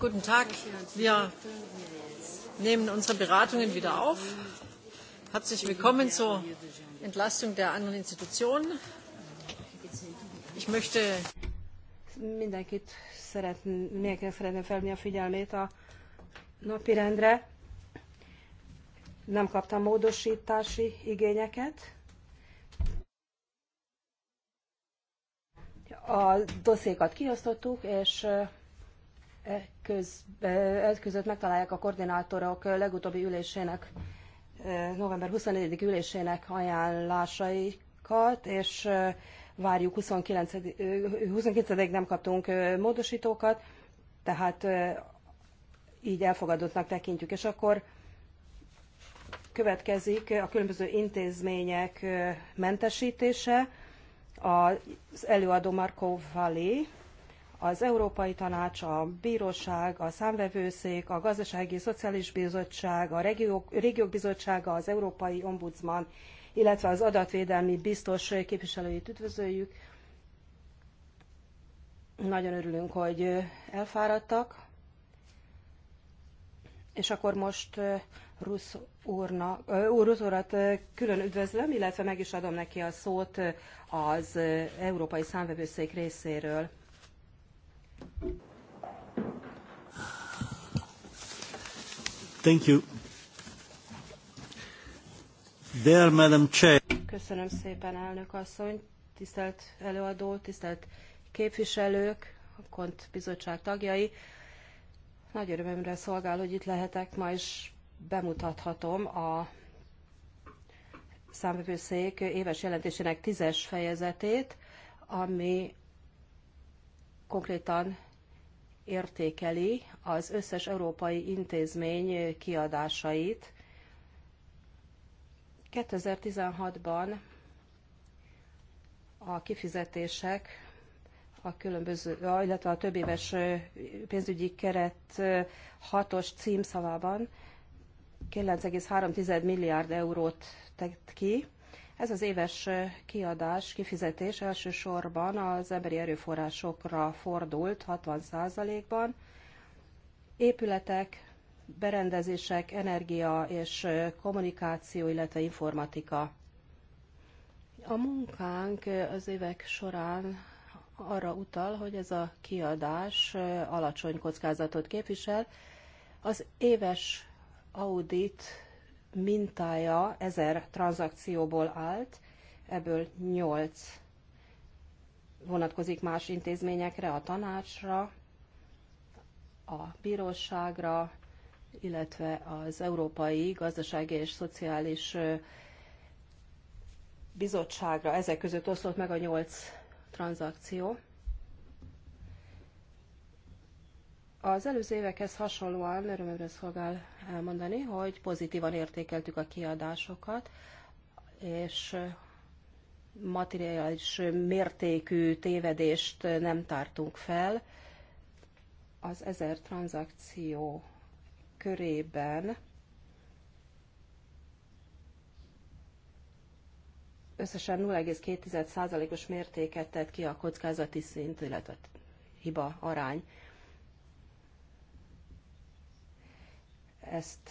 Guten Tag. Wir nehmen unsere Beratungen wieder auf. Herzlich willkommen zur Entlastung der anderen Institutionen. Ich möchte mindenkit szeretnék szeretném felni a figyelmét a napi rendre. Nem kaptam módosítási igényeket. A dosszékat kiosztottuk, és ez e között megtalálják a koordinátorok legutóbbi ülésének, e, november 24. ülésének ajánlásaikat, és e, várjuk 29. 29 nem kaptunk módosítókat, tehát így elfogadottnak tekintjük. És akkor következik a különböző intézmények mentesítése, az előadó Markov Valley az Európai Tanács, a Bíróság, a Számvevőszék, a Gazdasági Szociális Bizottság, a Régiók, Régiók Bizottsága, az Európai Ombudsman, illetve az adatvédelmi biztos képviselőit üdvözöljük. Nagyon örülünk, hogy elfáradtak. És akkor most Rusz úrna úr, urat külön üdvözlöm, illetve meg is adom neki a szót az Európai Számvevőszék részéről. Thank you. There, Madam Chair. Köszönöm szépen, elnök asszony, tisztelt előadó, tisztelt képviselők, a KONT bizottság tagjai. Nagy örömömre szolgál, hogy itt lehetek ma, is bemutathatom a számvevőszék éves jelentésének tízes fejezetét, ami konkrétan értékeli az összes európai intézmény kiadásait. 2016-ban a kifizetések a különböző, illetve a több éves pénzügyi keret hatos címszavában 9,3 milliárd eurót tett ki, ez az éves kiadás, kifizetés elsősorban az emberi erőforrásokra fordult 60%-ban. Épületek, berendezések, energia és kommunikáció, illetve informatika. A munkánk az évek során arra utal, hogy ez a kiadás alacsony kockázatot képvisel. Az éves audit mintája ezer tranzakcióból állt, ebből nyolc vonatkozik más intézményekre, a tanácsra, a bíróságra, illetve az Európai Gazdasági és Szociális Bizottságra. Ezek között oszlott meg a nyolc tranzakció. Az előző évekhez hasonlóan örömömre szolgál elmondani, hogy pozitívan értékeltük a kiadásokat, és materiális mértékű tévedést nem tártunk fel. Az ezer tranzakció körében összesen 0,2%-os mértéket tett ki a kockázati szint, illetve hiba arány. ezt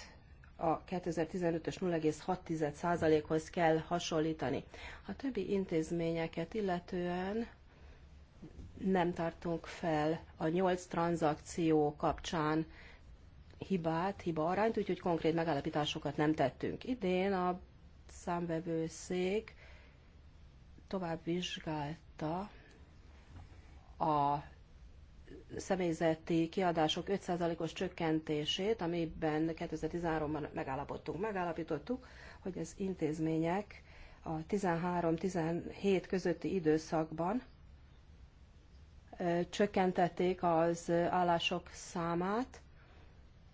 a 2015-ös 0,6%-hoz kell hasonlítani. A többi intézményeket illetően nem tartunk fel a 8 tranzakció kapcsán hibát, hiba arányt, úgyhogy konkrét megállapításokat nem tettünk. Idén a számvevőszék tovább vizsgálta a személyzeti kiadások 5%-os csökkentését, amiben 2013-ban megállapodtunk. Megállapítottuk, hogy az intézmények a 13-17 közötti időszakban csökkentették az állások számát,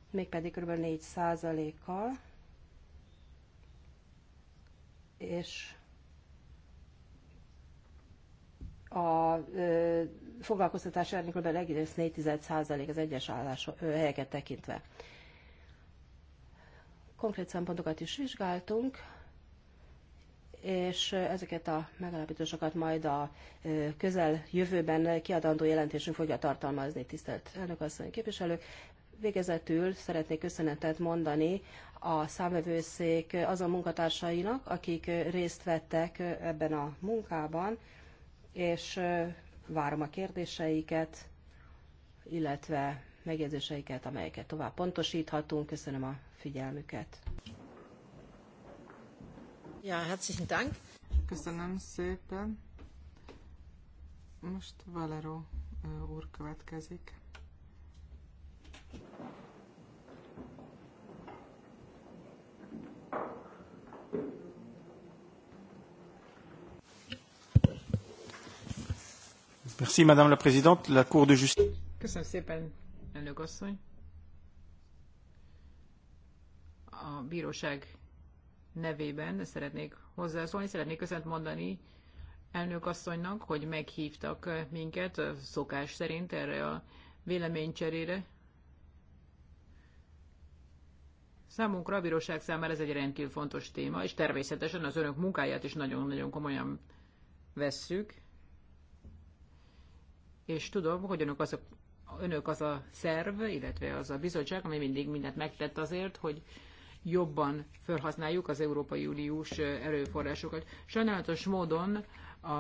mégpedig kb. 4 kal és a foglalkoztatás arány kb. 4,1% az egyes állás helyeket tekintve. Konkrét szempontokat is vizsgáltunk, és ezeket a megalapításokat majd a közel jövőben kiadandó jelentésünk fogja tartalmazni, tisztelt asszony képviselők. Végezetül szeretnék köszönetet mondani a számvevőszék azon munkatársainak, akik részt vettek ebben a munkában, és várom a kérdéseiket, illetve megjegyzéseiket, amelyeket tovább pontosíthatunk. Köszönöm a figyelmüket. Ja, herzlichen Dank. Köszönöm szépen. Most Valero úr következik. Merci, Madame la Présidente. La Cour de Justice. Köszönöm szépen, elnök asszony. A bíróság nevében szeretnék hozzászólni, szeretnék köszönt mondani elnök asszonynak, hogy meghívtak minket szokás szerint erre a véleménycserére. Számunkra a bíróság számára ez egy rendkívül fontos téma, és természetesen az önök munkáját is nagyon-nagyon komolyan vesszük és tudom, hogy önök azok önök az a szerv, illetve az a bizottság, amely mindig mindent megtett azért, hogy jobban felhasználjuk az Európai Uniós erőforrásokat. Sajnálatos módon a,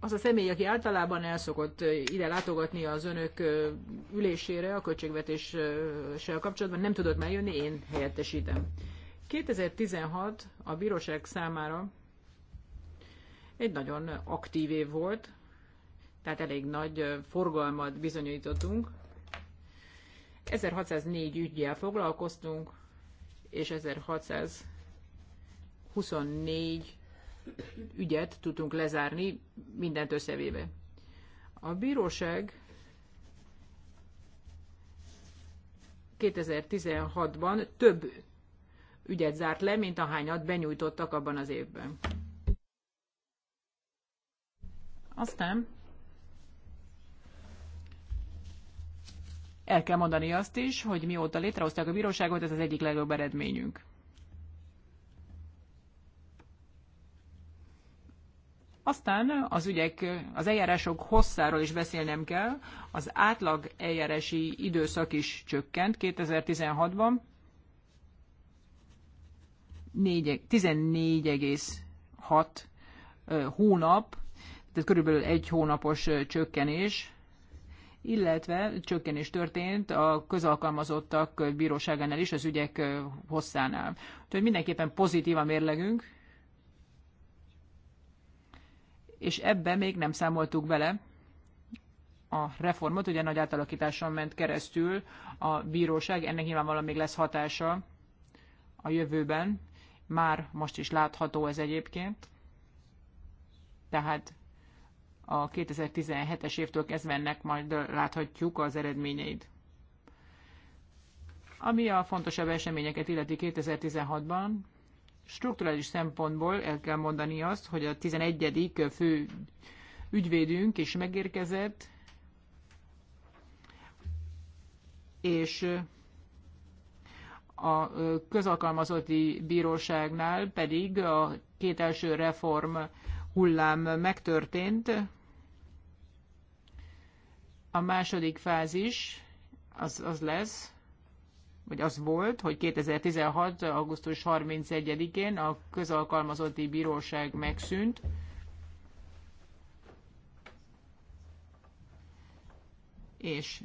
az a személy, aki általában elszokott ide látogatni az önök ülésére a költségvetéssel kapcsolatban, nem tudott megjönni, én helyettesítem. 2016 a bíróság számára egy nagyon aktív év volt, tehát elég nagy forgalmat bizonyítottunk. 1604 ügyjel foglalkoztunk, és 1624 ügyet tudtunk lezárni mindent összevéve. A bíróság 2016-ban több ügyet zárt le, mint ahányat benyújtottak abban az évben. Aztán El kell mondani azt is, hogy mióta létrehozták a bíróságot, ez az egyik legjobb eredményünk. Aztán az ügyek, az eljárások hosszáról is beszélnem kell. Az átlag eljárási időszak is csökkent 2016-ban. 14,6 hónap, tehát körülbelül egy hónapos csökkenés illetve csökkenés történt a közalkalmazottak bíróságánál is, az ügyek hosszánál. Úgyhogy mindenképpen pozitív a mérlegünk, és ebbe még nem számoltuk bele a reformot, ugye nagy átalakításon ment keresztül a bíróság, ennek nyilvánvalóan még lesz hatása a jövőben, már most is látható ez egyébként, tehát a 2017-es évtől kezdve ennek majd láthatjuk az eredményeit. Ami a fontosabb eseményeket illeti 2016-ban, strukturális szempontból el kell mondani azt, hogy a 11. fő ügyvédünk is megérkezett, és a közalkalmazotti bíróságnál pedig a két első reform hullám megtörtént, a második fázis az, az lesz, vagy az volt, hogy 2016. augusztus 31-én a közalkalmazotti bíróság megszűnt, és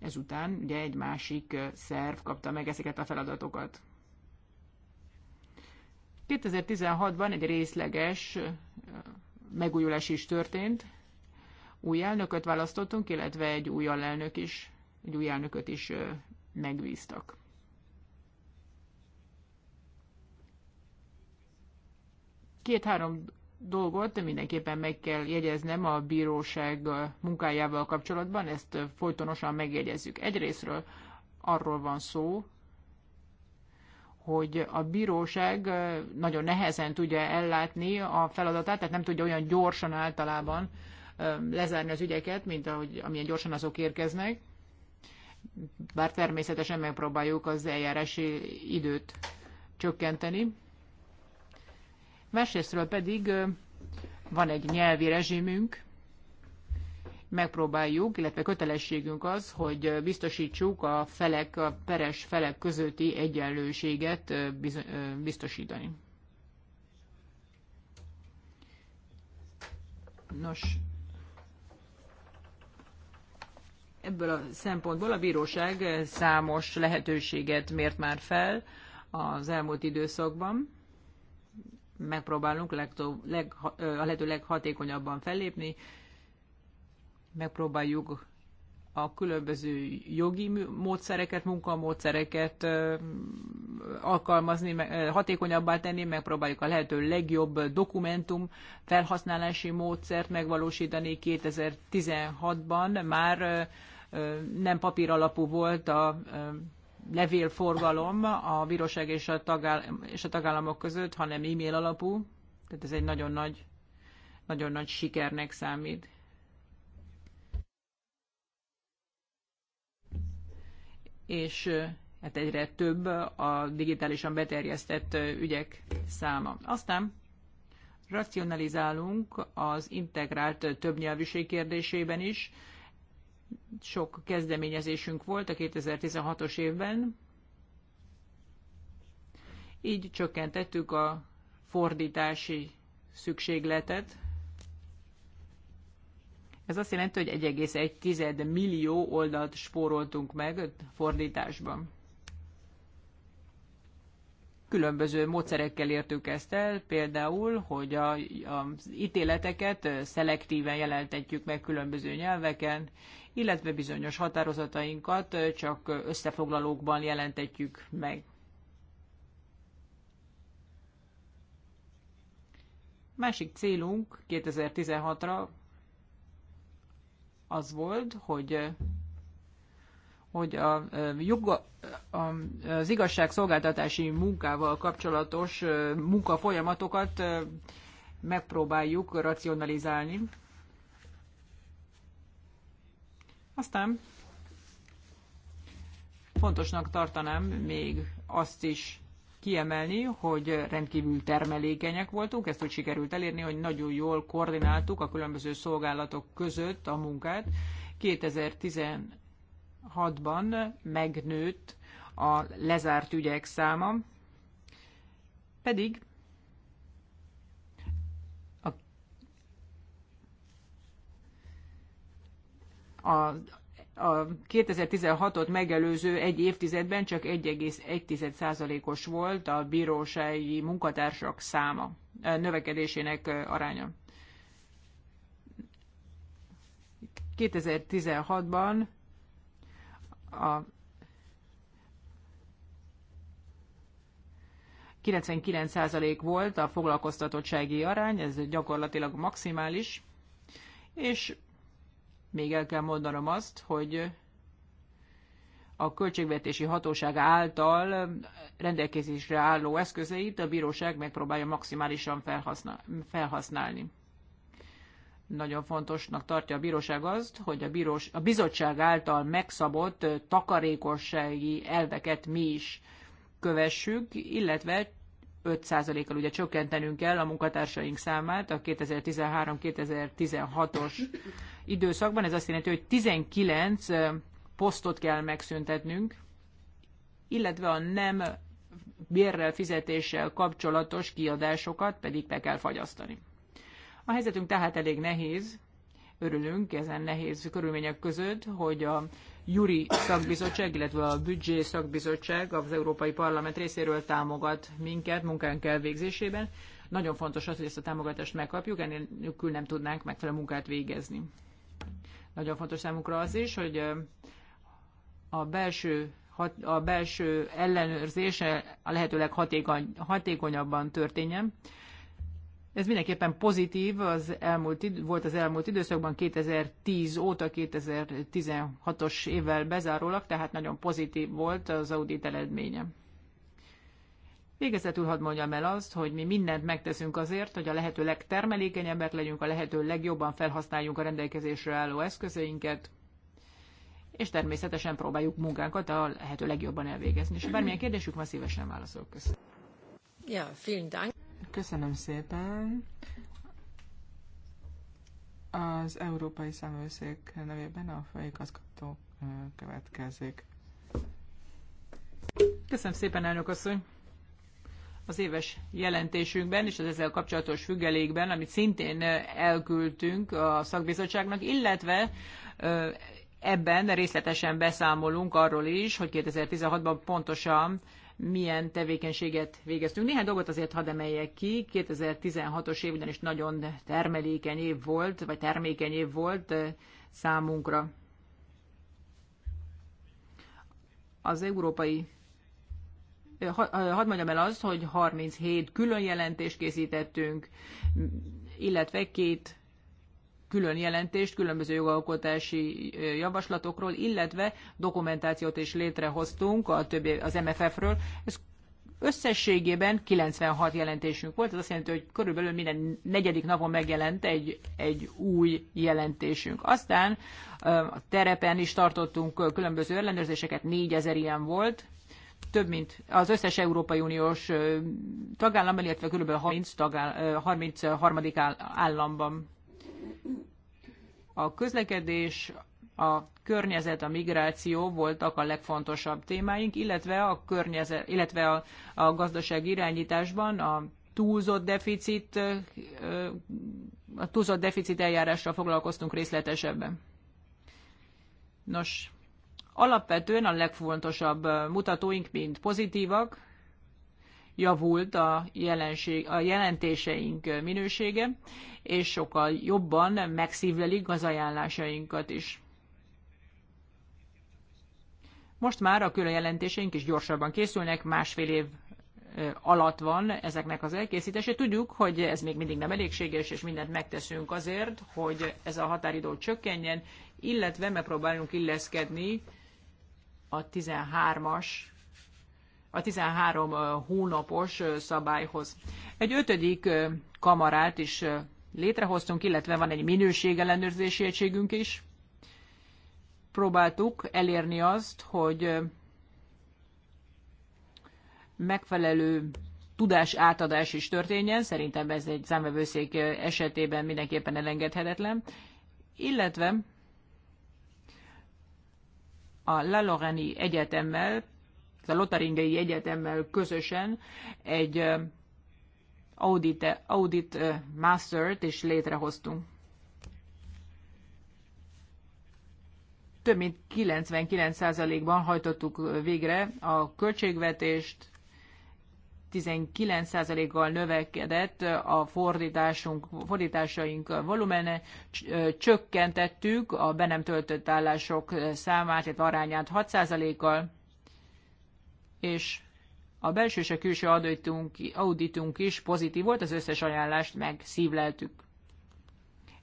ezután ugye egy másik szerv kapta meg ezeket a feladatokat. 2016-ban egy részleges megújulás is történt, új elnököt választottunk, illetve egy új alelnök is, egy új elnököt is megbíztak. Két-három dolgot mindenképpen meg kell jegyeznem a bíróság munkájával kapcsolatban, ezt folytonosan megjegyezzük. Egyrésztről arról van szó, hogy a bíróság nagyon nehezen tudja ellátni a feladatát, tehát nem tudja olyan gyorsan általában lezárni az ügyeket, mint ahogy, amilyen gyorsan azok érkeznek, bár természetesen megpróbáljuk az eljárási időt csökkenteni. Másrésztről pedig van egy nyelvi rezsimünk, megpróbáljuk, illetve kötelességünk az, hogy biztosítsuk a felek, a peres felek közötti egyenlőséget biztosítani. Nos, Ebből a szempontból a bíróság számos lehetőséget mért már fel az elmúlt időszakban. Megpróbálunk legtó, leg, a lehető leghatékonyabban fellépni, megpróbáljuk a különböző jogi módszereket, munkamódszereket alkalmazni, hatékonyabbá tenni, megpróbáljuk a lehető legjobb dokumentum felhasználási módszert megvalósítani. 2016-ban már nem papír alapú volt a levélforgalom a bíróság és a, tagáll- és a tagállamok között, hanem e-mail alapú. Tehát ez egy nagyon nagy, nagyon nagy sikernek számít. És hát egyre több a digitálisan beterjesztett ügyek száma. Aztán racionalizálunk az integrált többnyelvűség kérdésében is. Sok kezdeményezésünk volt a 2016-os évben, így csökkentettük a fordítási szükségletet. Ez azt jelenti, hogy 1,1 millió oldalt spóroltunk meg fordításban. Különböző módszerekkel értük ezt el, például, hogy a, az ítéleteket szelektíven jelentetjük meg különböző nyelveken, illetve bizonyos határozatainkat csak összefoglalókban jelentetjük meg. Másik célunk 2016-ra az volt, hogy hogy a, a, az igazságszolgáltatási munkával kapcsolatos munkafolyamatokat megpróbáljuk racionalizálni. Aztán fontosnak tartanám még azt is kiemelni, hogy rendkívül termelékenyek voltunk, ezt úgy sikerült elérni, hogy nagyon jól koordináltuk a különböző szolgálatok között a munkát. 2016-ban megnőtt a lezárt ügyek száma, pedig a a 2016-ot megelőző egy évtizedben csak 1,1%-os volt a bírósági munkatársak száma növekedésének aránya. 2016-ban a 99% volt a foglalkoztatottsági arány, ez gyakorlatilag maximális, és még el kell mondanom azt, hogy a költségvetési hatóság által rendelkezésre álló eszközeit a bíróság megpróbálja maximálisan felhasználni. Nagyon fontosnak tartja a bíróság azt, hogy a, bírós, a bizottság által megszabott takarékossági elveket mi is kövessük, illetve 5%-kal ugye csökkentenünk kell a munkatársaink számát a 2013-2016-os időszakban. Ez azt jelenti, hogy 19 posztot kell megszüntetnünk, illetve a nem bérrel, fizetéssel kapcsolatos kiadásokat pedig be kell fagyasztani. A helyzetünk tehát elég nehéz, örülünk ezen nehéz körülmények között, hogy a Juri szakbizottság, illetve a büdzsé szakbizottság az Európai Parlament részéről támogat minket munkánk elvégzésében. Nagyon fontos az, hogy ezt a támogatást megkapjuk, ennélkül nem tudnánk megfelelő munkát végezni. Nagyon fontos számunkra az is, hogy a belső a belső ellenőrzése a lehetőleg hatékony, hatékonyabban történjen. Ez mindenképpen pozitív, az elmúlt, volt az elmúlt időszakban 2010 óta, 2016-os évvel bezárólag, tehát nagyon pozitív volt az audit eredménye. Végezetül hadd mondjam el azt, hogy mi mindent megteszünk azért, hogy a lehető legtermelékenyebbek legyünk, a lehető legjobban felhasználjuk a rendelkezésre álló eszközeinket, és természetesen próbáljuk munkánkat a lehető legjobban elvégezni. És bármilyen kérdésük van, szívesen válaszolok. Köszönöm. Ja, vielen Dank. Köszönöm szépen. Az Európai Számvőszék nevében a főigazgató következik. Köszönöm szépen, elnök asszony! Az éves jelentésünkben és az ezzel kapcsolatos függelékben, amit szintén elküldtünk a szakbizottságnak, illetve ebben részletesen beszámolunk arról is, hogy 2016-ban pontosan milyen tevékenységet végeztünk. Néhány dolgot azért hadd emeljek ki. 2016-os év ugyanis nagyon termelékeny év volt, vagy termékeny év volt számunkra. Az európai hadd mondjam el azt, hogy 37 külön jelentést készítettünk, illetve két külön jelentést különböző jogalkotási javaslatokról, illetve dokumentációt is létrehoztunk a többi, az MFF-ről. Ez összességében 96 jelentésünk volt, ez azt jelenti, hogy körülbelül minden negyedik napon megjelent egy, egy új jelentésünk. Aztán a terepen is tartottunk különböző ellenőrzéseket, 4000 ilyen volt, több mint az összes Európai Uniós tagállam, illetve kb. 30, tagállam, 33. államban. A közlekedés, a környezet, a migráció voltak a legfontosabb témáink, illetve a, környezet, illetve a, a gazdaság irányításban a túlzott deficit, a túlzott deficit eljárással foglalkoztunk részletesebben. Nos, alapvetően a legfontosabb mutatóink mind pozitívak, javult a, jelenség, a jelentéseink minősége, és sokkal jobban megszívlelik az ajánlásainkat is. Most már a külön jelentéseink is gyorsabban készülnek, másfél év alatt van ezeknek az elkészítése. Tudjuk, hogy ez még mindig nem elégséges, és mindent megteszünk azért, hogy ez a határidő csökkenjen, illetve megpróbálunk illeszkedni a 13-as a 13 hónapos szabályhoz. Egy ötödik kamarát is létrehoztunk, illetve van egy minőségellenőrzési egységünk is. Próbáltuk elérni azt, hogy megfelelő tudás átadás is történjen, szerintem ez egy számvevőszék esetében mindenképpen elengedhetetlen, illetve a La Lorraine Egyetemmel a Lotaringei Egyetemmel közösen egy audit, audit master-t is létrehoztunk. Több mint 99%-ban hajtottuk végre a költségvetést, 19%-kal növekedett a fordításunk, fordításaink volumene, csökkentettük a be nem töltött állások számát, tehát arányát 6%-kal, és a belső és a külső auditunk, auditunk is pozitív volt, az összes ajánlást megszívleltük.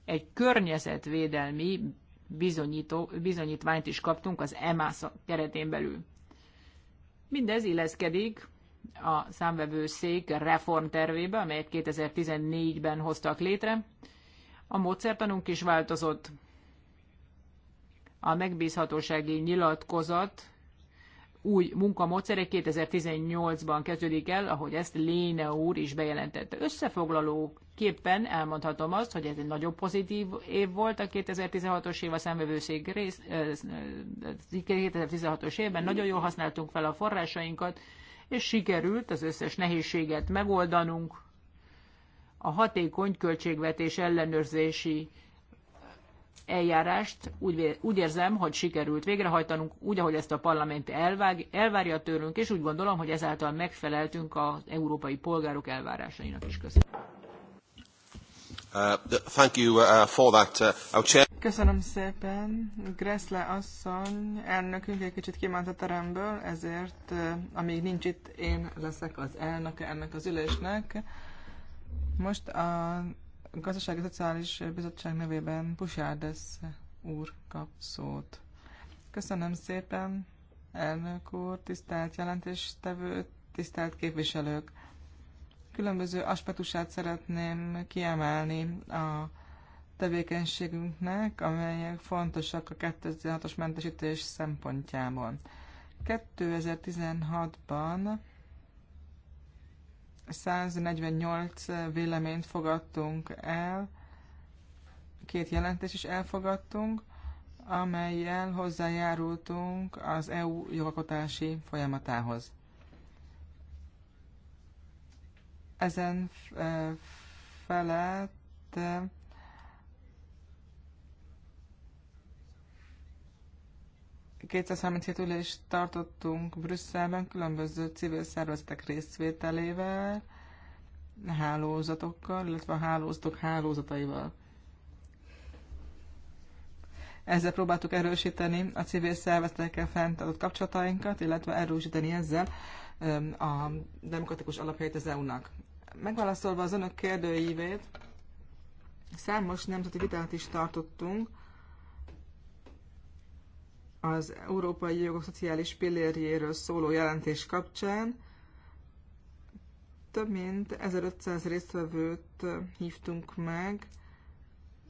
Egy környezetvédelmi bizonyító, bizonyítványt is kaptunk az EMASZ keretén belül. Mindez illeszkedik a számvevőszék reformtervébe, amelyet 2014-ben hoztak létre. A módszertanunk is változott. A megbízhatósági nyilatkozat új munkamódszere 2018-ban kezdődik el, ahogy ezt Léne úr is bejelentette. Összefoglaló képpen elmondhatom azt, hogy ez egy nagyon pozitív év volt a 2016-os év a számvevőszék rész, 2016-os évben. Nagyon jól használtunk fel a forrásainkat, és sikerült az összes nehézséget megoldanunk. A hatékony költségvetés ellenőrzési eljárást úgy, úgy érzem, hogy sikerült végrehajtanunk, úgy, ahogy ezt a parlament elvág, elvárja tőlünk, és úgy gondolom, hogy ezáltal megfeleltünk az európai polgárok elvárásainak is. Köszönöm. Uh, thank you, uh, for that, uh, chair... Köszönöm szépen. Gressle asszony, elnökünk egy kicsit kívánt a teremből, ezért uh, amíg nincs itt, én leszek az elnöke ennek az ülésnek. Most a Gazdasági Szociális Bizottság nevében Pusárdesz úr kap szót. Köszönöm szépen, elnök úr, tisztelt jelentéstevő, tisztelt képviselők. Különböző aspektusát szeretném kiemelni a tevékenységünknek, amelyek fontosak a 2016-os mentesítés szempontjából. 2016-ban 148 véleményt fogadtunk el, két jelentést is elfogadtunk, amelyel hozzájárultunk az EU jogalkotási folyamatához. Ezen eh, felett eh, 237 ülést tartottunk Brüsszelben különböző civil szervezetek részvételével, hálózatokkal, illetve a hálózatok hálózataival. Ezzel próbáltuk erősíteni a civil szervezetekkel fenntartott kapcsolatainkat, illetve erősíteni ezzel a demokratikus alapjait az EU-nak. Megválaszolva az önök kérdőívét, számos nemzeti vitát is tartottunk, az Európai Jogok Szociális Pillérjéről szóló jelentés kapcsán több mint 1500 résztvevőt hívtunk meg,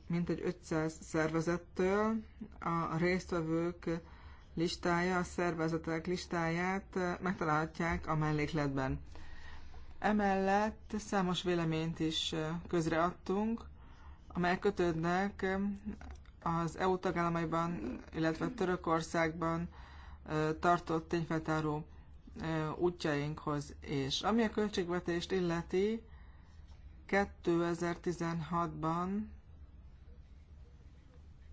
mintegy 500 szervezettől. A résztvevők listája, a szervezetek listáját megtalálhatják a mellékletben. Emellett számos véleményt is közreadtunk, amelyek kötődnek az EU tagállamaiban, illetve Törökországban tartott tényfeltáró útjainkhoz. És ami a költségvetést illeti, 2016-ban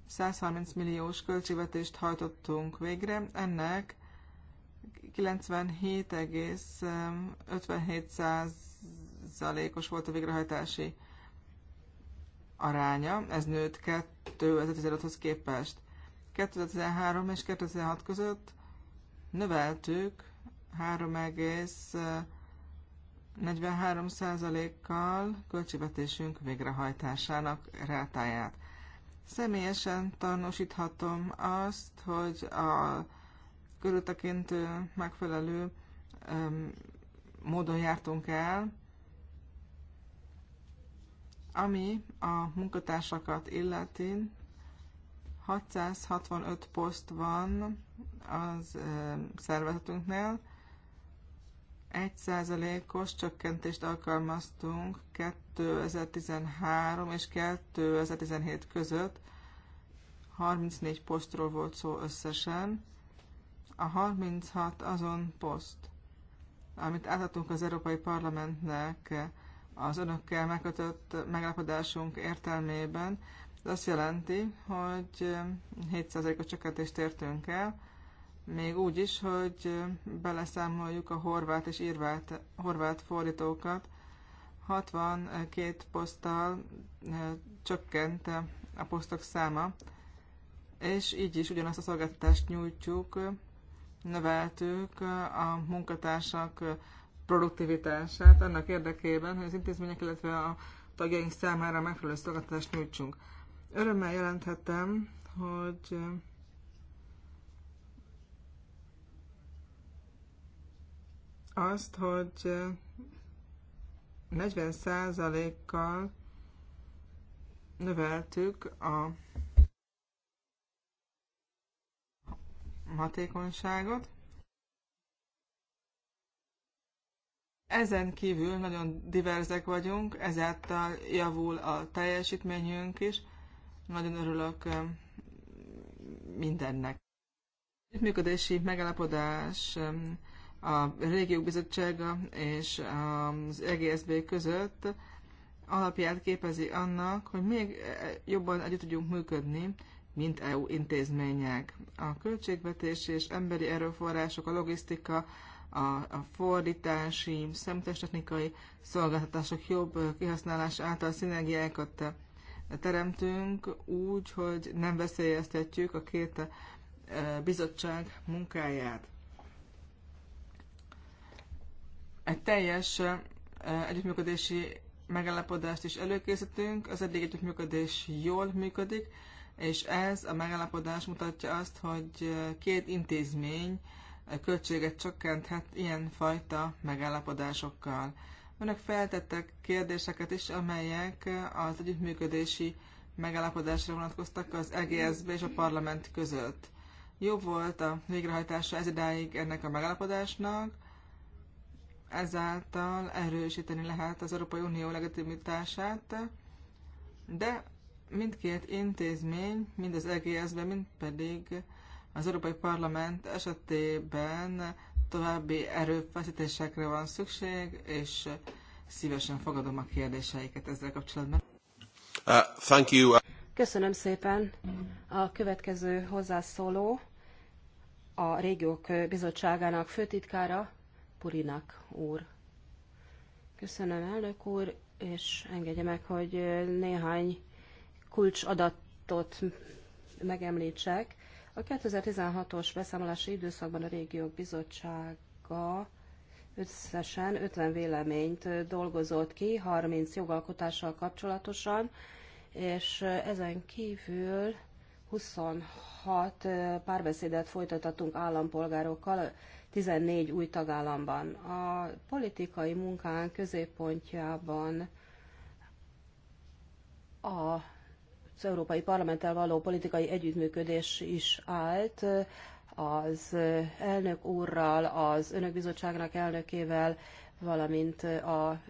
130 milliós költségvetést hajtottunk végre, ennek 97,57 százalékos volt a végrehajtási aránya, ez nőtt 2015-hoz képest. 2013 és 2016 között növeltük 3,43%-kal költségvetésünk végrehajtásának rátáját. Személyesen tanúsíthatom azt, hogy a körültekintő megfelelő módon jártunk el, ami a munkatársakat illeti, 665 poszt van az szervezetünknél, Egy százalékos csökkentést alkalmaztunk 2013 és 2017 között, 34 posztról volt szó összesen. A 36 azon poszt, amit átadtunk az Európai Parlamentnek az önökkel megkötött megállapodásunk értelmében. Ez azt jelenti, hogy 700 os csökkentést értünk el, még úgy is, hogy beleszámoljuk a horvát és írvát, horvát fordítókat. 62 poszttal csökkent a posztok száma, és így is ugyanazt a szolgáltatást nyújtjuk, növeltük a munkatársak produktivitását annak érdekében, hogy az intézmények, illetve a tagjaink számára megfelelő szolgáltatást nyújtsunk. Örömmel jelenthetem, hogy eh, azt, hogy 40%-kal eh, növeltük a hatékonyságot, Ezen kívül nagyon diverzek vagyunk, ezáltal javul a teljesítményünk is. Nagyon örülök mindennek. Működési megállapodás a Régiók Bizottsága és az EGSB között alapját képezi annak, hogy még jobban együtt tudjunk működni, mint EU intézmények. A költségvetés és emberi erőforrások, a logisztika, a, a fordítási, szemtestechnikai szolgáltatások jobb kihasználása által szinergiákat teremtünk úgy, hogy nem veszélyeztetjük a két e, bizottság munkáját. Egy teljes e, együttműködési megállapodást is előkészítünk, az eddig együttműködés jól működik, és ez a megállapodás mutatja azt, hogy két intézmény költséget csökkenthet ilyen fajta megállapodásokkal. Önök feltettek kérdéseket is, amelyek az együttműködési megállapodásra vonatkoztak az EGSB és a parlament között. Jó volt a végrehajtása ez idáig ennek a megállapodásnak, ezáltal erősíteni lehet az Európai Unió legitimitását, de mindkét intézmény, mind az EGSB, mind pedig az Európai Parlament esetében további erőfeszítésekre van szükség, és szívesen fogadom a kérdéseiket ezzel kapcsolatban. Uh, thank you. Köszönöm szépen. A következő hozzászóló a Régiók Bizottságának főtitkára, Purinak úr. Köszönöm, elnök úr, és engedje meg, hogy néhány kulcsadatot megemlítsek. A 2016-os beszámolási időszakban a régiók bizottsága összesen 50 véleményt dolgozott ki, 30 jogalkotással kapcsolatosan, és ezen kívül 26 párbeszédet folytatottunk állampolgárokkal, 14 új tagállamban. A politikai munkánk középpontjában a az Európai Parlamenttel való politikai együttműködés is állt az elnök úrral, az önök bizottságnak elnökével, valamint a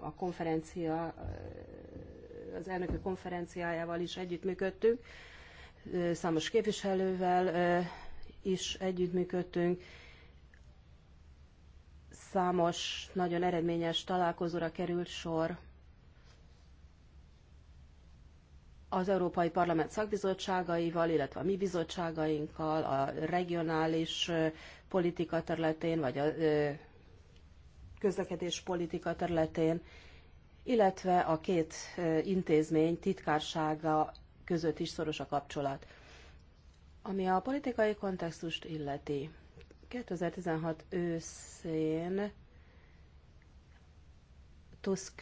a konferencia, az elnökök konferenciájával is együttműködtünk, számos képviselővel is együttműködtünk, számos nagyon eredményes találkozóra került sor az Európai Parlament szakbizottságaival, illetve a mi bizottságainkkal, a regionális politika területén, vagy a közlekedés politika területén, illetve a két intézmény titkársága között is szoros a kapcsolat. Ami a politikai kontextust illeti, 2016 őszén Tusk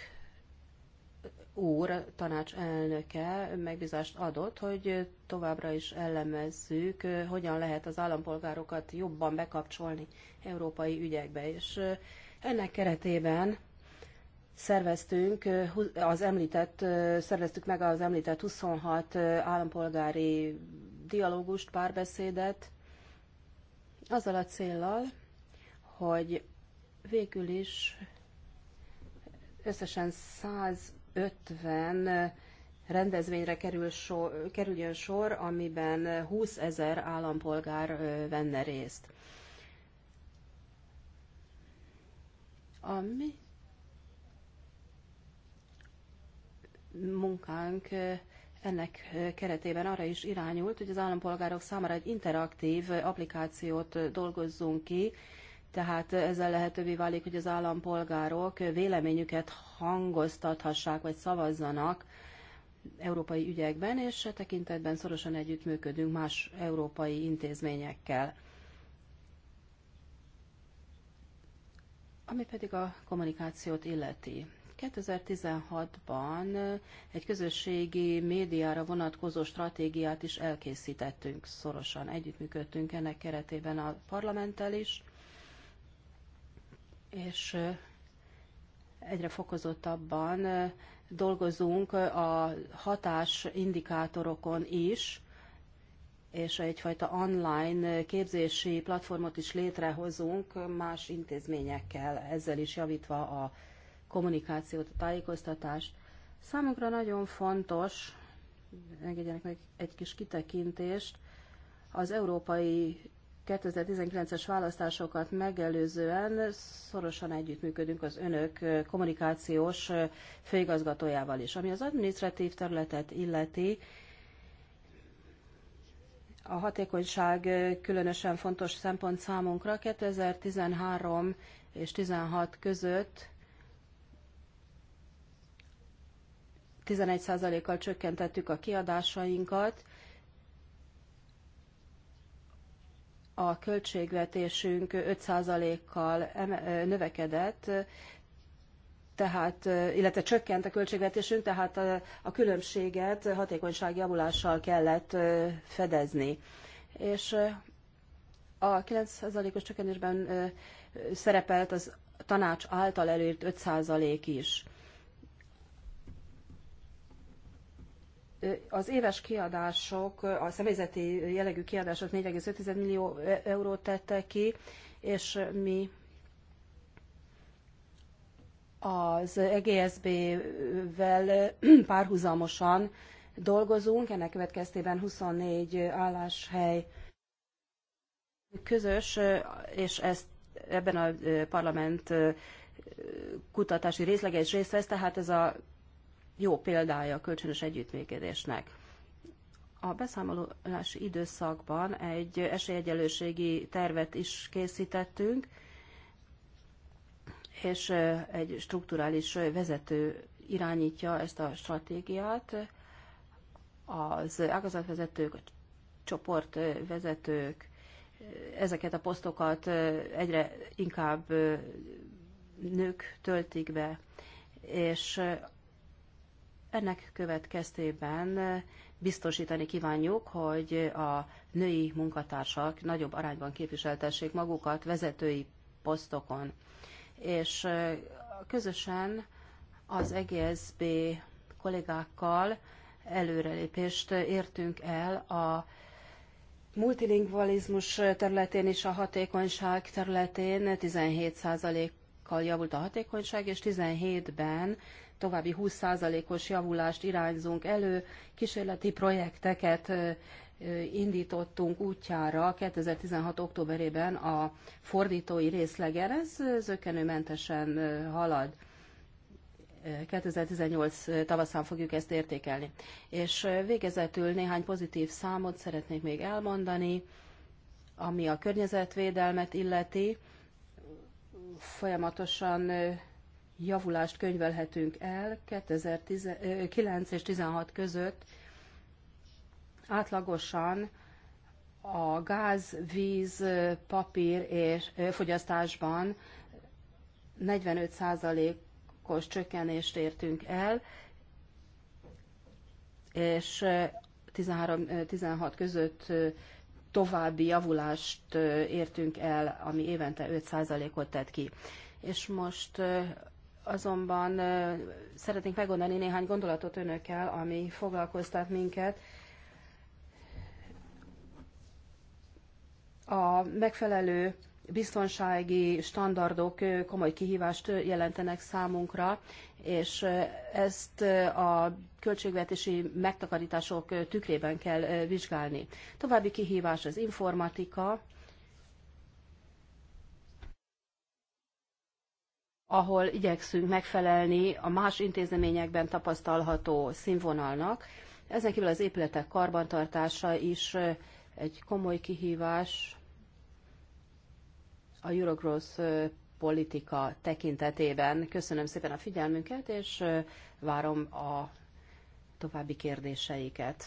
úr, tanács elnöke megbízást adott, hogy továbbra is elemezzük, hogyan lehet az állampolgárokat jobban bekapcsolni európai ügyekbe. És ennek keretében szerveztünk, az említett, szerveztük meg az említett 26 állampolgári dialógust, párbeszédet, azzal a céllal, hogy végül is összesen 150 rendezvényre kerül sor, kerüljön sor, amiben 20 ezer állampolgár venne részt. ami munkánk ennek keretében arra is irányult, hogy az állampolgárok számára egy interaktív applikációt dolgozzunk ki, tehát ezzel lehetővé válik, hogy az állampolgárok véleményüket hangoztathassák, vagy szavazzanak európai ügyekben, és e tekintetben szorosan együttműködünk más európai intézményekkel. Ami pedig a kommunikációt illeti. 2016-ban egy közösségi médiára vonatkozó stratégiát is elkészítettünk, szorosan együttműködtünk ennek keretében a parlamenttel is, és egyre fokozottabban dolgozunk a hatás indikátorokon is, és egyfajta online képzési platformot is létrehozunk más intézményekkel, ezzel is javítva a kommunikációt, a tájékoztatást. Számunkra nagyon fontos, engedjenek meg egy kis kitekintést, az európai 2019-es választásokat megelőzően szorosan együttműködünk az önök kommunikációs főigazgatójával is. Ami az administratív területet illeti, a hatékonyság különösen fontos szempont számunkra. 2013 és 16 között 11%-kal csökkentettük a kiadásainkat, a költségvetésünk 5%-kal növekedett, tehát, illetve csökkent a költségvetésünk, tehát a különbséget hatékonysági javulással kellett fedezni. És a 9%-os csökkenésben szerepelt az tanács által elért 5% is. Az éves kiadások, a személyzeti jellegű kiadások 4,5 millió e- eurót tettek ki, és mi az EGSB-vel párhuzamosan dolgozunk, ennek következtében 24 álláshely közös, és ezt ebben a e, parlament e, kutatási részlege is részt vesz, tehát ez a jó példája a kölcsönös együttműködésnek. A beszámolási időszakban egy esélyegyelőségi tervet is készítettünk, és egy strukturális vezető irányítja ezt a stratégiát. Az ágazatvezetők, a csoportvezetők, ezeket a posztokat egyre inkább nők töltik be, és ennek következtében eh, biztosítani kívánjuk, hogy a női munkatársak nagyobb arányban képviseltessék magukat vezetői posztokon. És eh, közösen az EGSB kollégákkal előrelépést értünk el a multilingvalizmus területén és a hatékonyság területén 17%-kal javult a hatékonyság, és 17-ben további 20%-os javulást irányzunk elő, kísérleti projekteket indítottunk útjára 2016. októberében a fordítói részlegen, ez zökenőmentesen halad. 2018 tavaszán fogjuk ezt értékelni. És végezetül néhány pozitív számot szeretnék még elmondani, ami a környezetvédelmet illeti. Folyamatosan javulást könyvelhetünk el 2009 és 16 között átlagosan a gáz, víz, papír és fogyasztásban 45%-os csökkenést értünk el, és 13-16 között további javulást értünk el, ami évente 5%-ot tett ki. És most azonban szeretnénk megmondani néhány gondolatot önökkel, ami foglalkoztat minket. A megfelelő biztonsági standardok komoly kihívást jelentenek számunkra, és ezt a költségvetési megtakarítások tükrében kell vizsgálni. További kihívás az informatika, ahol igyekszünk megfelelni a más intézményekben tapasztalható színvonalnak. Ezen kívül az épületek karbantartása is egy komoly kihívás a Eurogross politika tekintetében. Köszönöm szépen a figyelmünket, és várom a további kérdéseiket.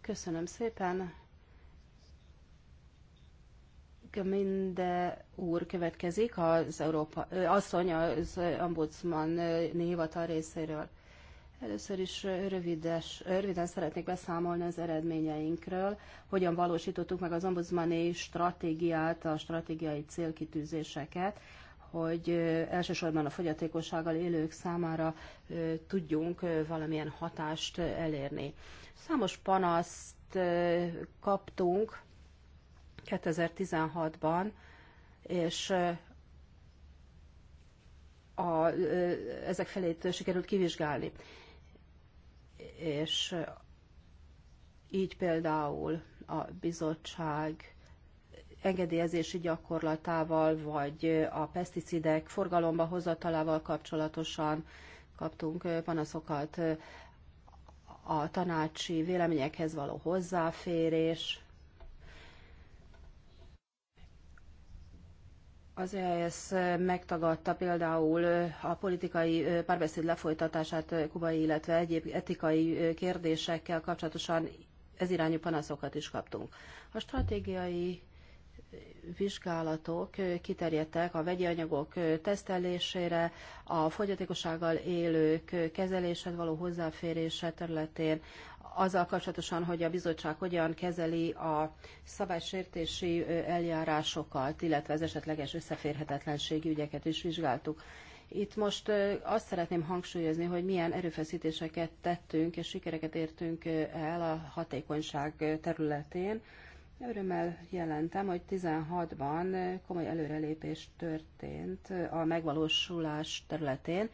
Köszönöm szépen! Minde úr következik, az Európa, asszony az ombudsman hivatal részéről. Először is rövides, röviden szeretnék beszámolni az eredményeinkről, hogyan valósítottuk meg az ombudsmani stratégiát, a stratégiai célkitűzéseket, hogy elsősorban a fogyatékossággal élők számára tudjunk valamilyen hatást elérni. Számos panaszt kaptunk, 2016-ban, és a, ezek felét sikerült kivizsgálni. És így például a bizottság engedélyezési gyakorlatával, vagy a peszticidek forgalomba hozatalával kapcsolatosan kaptunk panaszokat, a tanácsi véleményekhez való hozzáférés, Az EAS megtagadta például a politikai párbeszéd lefolytatását kubai, illetve egyéb etikai kérdésekkel kapcsolatosan ez irányú panaszokat is kaptunk. A stratégiai vizsgálatok kiterjedtek a vegyi anyagok tesztelésére, a fogyatékossággal élők kezelésed való hozzáférése területén, azzal kapcsolatosan, hogy a bizottság hogyan kezeli a szabálysértési eljárásokat, illetve az esetleges összeférhetetlenségi ügyeket is vizsgáltuk. Itt most azt szeretném hangsúlyozni, hogy milyen erőfeszítéseket tettünk és sikereket értünk el a hatékonyság területén. Örömmel jelentem, hogy 16-ban komoly előrelépés történt a megvalósulás területén.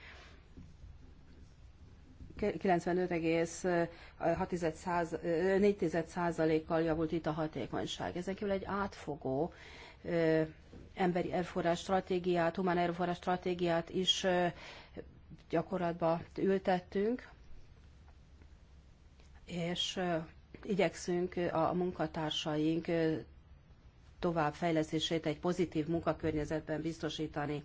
95,4%-kal javult itt a hatékonyság. Ezen kívül egy átfogó emberi erőforrás stratégiát, humán erőforrás stratégiát is gyakorlatba ültettünk, és igyekszünk a munkatársaink továbbfejlesztését egy pozitív munkakörnyezetben biztosítani.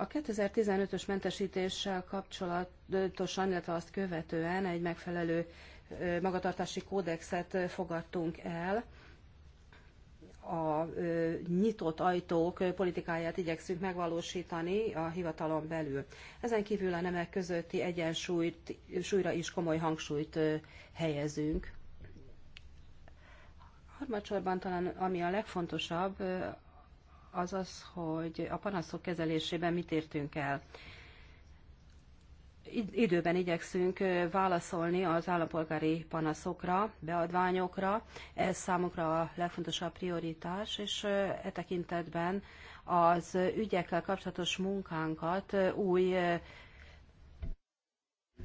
A 2015-ös mentesítéssel kapcsolatosan, illetve azt követően egy megfelelő magatartási kódexet fogadtunk el. A nyitott ajtók politikáját igyekszünk megvalósítani a hivatalon belül. Ezen kívül a nemek közötti egyensúlyt, súlyra is komoly hangsúlyt helyezünk. Harmadsorban talán ami a legfontosabb, az az, hogy a panaszok kezelésében mit értünk el. Időben igyekszünk válaszolni az állampolgári panaszokra, beadványokra. Ez számokra a legfontosabb prioritás, és e tekintetben az ügyekkel kapcsolatos munkánkat új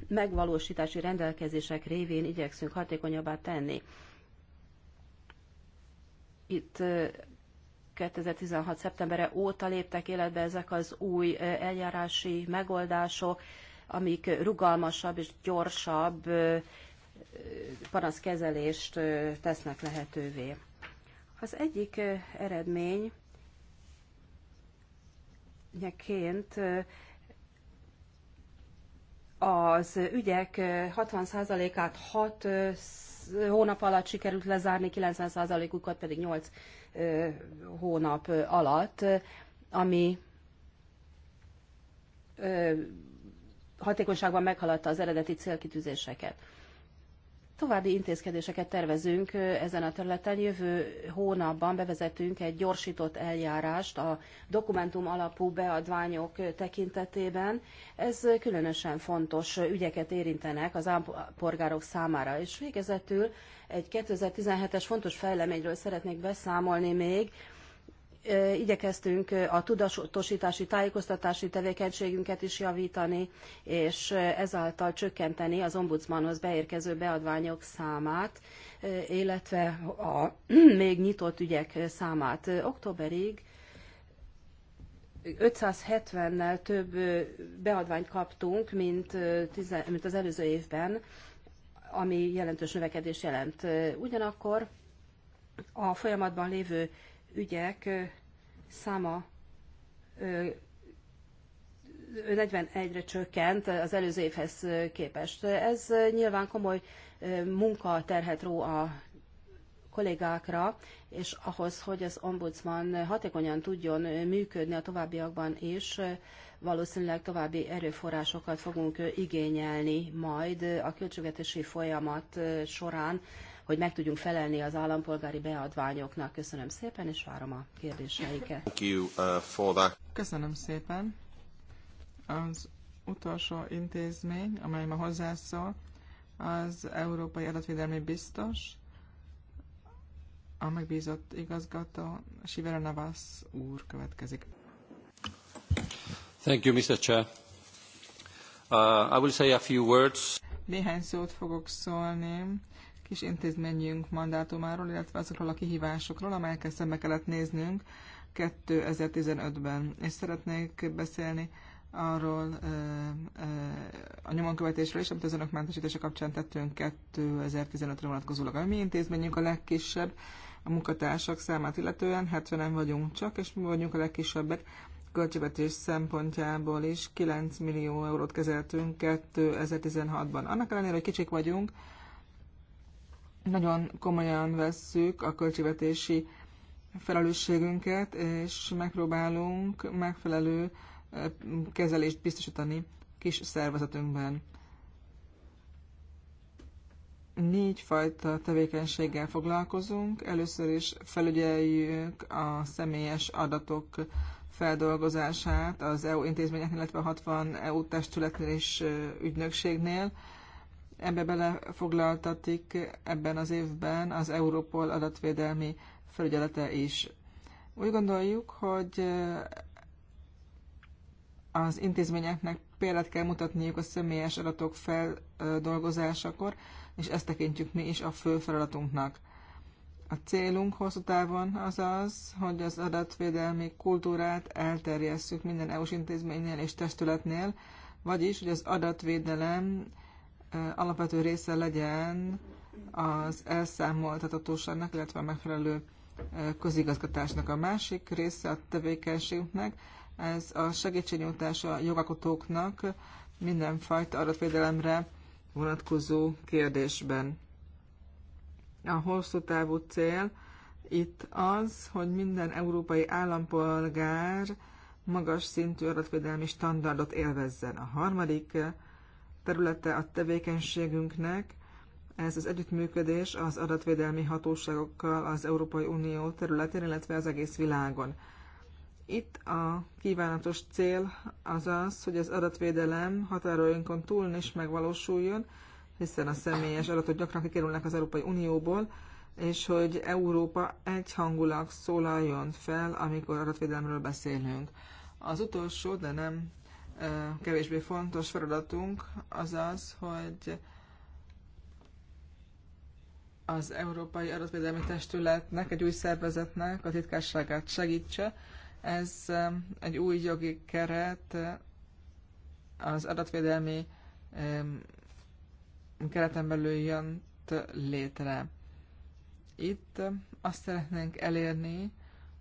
megvalósítási rendelkezések révén igyekszünk hatékonyabbá tenni. Itt 2016. szeptembere óta léptek életbe ezek az új eljárási megoldások, amik rugalmasabb és gyorsabb panaszkezelést tesznek lehetővé. Az egyik eredmény nyeként az ügyek 60%-át 6 hónap alatt sikerült lezárni, 90%-ukat pedig 8 hónap alatt, ami hatékonyságban meghaladta az eredeti célkitűzéseket. További intézkedéseket tervezünk ezen a területen. Jövő hónapban bevezetünk egy gyorsított eljárást a dokumentum alapú beadványok tekintetében. Ez különösen fontos ügyeket érintenek az állampolgárok számára. És végezetül egy 2017-es fontos fejleményről szeretnék beszámolni még igyekeztünk a tudatosítási, tájékoztatási tevékenységünket is javítani, és ezáltal csökkenteni az ombudsmanhoz beérkező beadványok számát, illetve a még nyitott ügyek számát. Októberig 570-nel több beadványt kaptunk, mint, az előző évben, ami jelentős növekedés jelent. Ugyanakkor a folyamatban lévő ügyek száma 41-re csökkent az előző évhez képest. Ez nyilván komoly terhet ró a kollégákra, és ahhoz, hogy az ombudsman hatékonyan tudjon működni a továbbiakban is, valószínűleg további erőforrásokat fogunk igényelni majd a költségvetési folyamat során hogy meg tudjunk felelni az állampolgári beadványoknak. Köszönöm szépen, és várom a kérdéseiket. Uh, Köszönöm szépen. Az utolsó intézmény, amely ma hozzászól, az Európai Adatvédelmi Biztos, a megbízott igazgató Sivera Navas úr következik. Thank you, Mr. Chair. Uh, I will say a few words. Néhány szót fogok szólni kis intézményünk mandátumáról, illetve azokról a kihívásokról, amelyekkel szembe kellett néznünk 2015-ben. És szeretnék beszélni arról a nyomonkövetésről is, amit az önök mentesítése kapcsán tettünk 2015-re vonatkozólag. A mi intézményünk a legkisebb a munkatársak számát illetően, 70-en vagyunk csak, és mi vagyunk a legkisebbek költségvetés szempontjából is 9 millió eurót kezeltünk 2016-ban. Annak ellenére, hogy kicsik vagyunk, nagyon komolyan vesszük a költségvetési felelősségünket, és megpróbálunk megfelelő eh, kezelést biztosítani kis szervezetünkben. Négy fajta tevékenységgel foglalkozunk. Először is felügyeljük a személyes adatok feldolgozását az EU intézményeknél, illetve a 60 EU testületnél és eh, ügynökségnél. Ebbe belefoglaltatik ebben az évben az Európol adatvédelmi felügyelete is. Úgy gondoljuk, hogy eh, az intézményeknek példát kell mutatniuk a személyes adatok feldolgozásakor, és ezt tekintjük mi is a fő feladatunknak. A célunk hosszú távon az az, hogy az adatvédelmi kultúrát elterjesszük minden EU-s intézménynél és testületnél, vagyis, hogy az adatvédelem alapvető része legyen az elszámoltatatóságnak, illetve a megfelelő közigazgatásnak. A másik része a tevékenységünknek, ez a segítségnyújtás a jogalkotóknak mindenfajta adatvédelemre vonatkozó kérdésben. A hosszú távú cél itt az, hogy minden európai állampolgár magas szintű adatvédelmi standardot élvezzen. A harmadik területe a tevékenységünknek, ez az együttműködés az adatvédelmi hatóságokkal az Európai Unió területén, illetve az egész világon. Itt a kívánatos cél az az, hogy az adatvédelem határainkon túl is megvalósuljon, hiszen a személyes adatok gyakran kikerülnek az Európai Unióból, és hogy Európa egyhangulag szólaljon fel, amikor adatvédelemről beszélünk. Az utolsó, de nem kevésbé fontos feladatunk az az, hogy az Európai Adatvédelmi Testületnek, egy új szervezetnek a titkárságát segítse. Ez egy új jogi keret az adatvédelmi kereten belül jön létre. Itt azt szeretnénk elérni,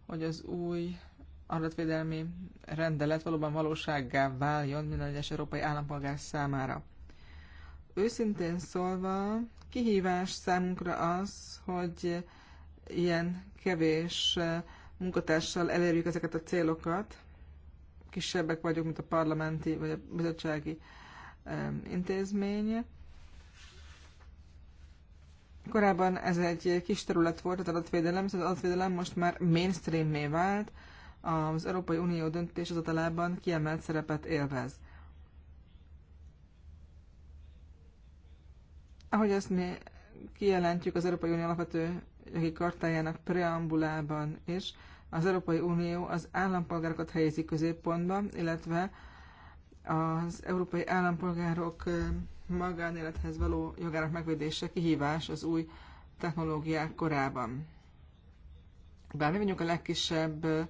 hogy az új adatvédelmi rendelet valóban valósággá váljon minden egyes európai állampolgár számára. Őszintén szólva, kihívás számunkra az, hogy ilyen kevés eh, munkatársal elérjük ezeket a célokat. Kisebbek vagyunk, mint a parlamenti vagy a bizottsági eh, intézmény. Korábban ez egy kis terület volt, az adatvédelem, az adatvédelem most már mainstream mé vált, az Európai Unió döntéshozatalában kiemelt szerepet élvez. Ahogy ezt mi kijelentjük az Európai Unió alapvető jogi kartájának preambulában is, az Európai Unió az állampolgárokat helyezi középpontba, illetve az európai állampolgárok magánélethez való jogának megvédése kihívás az új technológiák korában. Bár mi vagyunk a legkisebb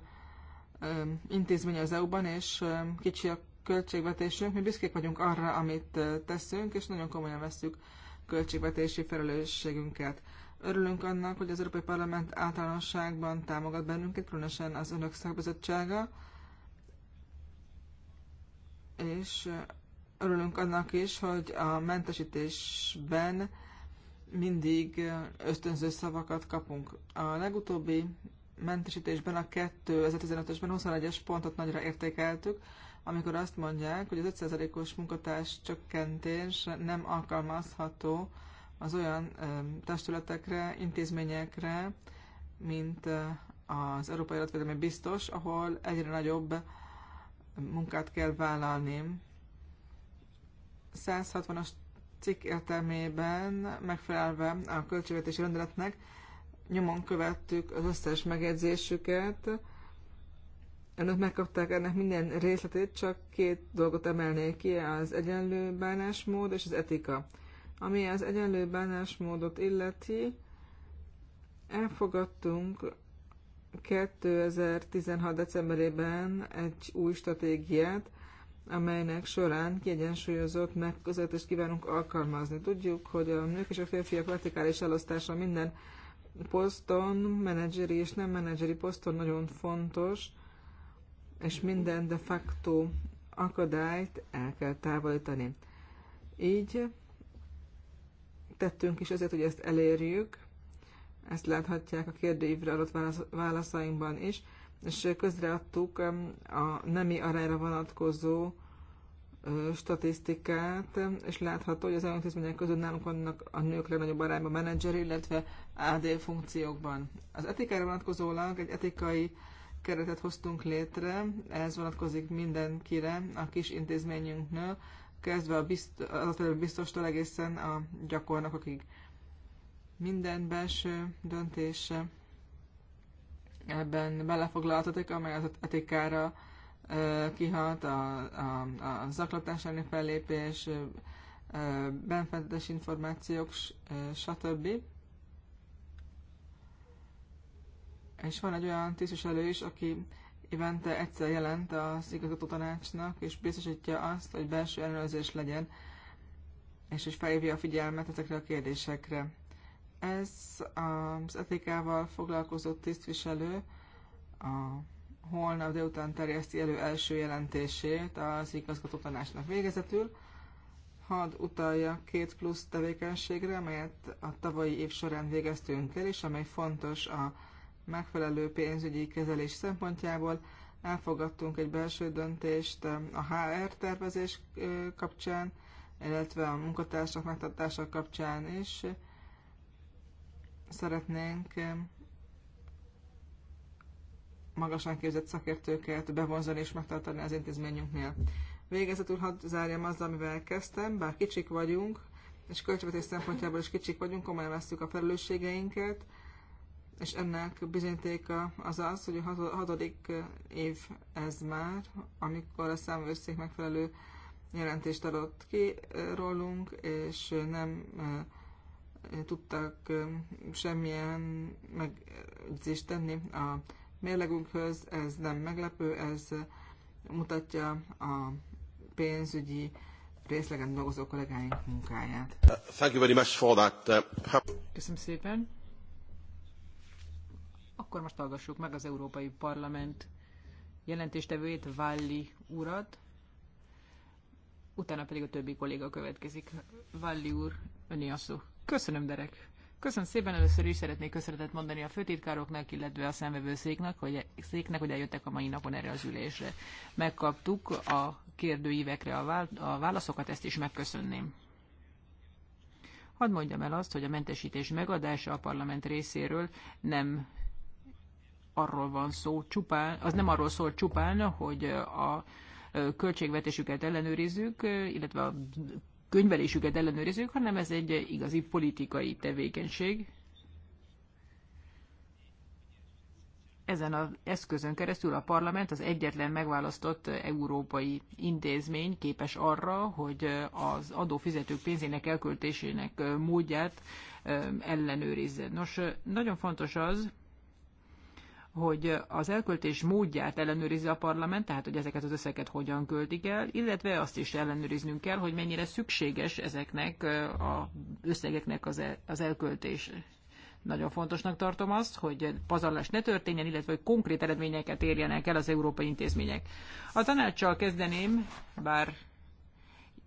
intézmény az EU-ban, és kicsi a költségvetésünk. Mi büszkék vagyunk arra, amit teszünk, és nagyon komolyan veszük költségvetési felelősségünket. Örülünk annak, hogy az Európai Parlament általánosságban támogat bennünket, különösen az önök szakbizottsága, és örülünk annak is, hogy a mentesítésben mindig ösztönző szavakat kapunk. A legutóbbi mentesítésben, a 2015-ösben 21-es pontot nagyra értékeltük, amikor azt mondják, hogy az 5%-os munkatárs csökkentés nem alkalmazható az olyan testületekre, intézményekre, mint e, az Európai Adatvédelmi Biztos, ahol egyre nagyobb munkát kell vállalni. 160-as cikk értelmében megfelelve a költségvetési rendeletnek nyomon követtük az összes megjegyzésüket. Önök megkapták ennek minden részletét, csak két dolgot emelnék ki, az egyenlő bánásmód és az etika. Ami az egyenlő bánásmódot illeti, elfogadtunk 2016. decemberében egy új stratégiát, amelynek során kiegyensúlyozott megközelítést kívánunk alkalmazni. Tudjuk, hogy a nők és a férfiak vertikális elosztása minden poszton, menedzseri és nem menedzseri poszton nagyon fontos, és minden de facto akadályt el kell távolítani. Így tettünk is azért, hogy ezt elérjük, ezt láthatják a kérdőívre adott válaszainkban is, és közreadtuk um, a nemi arányra vonatkozó statisztikát, és látható, hogy az olyan intézmények között nálunk vannak a nők legnagyobb arányban menedzser, illetve AD funkciókban. Az etikára vonatkozólag egy etikai keretet hoztunk létre, ez vonatkozik mindenkire a kis intézményünknől, kezdve a biztos, az biztostól egészen a gyakornokokig. Minden belső döntése ebben belefoglaltatik, amely az etikára kihat, a, a, a zaklatás elleni fellépés, benfentes információk, stb. És van egy olyan tisztviselő is, aki évente egyszer jelent az igazgató tanácsnak, és biztosítja azt, hogy belső ellenőrzés legyen, és hogy felhívja a figyelmet ezekre a kérdésekre. Ez az etikával foglalkozó tisztviselő a holnap délután terjeszti elő első jelentését az igazgató tanácsnak végezetül. Hadd utalja két plusz tevékenységre, amelyet a tavalyi év során végeztünk el, és amely fontos a megfelelő pénzügyi kezelés szempontjából. Elfogadtunk egy belső döntést a HR tervezés kapcsán, illetve a munkatársak megtartása kapcsán is. Szeretnénk magasan képzett szakértőket bevonzani és megtartani az intézményünknél. Végezetül hadd zárjam azzal, amivel kezdtem, bár kicsik vagyunk, és költségvetés szempontjából is kicsik vagyunk, komolyan veszük a felelősségeinket, és ennek bizonyítéka az az, hogy a hatodik év ez már, amikor a számvőszék megfelelő jelentést adott ki eh, rólunk, és nem eh, tudtak eh, semmilyen megzést tenni a mérlegünkhöz, ez nem meglepő, ez mutatja a pénzügyi részlegen dolgozó kollégáink munkáját. Thank you very much for that. Uh, Köszönöm szépen. Akkor most hallgassuk meg az Európai Parlament jelentéstevőjét, Valli urat. Utána pedig a többi kolléga következik. Valli úr, öné a szó. Köszönöm, Derek. Köszönöm szépen, először is szeretnék köszönetet mondani a főtitkároknak, illetve a széknek, hogy, e- széknek, hogy eljöttek a mai napon erre az ülésre. Megkaptuk a kérdőívekre a, válaszokat, ezt is megköszönném. Hadd mondjam el azt, hogy a mentesítés megadása a parlament részéről nem arról van szó csupán, az nem arról szól csupán, hogy a költségvetésüket ellenőrizzük, illetve a könyvelésüket ellenőrizzük, hanem ez egy igazi politikai tevékenység. Ezen az eszközön keresztül a parlament az egyetlen megválasztott európai intézmény képes arra, hogy az adófizetők pénzének elköltésének módját ellenőrizze. Nos, nagyon fontos az, hogy az elköltés módját ellenőrizze a parlament, tehát hogy ezeket az összeget hogyan költik el, illetve azt is ellenőriznünk kell, hogy mennyire szükséges ezeknek az összegeknek az, el, az elköltése. Nagyon fontosnak tartom azt, hogy pazarlás ne történjen, illetve hogy konkrét eredményeket érjenek el az európai intézmények. A tanácssal kezdeném, bár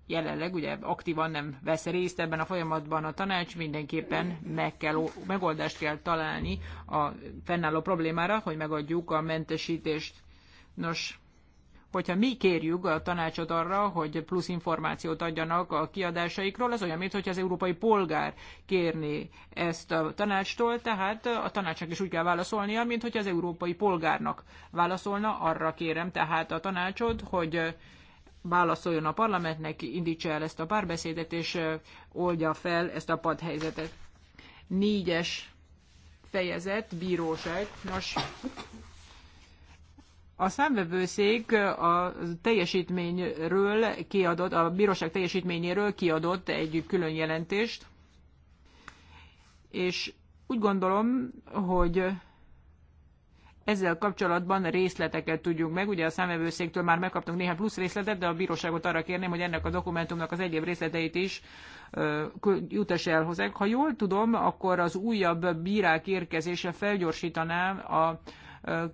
jelenleg ugye aktívan nem vesz részt ebben a folyamatban a tanács, mindenképpen meg kell, megoldást kell találni a fennálló problémára, hogy megadjuk a mentesítést. Nos, hogyha mi kérjük a tanácsot arra, hogy plusz információt adjanak a kiadásaikról, ez olyan, mintha az európai polgár kérné ezt a tanácstól, tehát a tanácsnak is úgy kell válaszolnia, mint hogy az európai polgárnak válaszolna, arra kérem tehát a tanácsod, hogy válaszoljon a parlamentnek, indítsa el ezt a párbeszédet, és oldja fel ezt a padhelyzetet. Négyes fejezet, bíróság. Nos, a számvevőszék a teljesítményről kiadott, a bíróság teljesítményéről kiadott egy külön jelentést, és úgy gondolom, hogy ezzel kapcsolatban részleteket tudjunk meg. Ugye a számvevőszéktől már megkaptunk néhány plusz részletet, de a bíróságot arra kérném, hogy ennek a dokumentumnak az egyéb részleteit is jutas el hozzánk. Ha jól tudom, akkor az újabb bírák érkezése felgyorsítaná a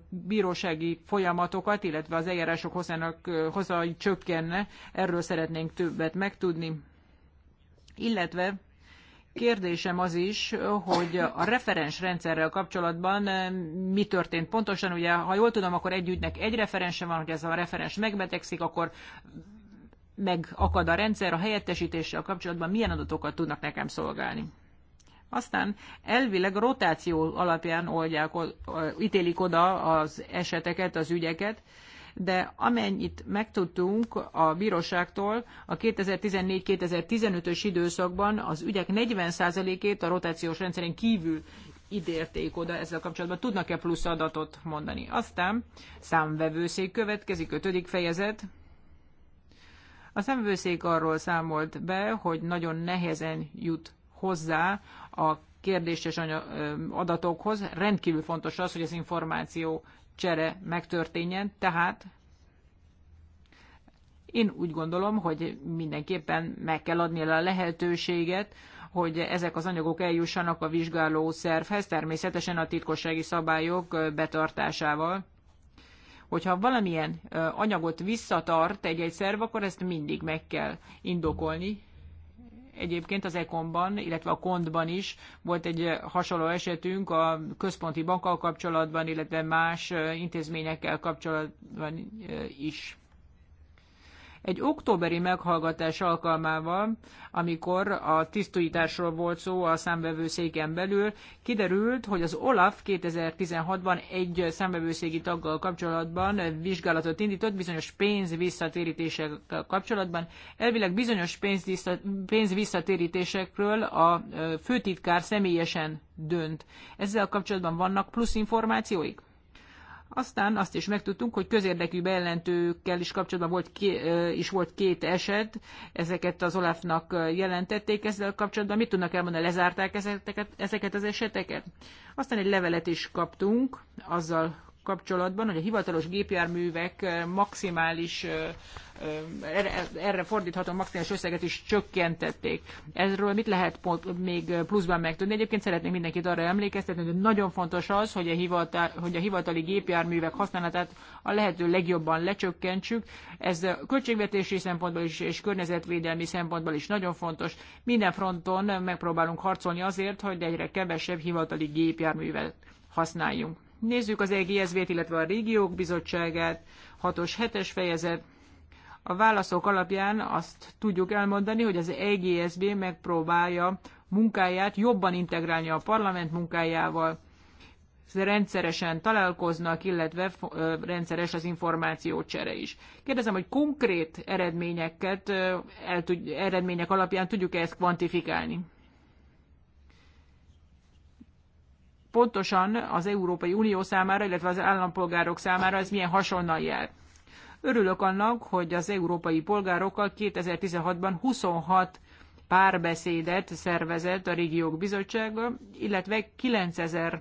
bírósági folyamatokat, illetve az eljárások hozzának hozzá csökkenne. Erről szeretnénk többet megtudni. Illetve Kérdésem az is, hogy a referens rendszerrel kapcsolatban eh, mi történt pontosan. Ugye, ha jól tudom, akkor egy ügynek egy referense van, hogy ez a referens megbetegszik, akkor megakad a rendszer a helyettesítéssel kapcsolatban, milyen adatokat tudnak nekem szolgálni. Aztán elvileg rotáció alapján oldják, ítélik oda az eseteket, az ügyeket de amennyit megtudtunk a bíróságtól, a 2014-2015-ös időszakban az ügyek 40%-ét a rotációs rendszeren kívül idérték oda ezzel kapcsolatban. Tudnak-e plusz adatot mondani? Aztán számvevőszék következik, ötödik fejezet. A számvevőszék arról számolt be, hogy nagyon nehezen jut hozzá a kérdéses adatokhoz. Rendkívül fontos az, hogy az információ csere megtörténjen, tehát én úgy gondolom, hogy mindenképpen meg kell adni a lehetőséget, hogy ezek az anyagok eljussanak a vizsgáló szervhez, természetesen a titkossági szabályok betartásával. Hogyha valamilyen anyagot visszatart egy-egy szerv, akkor ezt mindig meg kell indokolni, Egyébként az Ekonban, illetve a Kontban is volt egy eh, hasonló esetünk a központi bankkal kapcsolatban, illetve más eh, intézményekkel kapcsolatban eh, is. Egy októberi meghallgatás alkalmával, amikor a tisztújításról volt szó a számvevőszéken belül, kiderült, hogy az OLAF 2016-ban egy számvevőszégi taggal kapcsolatban vizsgálatot indított bizonyos pénz visszatérítésekkel kapcsolatban. Elvileg bizonyos pénz visszatérítésekről a főtitkár személyesen dönt. Ezzel kapcsolatban vannak plusz információik? Aztán azt is megtudtunk, hogy közérdekű bejelentőkkel is kapcsolatban volt ké, is volt két eset, ezeket az Olafnak jelentették ezzel kapcsolatban. Mit tudnak elmondani, lezárták ezeket, ezeket az eseteket? Aztán egy levelet is kaptunk azzal kapcsolatban, hogy a hivatalos gépjárművek maximális, erre fordítható maximális összeget is csökkentették. Ezről mit lehet még pluszban megtudni? Egyébként szeretnék mindenkit arra emlékeztetni, hogy nagyon fontos az, hogy a, hivatal, hogy a hivatali gépjárművek használatát a lehető legjobban lecsökkentsük. Ez a költségvetési szempontból is és környezetvédelmi szempontból is nagyon fontos. Minden fronton megpróbálunk harcolni azért, hogy egyre kevesebb hivatali gépjárművet használjunk. Nézzük az EGSZV-t, illetve a régiók bizottságát, 6-os, 7-es fejezet. A válaszok alapján azt tudjuk elmondani, hogy az EGSZB megpróbálja munkáját jobban integrálni a parlament munkájával. Rendszeresen találkoznak, illetve rendszeres az információcsere is. Kérdezem, hogy konkrét eredményeket, el tud, eredmények alapján tudjuk -e ezt kvantifikálni? pontosan az Európai Unió számára, illetve az állampolgárok számára ez milyen hasonnal jár. Örülök annak, hogy az európai polgárokkal 2016-ban 26 párbeszédet szervezett a Régiók Bizottsága, illetve 9000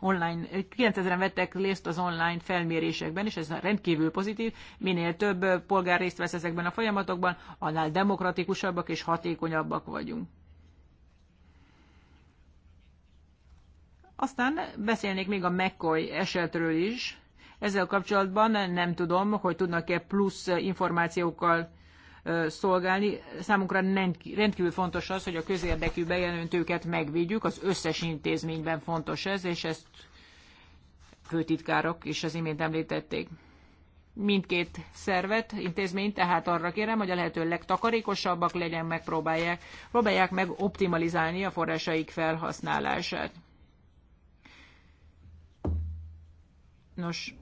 online, 9000-en vettek részt az online felmérésekben, és ez rendkívül pozitív. Minél több polgár részt vesz ezekben a folyamatokban, annál demokratikusabbak és hatékonyabbak vagyunk. Aztán beszélnék még a McCoy esetről is. Ezzel kapcsolatban nem tudom, hogy tudnak-e plusz információkkal szolgálni. Számunkra rendkívül fontos az, hogy a közérdekű bejelentőket megvédjük, az összes intézményben fontos ez, és ezt főtitkárok is az imént említették. Mindkét szervet, intézményt, tehát arra kérem, hogy a lehető legtakarékosabbak legyen, megpróbálják, próbálják meg optimalizálni a forrásaik felhasználását. Nos,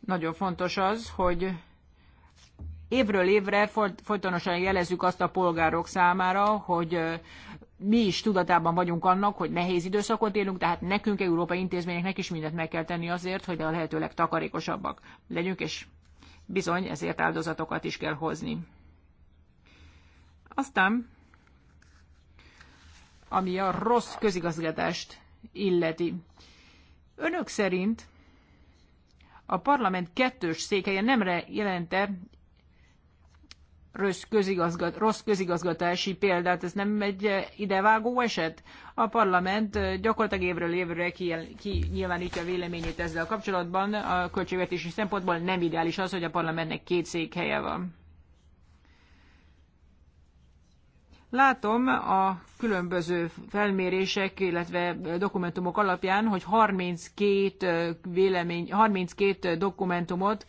nagyon fontos az, hogy évről évre folytonosan jelezzük azt a polgárok számára, hogy mi is tudatában vagyunk annak, hogy nehéz időszakot élünk, tehát nekünk, európai intézményeknek is mindent meg kell tenni azért, hogy a lehetőleg takarékosabbak legyünk, és bizony ezért áldozatokat is kell hozni. Aztán, ami a rossz közigazgatást illeti. Önök szerint a parlament kettős székhelye nem jelente rossz, közigazgat, rossz közigazgatási példát, ez nem egy idevágó eset? A parlament gyakorlatilag évről évre kinyilvánítja ki véleményét ezzel a kapcsolatban, a költségvetési szempontból nem ideális az, hogy a parlamentnek két székhelye van. Látom a különböző felmérések, illetve dokumentumok alapján, hogy 32, vélemény, 32 dokumentumot,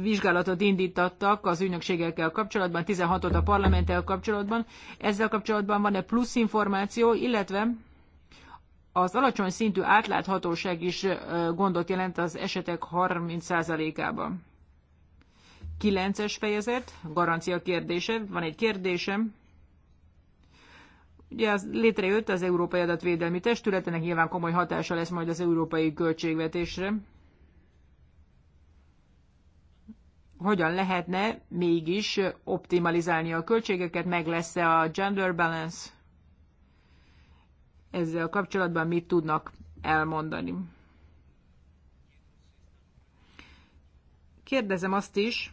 vizsgálatot indítattak az ügynökségekkel kapcsolatban, 16-ot a parlamenttel kapcsolatban. Ezzel kapcsolatban van-e plusz információ, illetve az alacsony szintű átláthatóság is gondot jelent az esetek 30%-ában. 9-es fejezet, garancia kérdése. Van egy kérdésem Ugye az létrejött az Európai Adatvédelmi Testületenek, nyilván komoly hatása lesz majd az európai költségvetésre. Hogyan lehetne mégis optimalizálni a költségeket, meg lesz-e a gender balance? Ezzel kapcsolatban mit tudnak elmondani? Kérdezem azt is,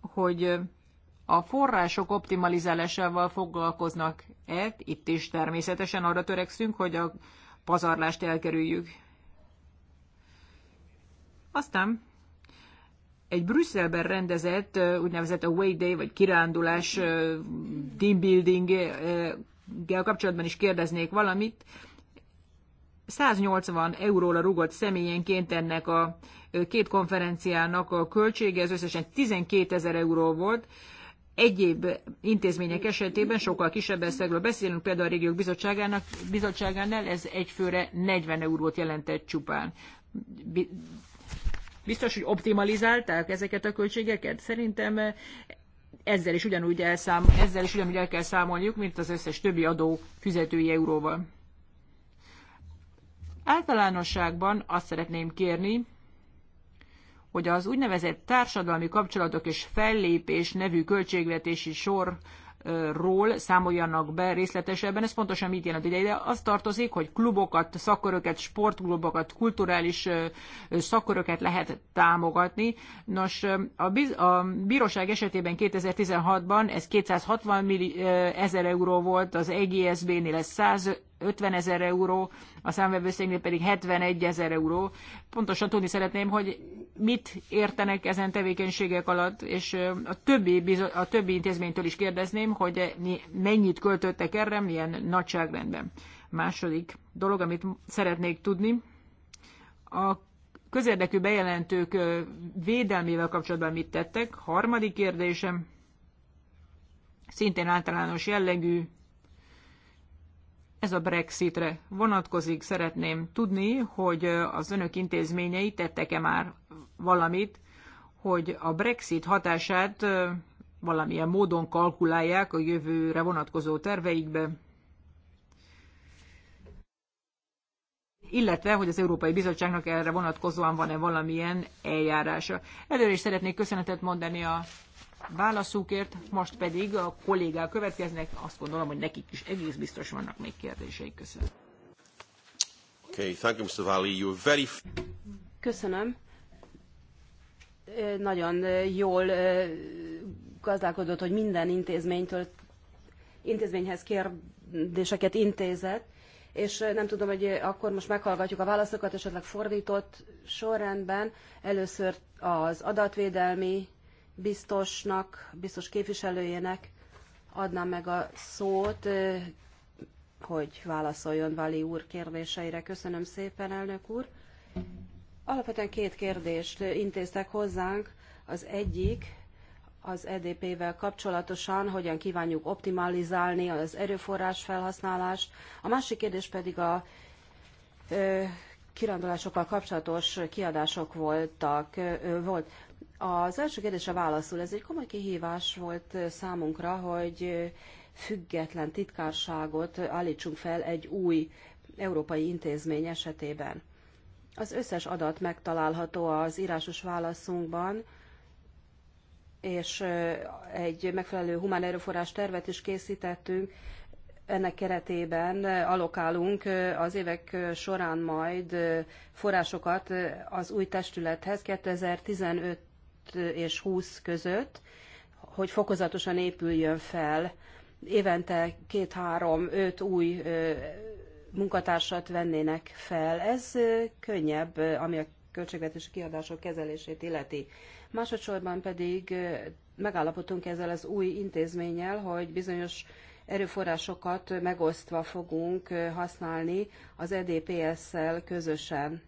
hogy a források optimalizálásával foglalkoznak el, itt is természetesen arra törekszünk, hogy a pazarlást elkerüljük. Aztán egy Brüsszelben rendezett úgynevezett a way day, vagy kirándulás team building kapcsolatban is kérdeznék valamit. 180 euróra rugott személyenként ennek a két konferenciának a költsége, ez összesen 12 ezer euró volt egyéb intézmények esetében sokkal kisebb összegről beszélünk, például a régiók bizottságának, bizottságánál ez egyfőre 40 eurót jelentett csupán. Biztos, hogy optimalizálták ezeket a költségeket? Szerintem eh, ezzel is ugyanúgy, elszám, ezzel is ugyanúgy el kell számolniuk, mint az összes többi adó fizetői euróval. Általánosságban azt szeretném kérni, hogy az úgynevezett társadalmi kapcsolatok és fellépés nevű költségvetési sor ról számoljanak be részletesebben. Ez pontosan mit jelent? Ugye ide az tartozik, hogy klubokat, szakköröket, sportklubokat, kulturális szakköröket lehet támogatni. Nos, a, biz, a bíróság esetében 2016-ban ez 260 ezer euró volt, az EGSB-nél ez 100 50 ezer euró, a számvevőszéknél pedig 71 ezer euró. Pontosan tudni szeretném, hogy mit értenek ezen tevékenységek alatt, és a többi, a többi intézménytől is kérdezném, hogy mennyit költöttek erre, milyen nagyságrendben. Második dolog, amit szeretnék tudni, a közérdekű bejelentők védelmével kapcsolatban mit tettek. Harmadik kérdésem, szintén általános jellegű, ez a Brexitre vonatkozik. Szeretném tudni, hogy az önök intézményei tettek-e már valamit, hogy a Brexit hatását valamilyen módon kalkulálják a jövőre vonatkozó terveikbe, illetve hogy az Európai Bizottságnak erre vonatkozóan van-e valamilyen eljárása. Előre is szeretnék köszönetet mondani a válaszukért, most pedig a kollégák következnek, azt gondolom, hogy nekik is egész biztos vannak még kérdéseik. Köszönöm. Okay, thank you, Mr. Valley. You're very... Köszönöm. Nagyon jól gazdálkodott, hogy minden intézménytől, intézményhez kérdéseket intézett, és nem tudom, hogy akkor most meghallgatjuk a válaszokat, esetleg fordított sorrendben. Először az adatvédelmi biztosnak, biztos képviselőjének adnám meg a szót, hogy válaszoljon Vali úr kérdéseire. Köszönöm szépen, elnök úr. Alapvetően két kérdést intéztek hozzánk. Az egyik az EDP-vel kapcsolatosan, hogyan kívánjuk optimalizálni az erőforrás felhasználást. A másik kérdés pedig a kirándulásokkal kapcsolatos kiadások voltak, volt. Az első kérdésre válaszul, ez egy komoly kihívás volt számunkra, hogy független titkárságot állítsunk fel egy új európai intézmény esetében. Az összes adat megtalálható az írásos válaszunkban, és egy megfelelő humán erőforrás tervet is készítettünk. Ennek keretében alokálunk az évek során majd forrásokat az új testülethez 2015 és 20 között, hogy fokozatosan épüljön fel. Évente két-három, öt új munkatársat vennének fel. Ez könnyebb, ami a költségvetési kiadások kezelését illeti. Másodszorban pedig megállapodtunk ezzel az új intézménnyel, hogy bizonyos erőforrásokat megosztva fogunk használni az EDPS-szel közösen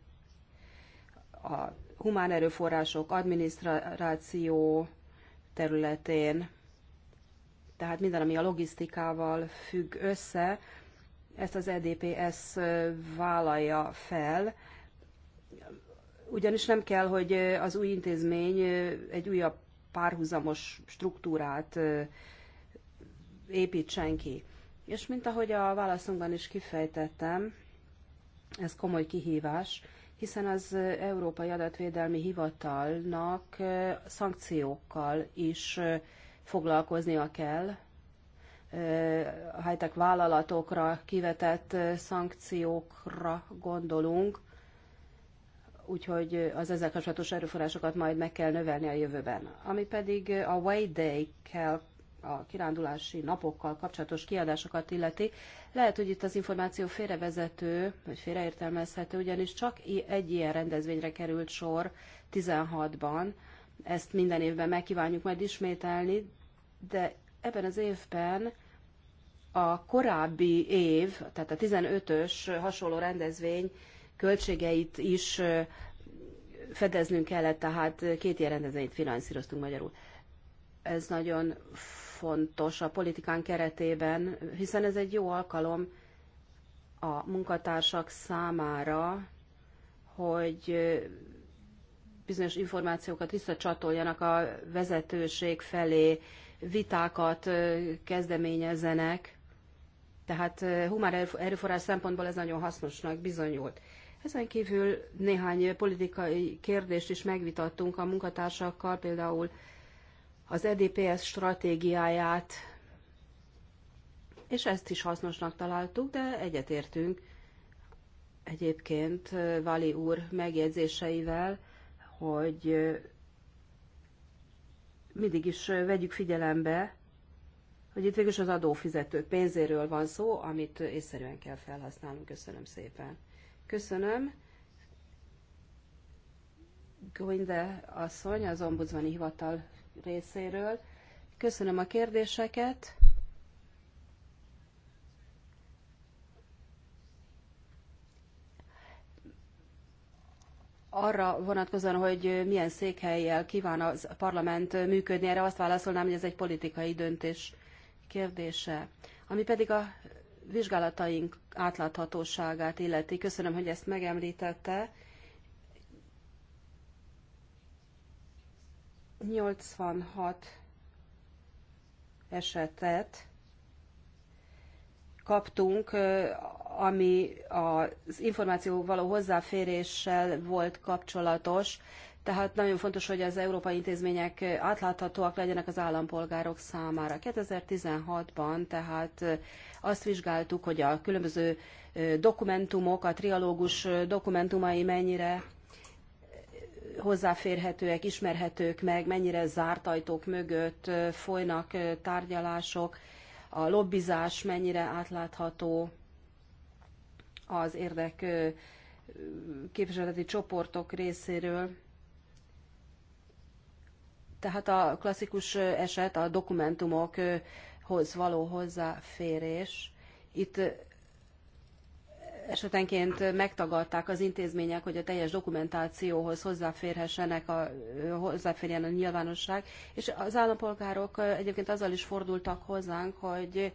a humán erőforrások, adminisztráció területén, tehát minden, ami a logisztikával függ össze, ezt az EDPS vállalja fel, ugyanis nem kell, hogy az új intézmény egy újabb párhuzamos struktúrát építsen ki. És mint ahogy a válaszunkban is kifejtettem, ez komoly kihívás, hiszen az Európai Adatvédelmi Hivatalnak szankciókkal is foglalkoznia kell, a vállalatokra kivetett szankciókra gondolunk, úgyhogy az ezzel kapcsolatos erőforrásokat majd meg kell növelni a jövőben. Ami pedig a Way Day-kel a kirándulási napokkal kapcsolatos kiadásokat illeti, lehet, hogy itt az információ félrevezető, vagy félreértelmezhető, ugyanis csak egy ilyen rendezvényre került sor 16-ban. Ezt minden évben megkívánjuk majd ismételni, de ebben az évben a korábbi év, tehát a 15-ös hasonló rendezvény költségeit is fedeznünk kellett, tehát két ilyen rendezvényt finanszíroztunk magyarul. Ez nagyon fontos a politikán keretében, hiszen ez egy jó alkalom a munkatársak számára, hogy bizonyos információkat visszacsatoljanak a vezetőség felé, vitákat kezdeményezzenek. Tehát humán erőforrás szempontból ez nagyon hasznosnak bizonyult. Ezen kívül néhány politikai kérdést is megvitattunk a munkatársakkal, például az EDPS stratégiáját, és ezt is hasznosnak találtuk, de egyetértünk egyébként Vali úr megjegyzéseivel, hogy mindig is vegyük figyelembe, hogy itt végül is az adófizetők pénzéről van szó, amit észszerűen kell felhasználnunk. Köszönöm szépen. Köszönöm. Goinde asszony, az ombudsmani hivatal részéről. Köszönöm a kérdéseket. arra vonatkozóan, hogy milyen székhelyjel kíván a parlament működni, erre azt válaszolnám, hogy ez egy politikai döntés kérdése. Ami pedig a vizsgálataink átláthatóságát illeti, köszönöm, hogy ezt megemlítette. 86 esetet kaptunk, ami az információ való hozzáféréssel volt kapcsolatos, tehát nagyon fontos, hogy az európai intézmények átláthatóak legyenek az állampolgárok számára. 2016-ban tehát azt vizsgáltuk, hogy a különböző dokumentumok, a trialógus dokumentumai mennyire hozzáférhetőek, ismerhetők meg, mennyire zárt ajtók mögött folynak tárgyalások, a lobbizás mennyire átlátható az érdek képviseleti csoportok részéről. Tehát a klasszikus eset a dokumentumokhoz való hozzáférés. Itt esetenként megtagadták az intézmények, hogy a teljes dokumentációhoz hozzáférhessenek a, hozzáférjen a nyilvánosság, és az állampolgárok egyébként azzal is fordultak hozzánk, hogy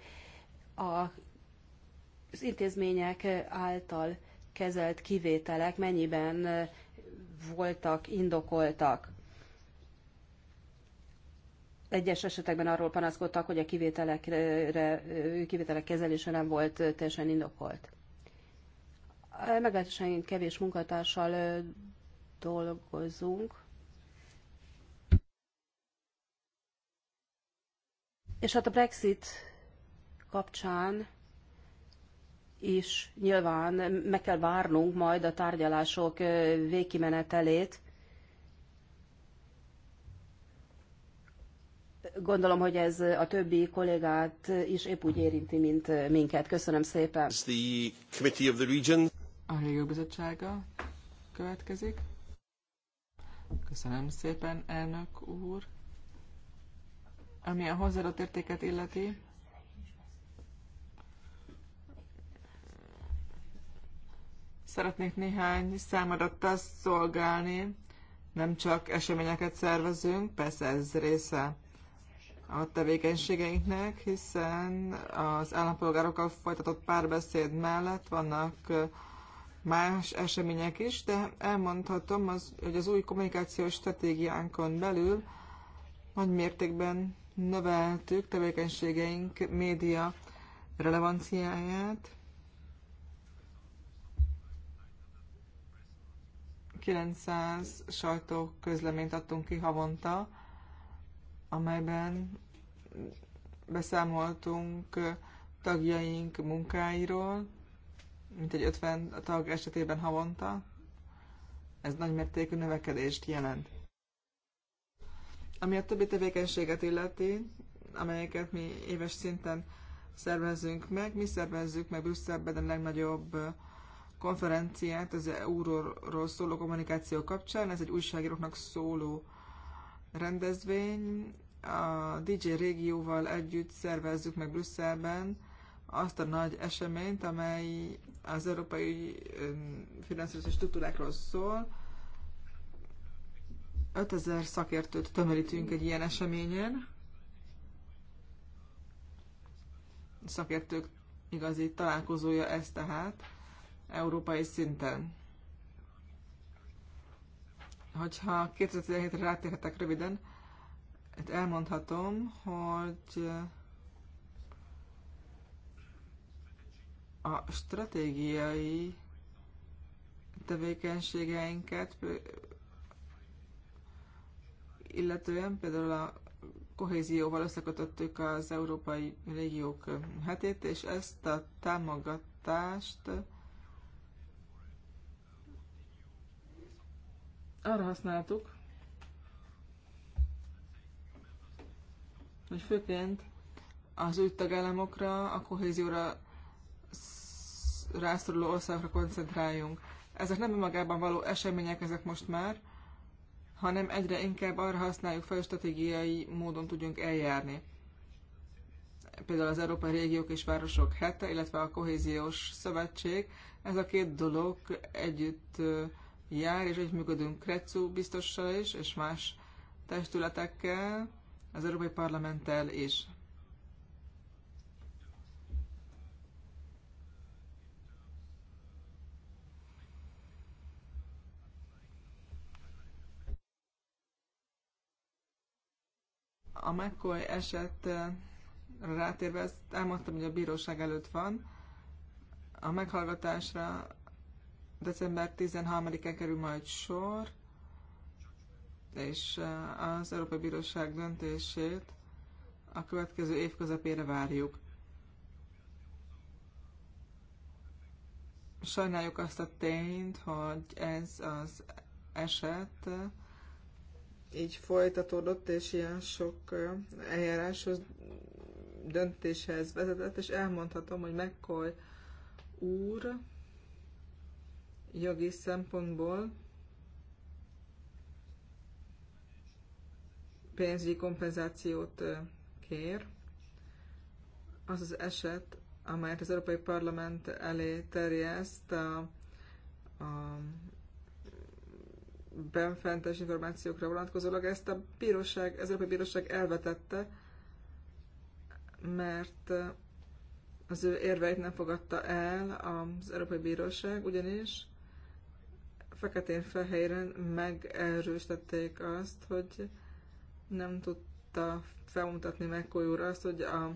a, az intézmények által kezelt kivételek mennyiben voltak, indokoltak. Egyes esetekben arról panaszkodtak, hogy a kivételekre, kivételek kezelése nem volt teljesen indokolt meglehetősen kevés munkatársal dolgozunk. És hát a Brexit kapcsán is nyilván meg kell várnunk majd a tárgyalások végkimenetelét. Gondolom, hogy ez a többi kollégát is épp úgy érinti, mint minket. Köszönöm szépen. A Régióbizottsága következik. Köszönöm szépen, elnök úr. Ami a hozzáadott értéket illeti, szeretnék néhány számadattal szolgálni. Nem csak eseményeket szervezünk, persze ez része a tevékenységeinknek, hiszen az állampolgárokkal folytatott párbeszéd mellett vannak más események is, de elmondhatom, az, hogy az új kommunikációs stratégiánkon belül nagy mértékben növeltük tevékenységeink média relevanciáját. 900 sajtóközleményt adtunk ki havonta, amelyben beszámoltunk tagjaink munkáiról, mint egy 50 tag esetében havonta. Ez nagymértékű növekedést jelent. Ami a többi tevékenységet illeti, amelyeket mi éves szinten szervezünk meg, mi szervezzük meg Brüsszelben a legnagyobb konferenciát az euróról szóló kommunikáció kapcsán. Ez egy újságíróknak szóló rendezvény. A DJ régióval együtt szervezzük meg Brüsszelben azt a nagy eseményt, amely az európai finanszírozási struktúrákról szól. 5000 szakértőt tömörítünk egy ilyen eseményen. szakértők igazi találkozója ez tehát európai szinten. Hogyha 2017-re rátérhetek röviden, elmondhatom, hogy a stratégiai tevékenységeinket, illetően például a kohézióval összekötöttük az európai régiók hetét, és ezt a támogatást arra használtuk, hogy főként az új tagállamokra, a kohézióra rászoruló országokra koncentráljunk. Ezek nem magában való események ezek most már, hanem egyre inkább arra használjuk fel, hogy stratégiai módon tudjunk eljárni. Például az Európai Régiók és Városok hete, illetve a Kohéziós Szövetség, ez a két dolog együtt jár, és együttműködünk Kretszú biztossal is, és más testületekkel, az Európai Parlamenttel is. A McCoy eset rátérve ezt elmondtam, hogy a bíróság előtt van. A meghallgatásra december 13-án kerül majd sor, és az Európai Bíróság döntését a következő év közepére várjuk. Sajnáljuk azt a tényt, hogy ez az eset így folytatódott, és ilyen sok eljáráshoz, döntéshez vezetett, és elmondhatom, hogy McCoy úr jogi szempontból pénzügyi kompenzációt kér. Az az eset, amelyet az Európai Parlament elé terjeszt a, a benfentes információkra vonatkozólag. Ezt a bíróság, az Európai Bíróság elvetette, mert az ő érveit nem fogadta el az Európai Bíróság, ugyanis feketén-fehéren megerősítették azt, hogy nem tudta felmutatni meg úr azt, hogy a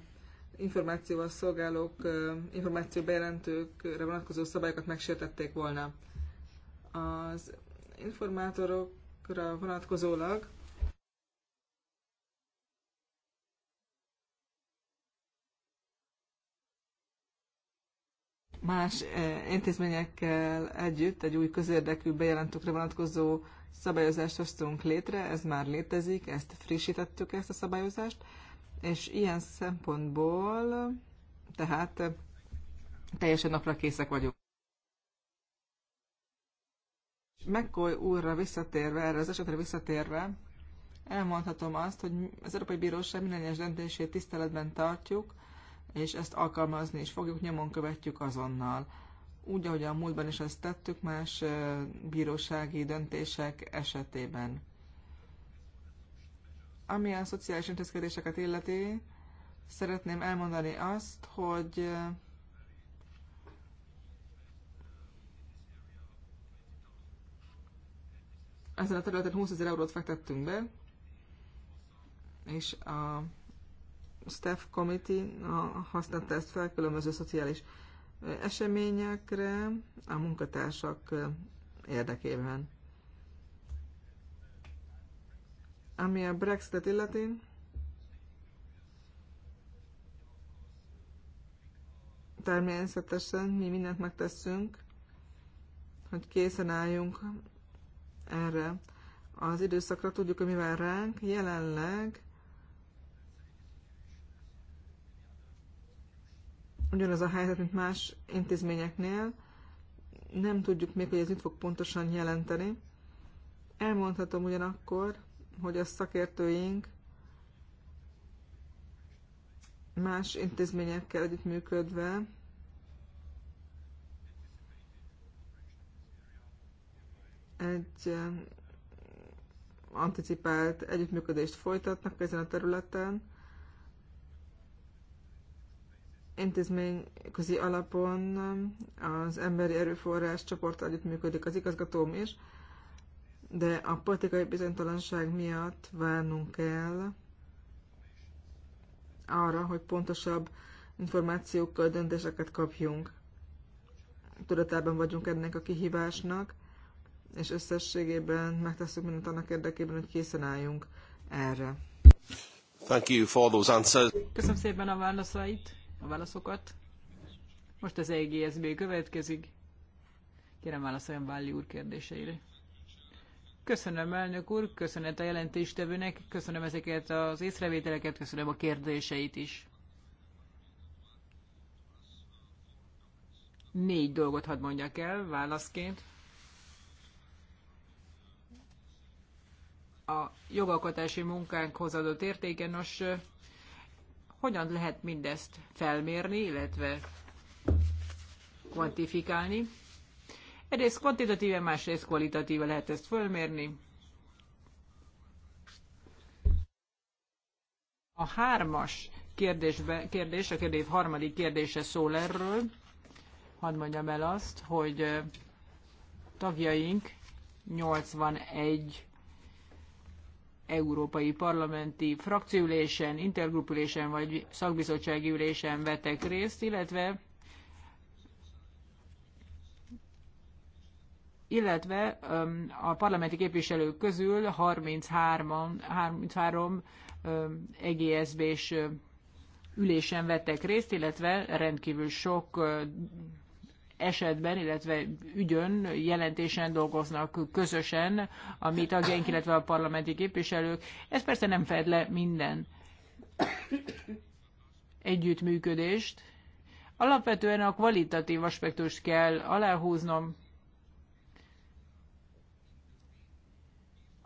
információval szolgálók, információ bejelentőkre vonatkozó szabályokat megsértették volna. Az informátorokra vonatkozólag más eh, intézményekkel együtt egy új közérdekű bejelentőkre vonatkozó szabályozást hoztunk létre, ez már létezik, ezt frissítettük, ezt a szabályozást, és ilyen szempontból tehát eh, teljesen napra készek vagyunk. McCoy úrra visszatérve, erre az esetre visszatérve, elmondhatom azt, hogy az Európai Bíróság minden egyes döntését tiszteletben tartjuk, és ezt alkalmazni is fogjuk, nyomon követjük azonnal. Úgy, ahogy a múltban is ezt tettük más bírósági döntések esetében. Ami a szociális intézkedéseket illeti, szeretném elmondani azt, hogy ezen a területen 20 ezer eurót fektettünk be, és a staff committee használta ezt fel különböző szociális eseményekre a munkatársak érdekében. Ami a Brexit-et illeti, természetesen mi mindent megteszünk, hogy készen álljunk erre az időszakra, tudjuk, hogy mi ránk. Jelenleg ugyanaz a helyzet, mint más intézményeknél. Nem tudjuk még, hogy ez mit fog pontosan jelenteni. Elmondhatom ugyanakkor, hogy a szakértőink más intézményekkel együttműködve egy anticipált együttműködést folytatnak ezen a területen, intézményközi alapon az emberi erőforrás csoport együttműködik az igazgatóm is, de a politikai bizonytalanság miatt várnunk kell arra, hogy pontosabb információkkal döntéseket kapjunk. Tudatában vagyunk ennek a kihívásnak, és összességében megtesszük mindent annak érdekében, hogy készen álljunk erre. Thank you for those answers. Köszönöm szépen a válaszait, a válaszokat. Most az EGSB következik. Kérem válaszoljon Báli úr kérdéseire. Köszönöm, elnök úr, köszönet a jelentéstevőnek, köszönöm ezeket az észrevételeket, köszönöm a kérdéseit is. Négy dolgot hadd mondjak el válaszként. a jogalkotási munkánkhoz adott értéke. Nos, hogyan lehet mindezt felmérni, illetve kvantifikálni? Egyrészt kvantitatíven, másrészt kvalitatíve lehet ezt fölmérni. A hármas kérdésbe, kérdés, a kérdés harmadik kérdése szól erről. Hadd mondjam el azt, hogy tagjaink 81 európai parlamenti frakciülésen, intergrupülésen vagy szakbizottsági ülésen vettek részt, illetve illetve a parlamenti képviselők közül 33, 33 EGSB-s ülésen vettek részt, illetve rendkívül sok esetben, illetve ügyön, jelentésen dolgoznak közösen a mi tagjaink, illetve a parlamenti képviselők. Ez persze nem fed le minden együttműködést. Alapvetően a kvalitatív aspektust kell aláhúznom,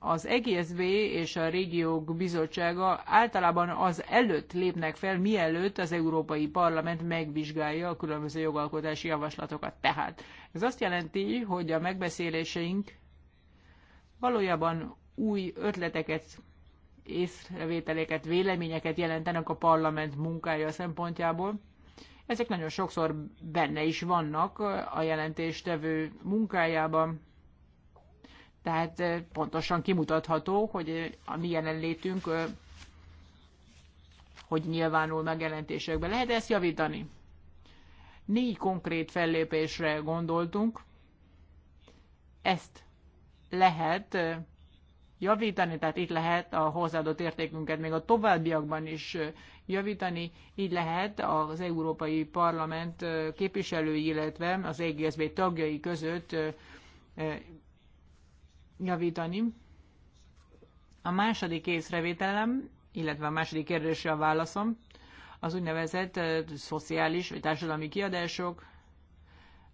az EGSB és a régiók bizottsága általában az előtt lépnek fel, mielőtt az Európai Parlament megvizsgálja a különböző jogalkotási javaslatokat. Tehát ez azt jelenti, hogy a megbeszéléseink valójában új ötleteket, észrevételeket, véleményeket jelentenek a parlament munkája szempontjából. Ezek nagyon sokszor benne is vannak a jelentéstevő munkájában tehát pontosan kimutatható, hogy a mi jelenlétünk hogy nyilvánul meg jelentésekben. Lehet ezt javítani? Négy konkrét fellépésre gondoltunk. Ezt lehet javítani, tehát itt lehet a hozzáadott értékünket még a továbbiakban is javítani, így lehet az Európai Parlament képviselői, illetve az EGSB tagjai között javítani. A második észrevételem, illetve a második kérdésre a válaszom, az úgynevezett szociális vagy társadalmi kiadások.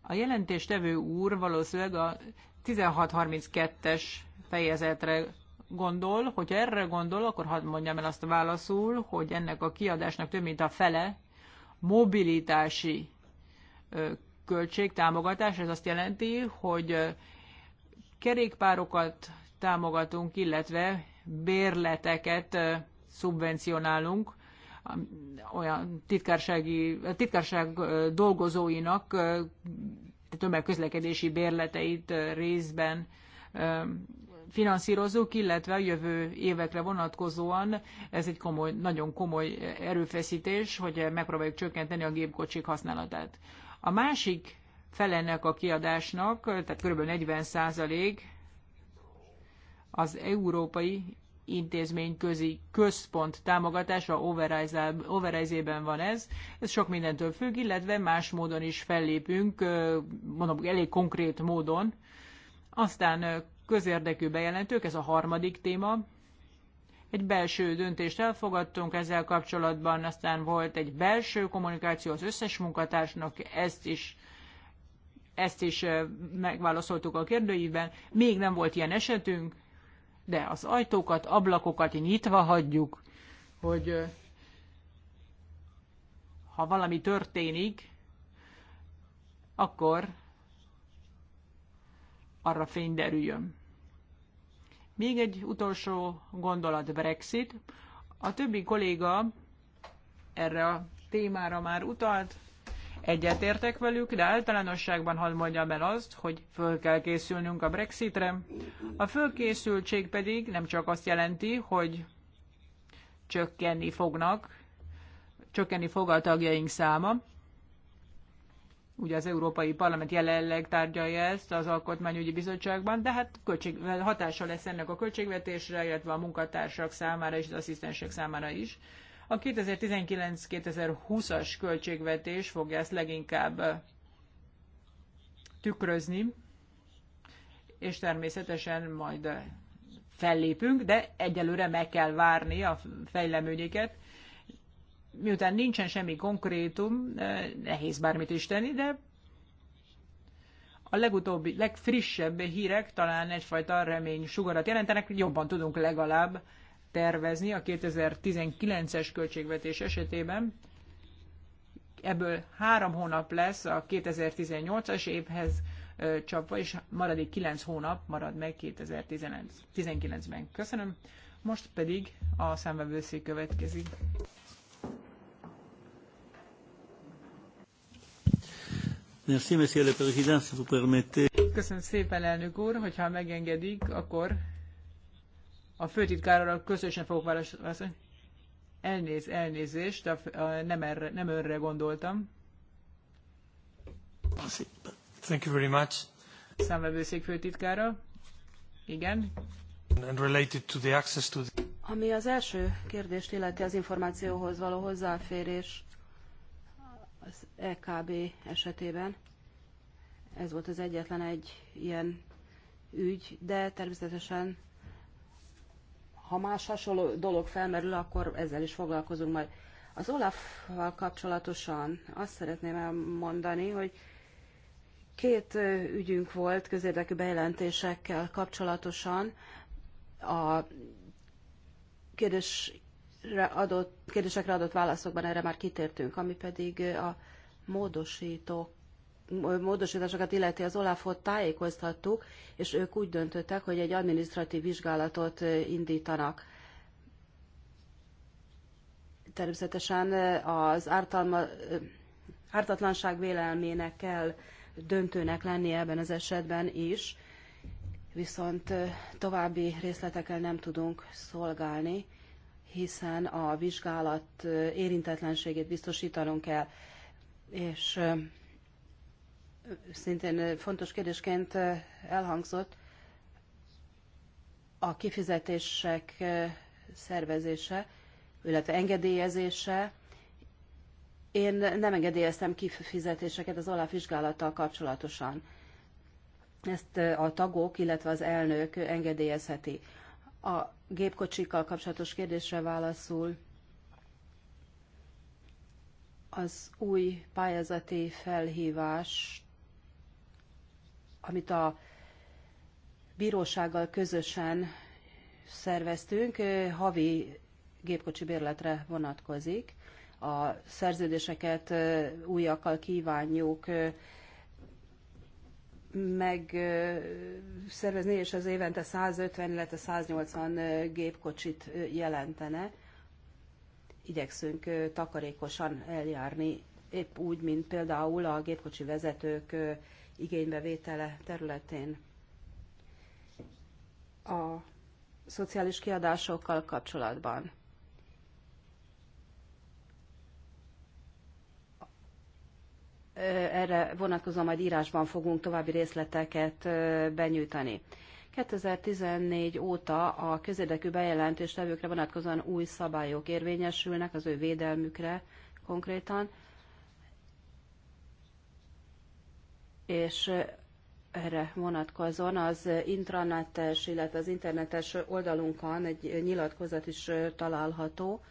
A jelentéstevő úr valószínűleg a 1632-es fejezetre gondol, hogyha erre gondol, akkor hadd mondjam el azt a válaszul, hogy ennek a kiadásnak több mint a fele mobilitási költség, támogatás, ez azt jelenti, hogy Kerékpárokat támogatunk, illetve bérleteket szubvencionálunk olyan titkársági, titkárság dolgozóinak tömegközlekedési bérleteit részben finanszírozunk, illetve a jövő évekre vonatkozóan ez egy komoly, nagyon komoly erőfeszítés, hogy megpróbáljuk csökkenteni a gépkocsik használatát. A másik felennek a kiadásnak, tehát kb. 40 százalék az európai intézményközi központ támogatása, overizében van ez. Ez sok mindentől függ, illetve más módon is fellépünk, mondom, elég konkrét módon. Aztán közérdekű bejelentők, ez a harmadik téma. Egy belső döntést elfogadtunk ezzel kapcsolatban, aztán volt egy belső kommunikáció az összes munkatársnak, ezt is ezt is megválaszoltuk a kérdőívben. Még nem volt ilyen esetünk, de az ajtókat, ablakokat nyitva hagyjuk, hogy ha valami történik, akkor arra fény derüljön. Még egy utolsó gondolat Brexit. A többi kolléga erre a témára már utalt, Egyetértek velük, de általánosságban hadd mondjam el azt, hogy föl kell készülnünk a Brexitre. A fölkészültség pedig nem csak azt jelenti, hogy csökkenni fognak, csökkenni fog a tagjaink száma. Ugye az Európai Parlament jelenleg tárgyalja ezt az Alkotmányügyi Bizottságban, de hát költség, hatása lesz ennek a költségvetésre, illetve a munkatársak számára és az asszisztensek számára is. A 2019-2020-as költségvetés fogja ezt leginkább tükrözni, és természetesen majd fellépünk, de egyelőre meg kell várni a fejleményeket. Miután nincsen semmi konkrétum, nehéz bármit is tenni, de a legutóbbi, legfrissebb hírek talán egyfajta remény sugarat jelentenek, jobban tudunk legalább tervezni a 2019-es költségvetés esetében. Ebből három hónap lesz a 2018-as évhez csapva, és maradik kilenc hónap marad meg 2019-ben. Köszönöm. Most pedig a számvevőszék következik. Köszönöm szépen, elnök úr, hogyha megengedik, akkor a főtitkárral közösen fogok válaszolni. Elnéz, elnézést, de nem, erre, nem önre gondoltam. Thank you very much. Számvevőszék főtitkára. Igen. And related to the access to the... Ami az első kérdést illeti az információhoz való hozzáférés az EKB esetében, ez volt az egyetlen egy ilyen ügy, de természetesen ha más hasonló dolog felmerül, akkor ezzel is foglalkozunk majd. Az Olaf-val kapcsolatosan azt szeretném elmondani, hogy két ügyünk volt közérdekű bejelentésekkel kapcsolatosan. A kérdésre adott, kérdésekre adott válaszokban erre már kitértünk, ami pedig a módosítók módosításokat illeti az Olafot tájékoztattuk, és ők úgy döntöttek, hogy egy administratív vizsgálatot indítanak. Természetesen az ártalma, ártatlanság vélelmének kell döntőnek lennie ebben az esetben is, viszont további részletekkel nem tudunk szolgálni, hiszen a vizsgálat érintetlenségét biztosítanunk kell, és szintén fontos kérdésként elhangzott, a kifizetések szervezése, illetve engedélyezése. Én nem engedélyeztem kifizetéseket az alávizsgálattal kapcsolatosan. Ezt a tagok, illetve az elnök engedélyezheti. A gépkocsikkal kapcsolatos kérdésre válaszul az új pályázati felhívást amit a bírósággal közösen szerveztünk, havi gépkocsi bérletre vonatkozik. A szerződéseket újakkal kívánjuk megszervezni, és az évente 150, illetve 180 gépkocsit jelentene. Igyekszünk takarékosan eljárni, épp úgy, mint például a gépkocsi vezetők igénybevétele területén. A szociális kiadásokkal kapcsolatban. Erre vonatkozóan majd írásban fogunk további részleteket benyújtani. 2014 óta a közérdekű bejelentéstevőkre vonatkozóan új szabályok érvényesülnek az ő védelmükre konkrétan. és erre vonatkozóan az intranetes, illetve az internetes oldalunkon egy nyilatkozat is található.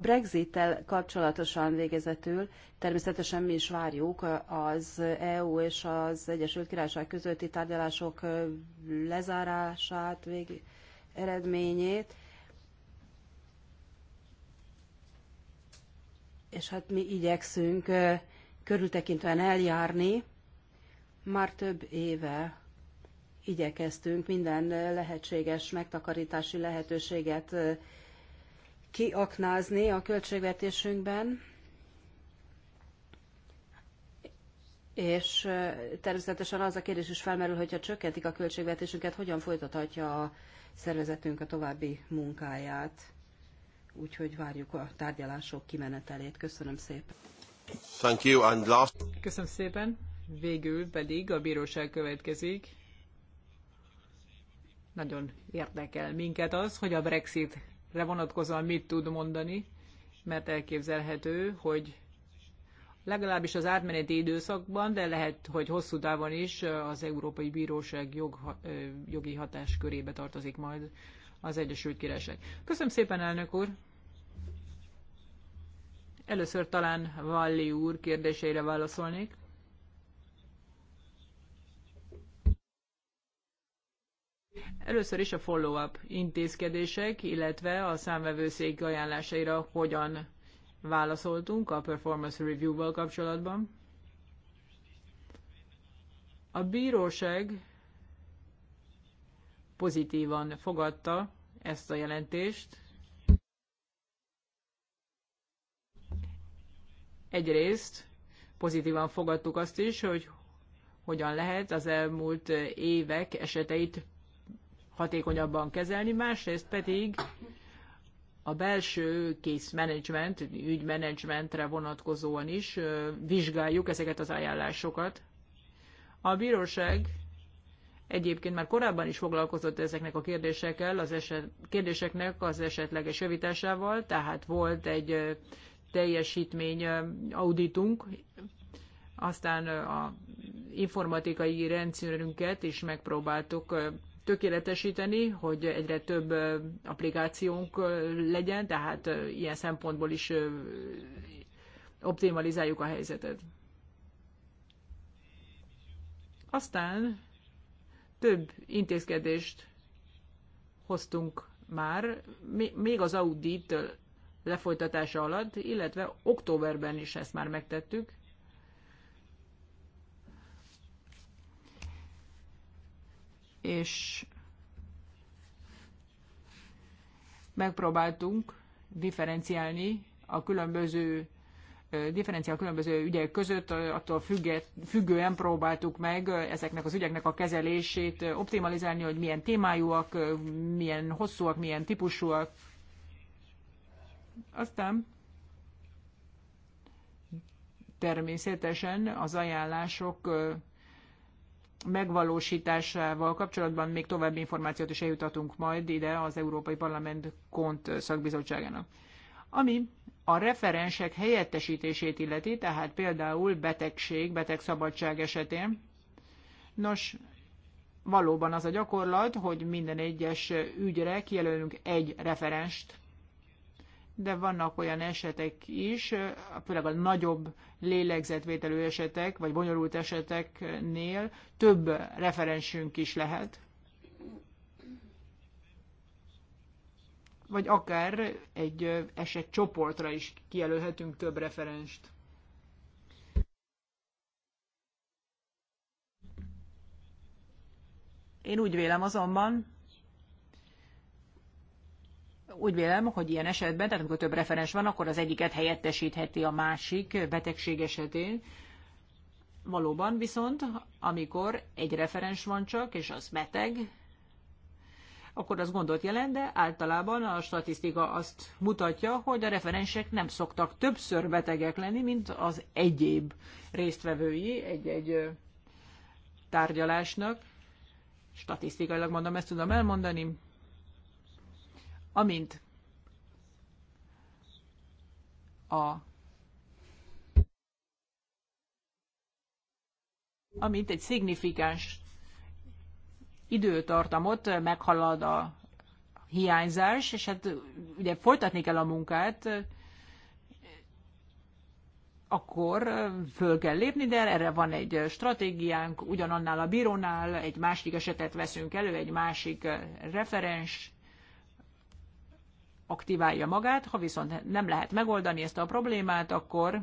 Brexit-tel kapcsolatosan végezetül természetesen mi is várjuk az EU és az Egyesült Királyság közötti tárgyalások lezárását, vég eredményét. és hát mi igyekszünk körültekintően eljárni. Már több éve igyekeztünk minden lehetséges megtakarítási lehetőséget kiaknázni a költségvetésünkben, és természetesen az a kérdés is felmerül, hogyha csökkentik a költségvetésünket, hogyan folytathatja a szervezetünk a további munkáját úgyhogy várjuk a tárgyalások kimenetelét. Köszönöm szépen. Thank you and last... Köszönöm szépen. Végül pedig a bíróság következik. Nagyon érdekel minket az, hogy a Brexitre vonatkozóan mit tud mondani, mert elképzelhető, hogy legalábbis az átmeneti időszakban, de lehet, hogy hosszú távon is az Európai Bíróság jog, jogi hatáskörébe tartozik majd az Egyesült Királyság. Köszönöm szépen, elnök úr! Először talán Valli úr kérdéseire válaszolnék. Először is a follow-up intézkedések, illetve a számvevőszék ajánlásaira hogyan válaszoltunk a performance review-val kapcsolatban. A bíróság pozitívan fogadta ezt a jelentést. Egyrészt pozitívan fogadtuk azt is, hogy hogyan lehet az elmúlt évek eseteit hatékonyabban kezelni, másrészt pedig a belső case management, ügymenedzsmentre vonatkozóan is vizsgáljuk ezeket az ajánlásokat. A bíróság Egyébként már korábban is foglalkozott ezeknek a kérdésekkel, az eset, kérdéseknek az esetleges javításával, tehát volt egy teljesítmény auditunk, aztán a informatikai rendszerünket is megpróbáltuk tökéletesíteni, hogy egyre több applikációnk legyen, tehát ilyen szempontból is optimalizáljuk a helyzetet. Aztán több intézkedést hoztunk már, még az audit lefolytatása alatt, illetve októberben is ezt már megtettük. És megpróbáltunk differenciálni a különböző differenciál különböző ügyek között, attól függet, függően próbáltuk meg ezeknek az ügyeknek a kezelését optimalizálni, hogy milyen témájúak, milyen hosszúak, milyen típusúak. Aztán természetesen az ajánlások megvalósításával kapcsolatban még további információt is eljutatunk majd ide az Európai Parlament Kont szakbizottságának. Ami a referensek helyettesítését illeti, tehát például betegség, betegszabadság esetén. Nos, valóban az a gyakorlat, hogy minden egyes ügyre kijelölünk egy referenst, de vannak olyan esetek is, főleg a nagyobb lélegzetvételű esetek, vagy bonyolult eseteknél több referensünk is lehet. vagy akár egy eset csoportra is kijelölhetünk több referenst. Én úgy vélem azonban, úgy vélem, hogy ilyen esetben, tehát amikor több referens van, akkor az egyiket helyettesítheti a másik betegség esetén. Valóban viszont, amikor egy referens van csak, és az beteg, akkor az gondot jelent, de általában a statisztika azt mutatja, hogy a referensek nem szoktak többször betegek lenni, mint az egyéb résztvevői egy-egy tárgyalásnak. Statisztikailag mondom, ezt tudom elmondani. Amint a amint egy szignifikáns időtartamot meghalad a hiányzás, és hát ugye folytatni kell a munkát, akkor föl kell lépni, de erre van egy stratégiánk, ugyanannál a bírónál egy másik esetet veszünk elő, egy másik referens aktiválja magát, ha viszont nem lehet megoldani ezt a problémát, akkor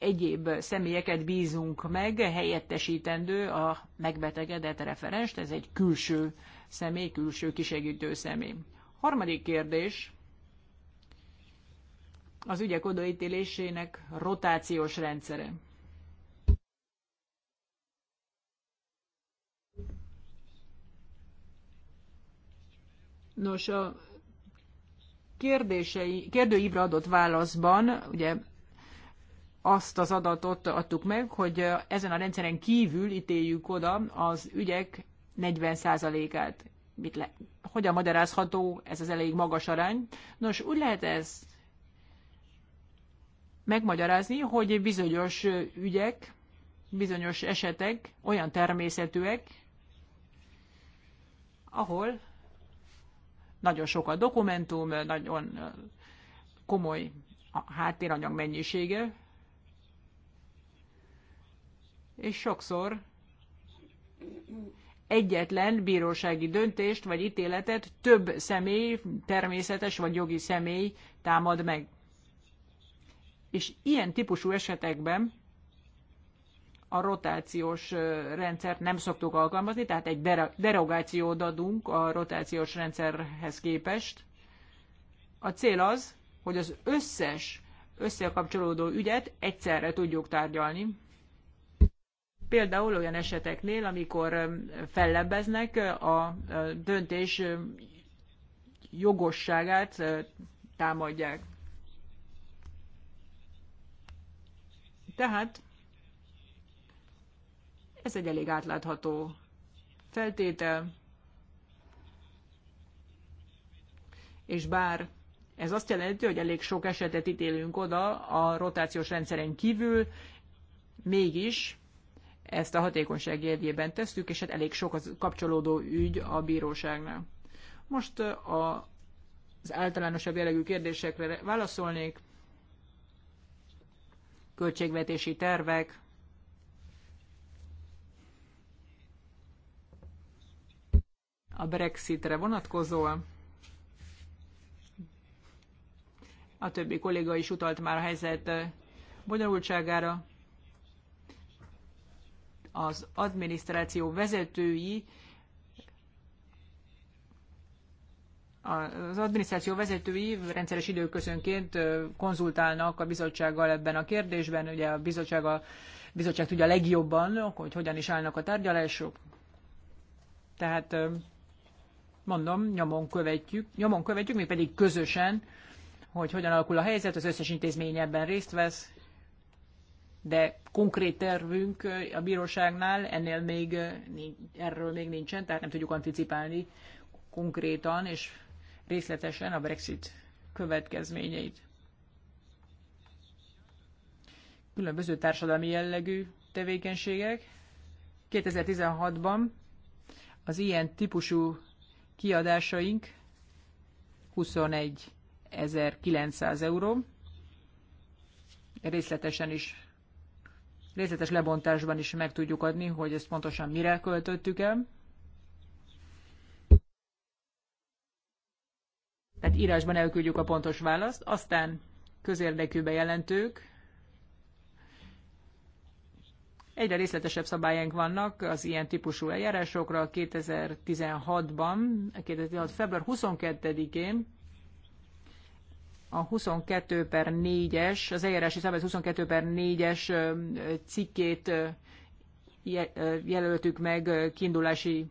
egyéb személyeket bízunk meg, helyettesítendő a megbetegedett referenst, ez egy külső személy, külső kisegítő személy. Harmadik kérdés, az ügyek odaítélésének rotációs rendszere. Nos, a kérdései, kérdőívra adott válaszban ugye azt az adatot adtuk meg, hogy ezen a rendszeren kívül ítéljük oda az ügyek 40%-át. Mit le- hogyan magyarázható ez az elég magas arány? Nos, úgy lehet ez megmagyarázni, hogy bizonyos ügyek, bizonyos esetek olyan természetűek, ahol nagyon sok a dokumentum, nagyon komoly a háttéranyag mennyisége, és sokszor egyetlen bírósági döntést vagy ítéletet több személy, természetes vagy jogi személy támad meg. És ilyen típusú esetekben a rotációs rendszert nem szoktuk alkalmazni, tehát egy derogációt adunk a rotációs rendszerhez képest. A cél az, hogy az összes összekapcsolódó ügyet egyszerre tudjuk tárgyalni. Például olyan eseteknél, amikor fellebbeznek a döntés jogosságát támadják. Tehát ez egy elég átlátható feltétel, és bár ez azt jelenti, hogy elég sok esetet ítélünk oda a rotációs rendszeren kívül, mégis ezt a hatékonyság jegyében tesztük, és hát elég sok az kapcsolódó ügy a bíróságnál. Most a, az általánosabb jellegű kérdésekre válaszolnék. Költségvetési tervek, a Brexitre vonatkozóan. A többi kolléga is utalt már a helyzet bonyolultságára az adminisztráció vezetői az adminisztráció vezetői rendszeres időközönként konzultálnak a bizottsággal ebben a kérdésben. Ugye a bizottság, a bizottság tudja legjobban, hogy hogyan is állnak a tárgyalások. Tehát mondom, nyomon követjük, nyomon követjük, mi pedig közösen, hogy hogyan alakul a helyzet, az összes intézmény ebben részt vesz, de konkrét tervünk a bíróságnál ennél még, erről még nincsen, tehát nem tudjuk anticipálni konkrétan és részletesen a Brexit következményeit. Különböző társadalmi jellegű tevékenységek. 2016-ban az ilyen típusú kiadásaink 21.900 euró. Részletesen is részletes lebontásban is meg tudjuk adni, hogy ezt pontosan mire költöttük el. Tehát írásban elküldjük a pontos választ, aztán közérdekű bejelentők, Egyre részletesebb szabályánk vannak az ilyen típusú eljárásokra. 2016-ban, 2016. február 22-én a 22 per 4-es, az eljárási szabály 22 per 4-es cikkét jelöltük meg kiindulási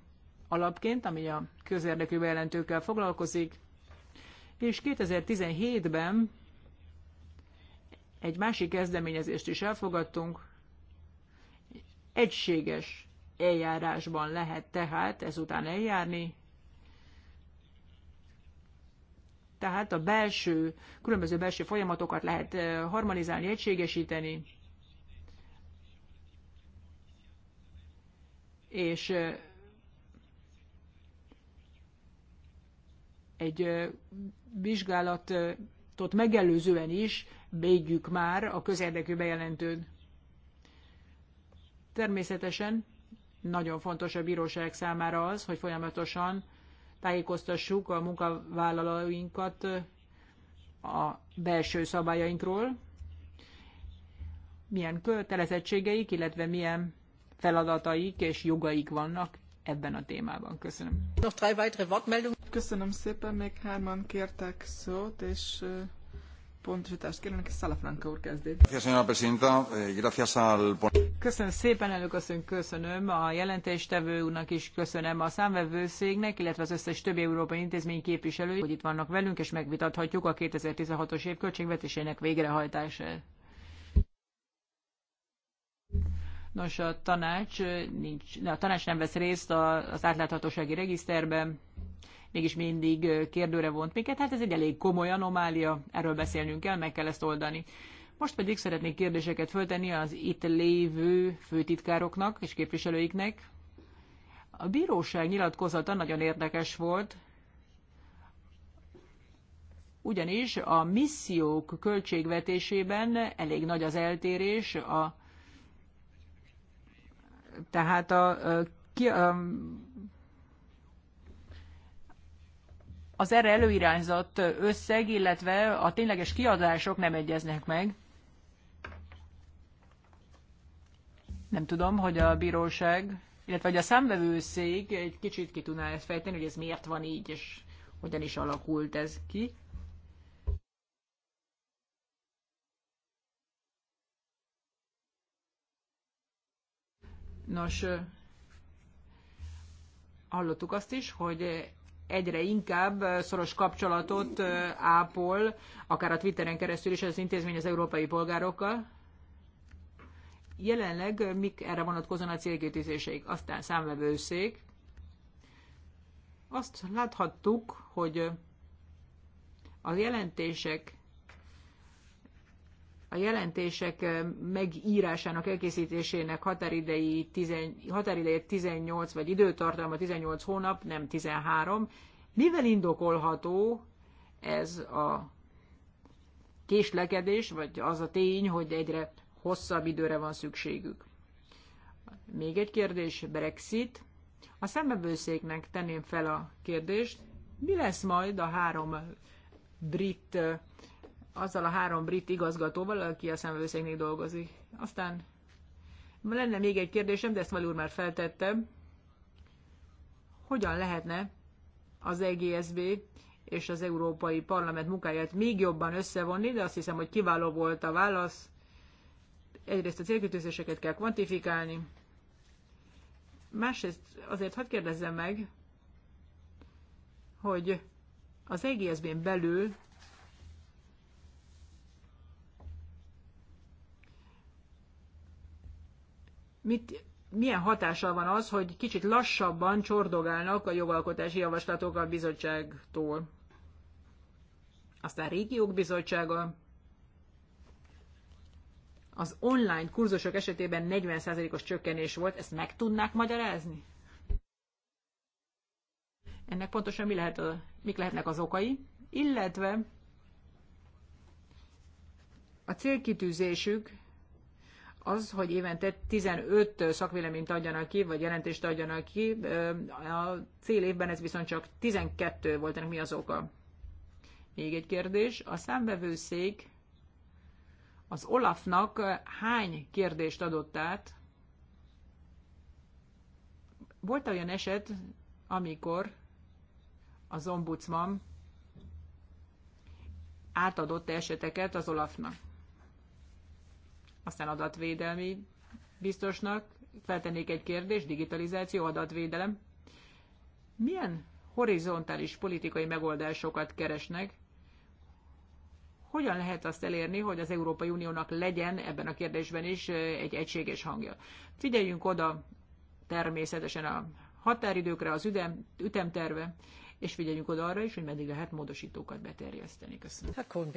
alapként, ami a közérdekű bejelentőkkel foglalkozik, és 2017-ben egy másik kezdeményezést is elfogadtunk. Egységes eljárásban lehet tehát ezután eljárni, Tehát a belső, különböző belső folyamatokat lehet harmonizálni, egységesíteni, és egy vizsgálatot megelőzően is végjük már a közérdekű bejelentőn. Természetesen nagyon fontos a bíróság számára az, hogy folyamatosan tájékoztassuk a munkavállalóinkat a belső szabályainkról, milyen kötelezettségeik, illetve milyen feladataik és jogaik vannak ebben a témában. Köszönöm. Köszönöm szépen, még hárman kértek szót, és Eh, köszönöm szépen, elnök asszony, köszönöm a jelentéstevő úrnak is, köszönöm a számvevőszéknek illetve az összes többi európai intézmény képviselőinek hogy itt vannak velünk, és megvitathatjuk a sixteen os év költségvetésének végrehajtását. Nos, a tanács, eh, nincs, a tanács nem vesz részt az átláthatósági regiszterben, mégis mindig kérdőre vont minket. Hát ez egy elég komoly anomália, erről beszélnünk kell, meg kell ezt oldani. Most pedig szeretnék kérdéseket föltenni az itt lévő főtitkároknak és képviselőiknek. A bíróság nyilatkozata nagyon érdekes volt, ugyanis a missziók költségvetésében elég nagy az eltérés, a, tehát a, ki, a az erre előirányzott összeg, illetve a tényleges kiadások nem egyeznek meg. Nem tudom, hogy a bíróság, illetve hogy a számvevőszék egy kicsit ki tudná ezt fejteni, hogy ez miért van így, és hogyan is alakult ez ki. Nos, hallottuk azt is, hogy egyre inkább szoros kapcsolatot ápol, akár a Twitteren keresztül is az intézmény az európai polgárokkal. Jelenleg mik erre vonatkozóan a célkitűzéseik? Aztán számvevőszék. Azt láthattuk, hogy a jelentések a jelentések megírásának, elkészítésének határidei, tizen, határideje 18, vagy időtartalma 18 hónap, nem 13. Mivel indokolható ez a késlekedés, vagy az a tény, hogy egyre hosszabb időre van szükségük? Még egy kérdés, Brexit. A szembevőszéknek tenném fel a kérdést, mi lesz majd a három brit azzal a három brit igazgatóval, aki a számvevőszéknél dolgozik. Aztán lenne még egy kérdésem, de ezt valóban már feltettem. Hogyan lehetne az EGSB és az Európai Parlament munkáját még jobban összevonni, de azt hiszem, hogy kiváló volt a válasz. Egyrészt a célkütőzéseket kell kvantifikálni, másrészt azért hadd kérdezzem meg, hogy az egsb ben belül mit, milyen hatással van az, hogy kicsit lassabban csordogálnak a jogalkotási javaslatok a bizottságtól. Aztán régiók bizottsága az online kurzusok esetében 40%-os csökkenés volt, ezt meg tudnák magyarázni? Ennek pontosan mi lehet a, mik lehetnek az okai? Illetve a célkitűzésük az, hogy évente 15 szakvéleményt adjanak ki, vagy jelentést adjanak ki, a cél évben ez viszont csak 12 volt, ennek mi az oka? Még egy kérdés. A számbevőszék az Olafnak hány kérdést adott át? Volt -e olyan eset, amikor az ombudsman átadott eseteket az Olafnak aztán adatvédelmi biztosnak feltennék egy kérdést, digitalizáció, adatvédelem. Milyen horizontális politikai megoldásokat keresnek? Hogyan lehet azt elérni, hogy az Európai Uniónak legyen ebben a kérdésben is egy egységes hangja? Figyeljünk oda természetesen a határidőkre, az üdem, ütemterve, és figyeljünk oda arra is, hogy meddig lehet módosítókat beterjeszteni. Köszönöm. Akkor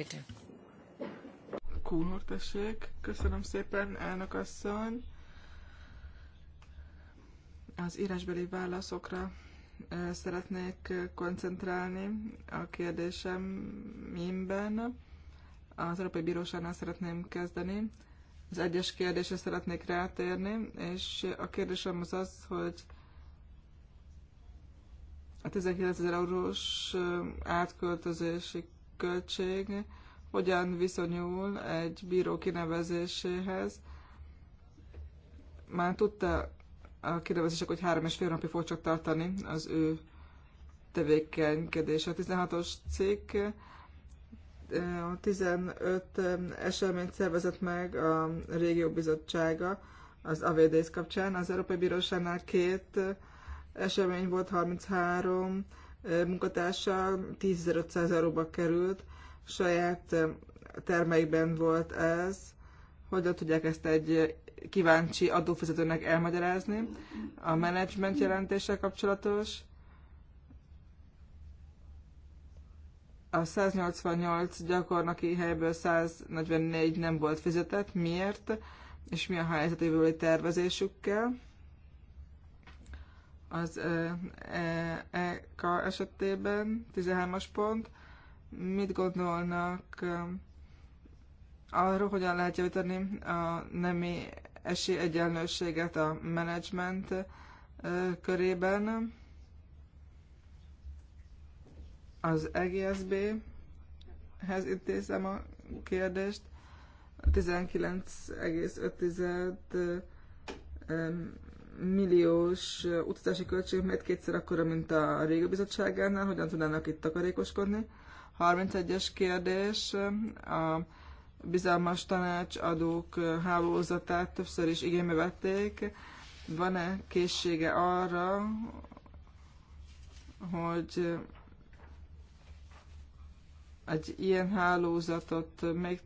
Kuhn tessék. Köszönöm szépen, elnök asszony. Az írásbeli válaszokra szeretnék koncentrálni a kérdésem minden. Az Európai Bíróságnál szeretném kezdeni. Az egyes kérdésre szeretnék rátérni, és a kérdésem az az, hogy a 19 ezer eurós átköltözési költség hogyan viszonyul egy bíró kinevezéséhez. Már tudta a kinevezések, hogy három és fél napig fog csak tartani az ő tevékenykedése. A 16-os cikk 15 eseményt szervezett meg a régió bizottsága az AVDS kapcsán. Az Európai Bíróságnál két esemény volt, 33 munkatársa, 10.500 euróba került saját termeikben volt ez, hogy tudják ezt egy kíváncsi adófizetőnek elmagyarázni. A menedzsment jelentése kapcsolatos, a 188 gyakornoki helyből 144 nem volt fizetett. Miért? És mi a helyzet jövőbeli tervezésükkel? Az EK e esetében 13-as pont mit gondolnak um, arról, hogyan lehet javítani a nemi esélyegyenlőséget a menedzsment uh, körében. Az EGSB-hez intézem a kérdést. 19,5 um, milliós utazási költség, mert kétszer akkora, mint a régi bizottságánál, hogyan tudnának itt takarékoskodni. 31-es kérdés, a bizalmas tanácsadók hálózatát többször is igénybe vették. Van-e készsége arra, hogy egy ilyen hálózatot még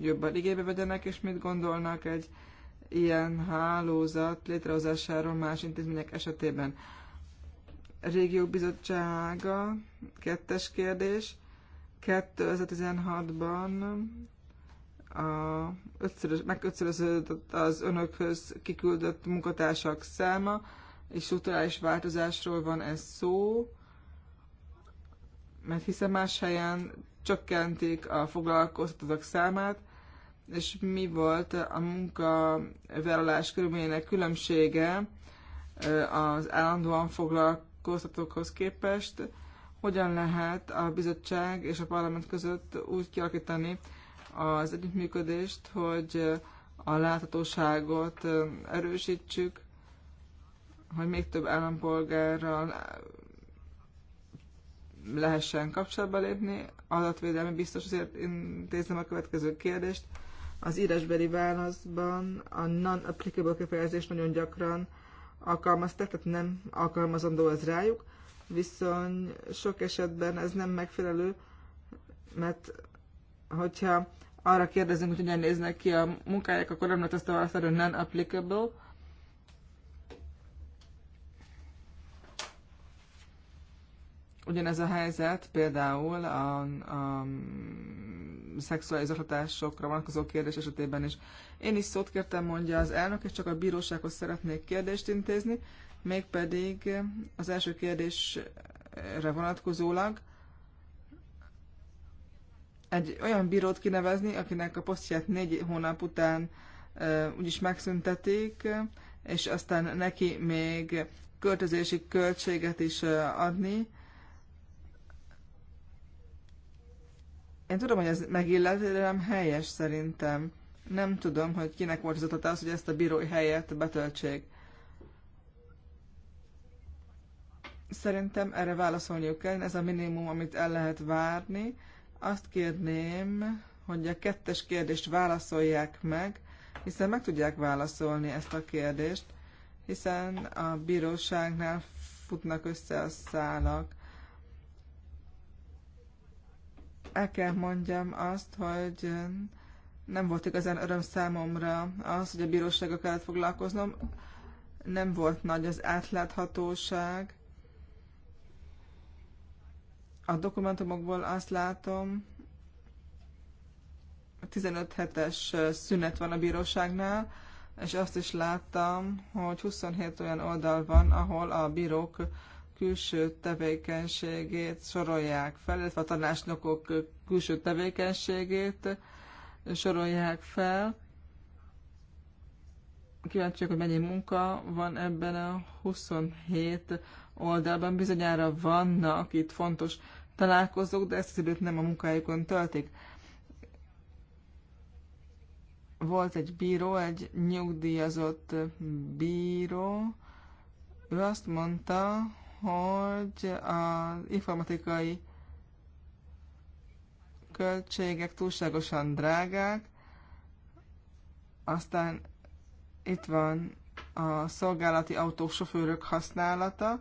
jobban igénybe vegyenek, és mit gondolnak egy ilyen hálózat létrehozásáról más intézmények esetében. Régió bizottsága, kettes kérdés. 2016-ban a ötszörös, meg ötszöröződött az önökhöz kiküldött munkatársak száma, és strukturális változásról van ez szó, mert hiszen más helyen csökkentik a foglalkoztatók számát, és mi volt a munkavállalás körülményének különbsége az állandóan foglalkoztatókhoz képest, hogyan lehet a bizottság és a parlament között úgy kialakítani az együttműködést, hogy a láthatóságot erősítsük, hogy még több állampolgárral lehessen kapcsolatba lépni. Adatvédelmi biztos, azért intézem a következő kérdést. Az írásbeli válaszban a non-applicable kifejezés nagyon gyakran alkalmazták, tehát nem alkalmazandó ez rájuk viszony sok esetben ez nem megfelelő, mert hogyha arra kérdezünk, hogy hogyan néznek ki a munkáják, akkor nem lehet azt a választani, hogy non-applicable. Ugyanez a helyzet például a, a szexuális zaklatásokra vonatkozó kérdés esetében is. Én is szót kértem, mondja az elnök, és csak a bírósághoz szeretnék kérdést intézni mégpedig az első kérdésre vonatkozólag egy olyan bírót kinevezni, akinek a posztját négy hónap után úgyis megszüntetik, és aztán neki még költözési költséget is adni. Én tudom, hogy ez megillet, de helyes szerintem. Nem tudom, hogy kinek volt az az, hogy ezt a bírói helyet betöltsék. Szerintem erre válaszolniuk kell, ez a minimum, amit el lehet várni. Azt kérném, hogy a kettes kérdést válaszolják meg, hiszen meg tudják válaszolni ezt a kérdést, hiszen a bíróságnál futnak össze a szálak. El kell mondjam azt, hogy nem volt igazán öröm számomra az, hogy a bírósága kellett foglalkoznom. Nem volt nagy az átláthatóság, a dokumentumokból azt látom, 15 hetes szünet van a bíróságnál, és azt is láttam, hogy 27 olyan oldal van, ahol a bírók külső tevékenységét sorolják fel, illetve a tanácsnokok külső tevékenységét sorolják fel. Kíváncsiak, hogy mennyi munka van ebben a 27 oldalban. Bizonyára vannak itt fontos találkozók, de ezt az időt nem a munkájukon töltik. Volt egy bíró, egy nyugdíjazott bíró, ő azt mondta, hogy az informatikai költségek túlságosan drágák, aztán itt van a szolgálati autósofőrök sofőrök használata,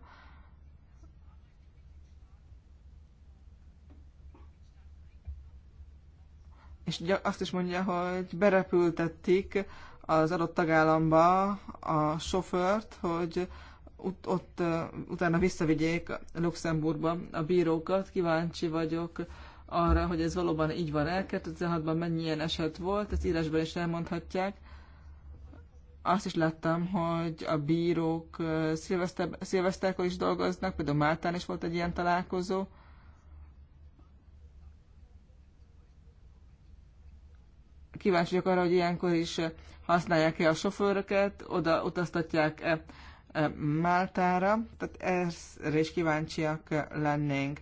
és azt is mondja, hogy berepültették az adott tagállamba a sofőrt, hogy ott, ott utána visszavigyék Luxemburgba a bírókat. Kíváncsi vagyok arra, hogy ez valóban így van-e. 2006-ban mennyi ilyen eset volt, ezt írásban is elmondhatják. Azt is láttam, hogy a bírók szilveszterkor is dolgoznak, például Máltán is volt egy ilyen találkozó. Kíváncsiak arra, hogy ilyenkor is eh, használják-e a sofőröket, oda utaztatják-e eh, Máltára, tehát erre is kíváncsiak eh, lennénk.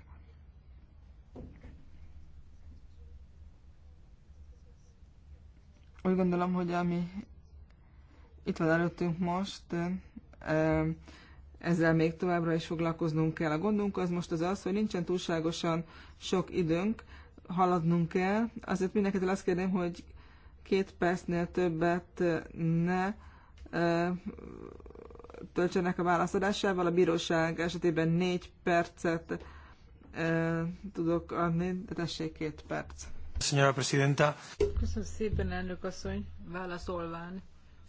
Úgy gondolom, hogy ami itt van előttünk most, ezzel még továbbra is foglalkoznunk kell. A gondunk az most az az, hogy nincsen túlságosan sok időnk, haladnunk kell. Azért mindenkitől azt kérném, hogy két percnél többet ne töltsenek a válaszadásával. A bíróság esetében négy percet tudok adni. Tessék, két perc. Señora Presidenta. Köszönöm szépen, elnök asszony. Válaszolván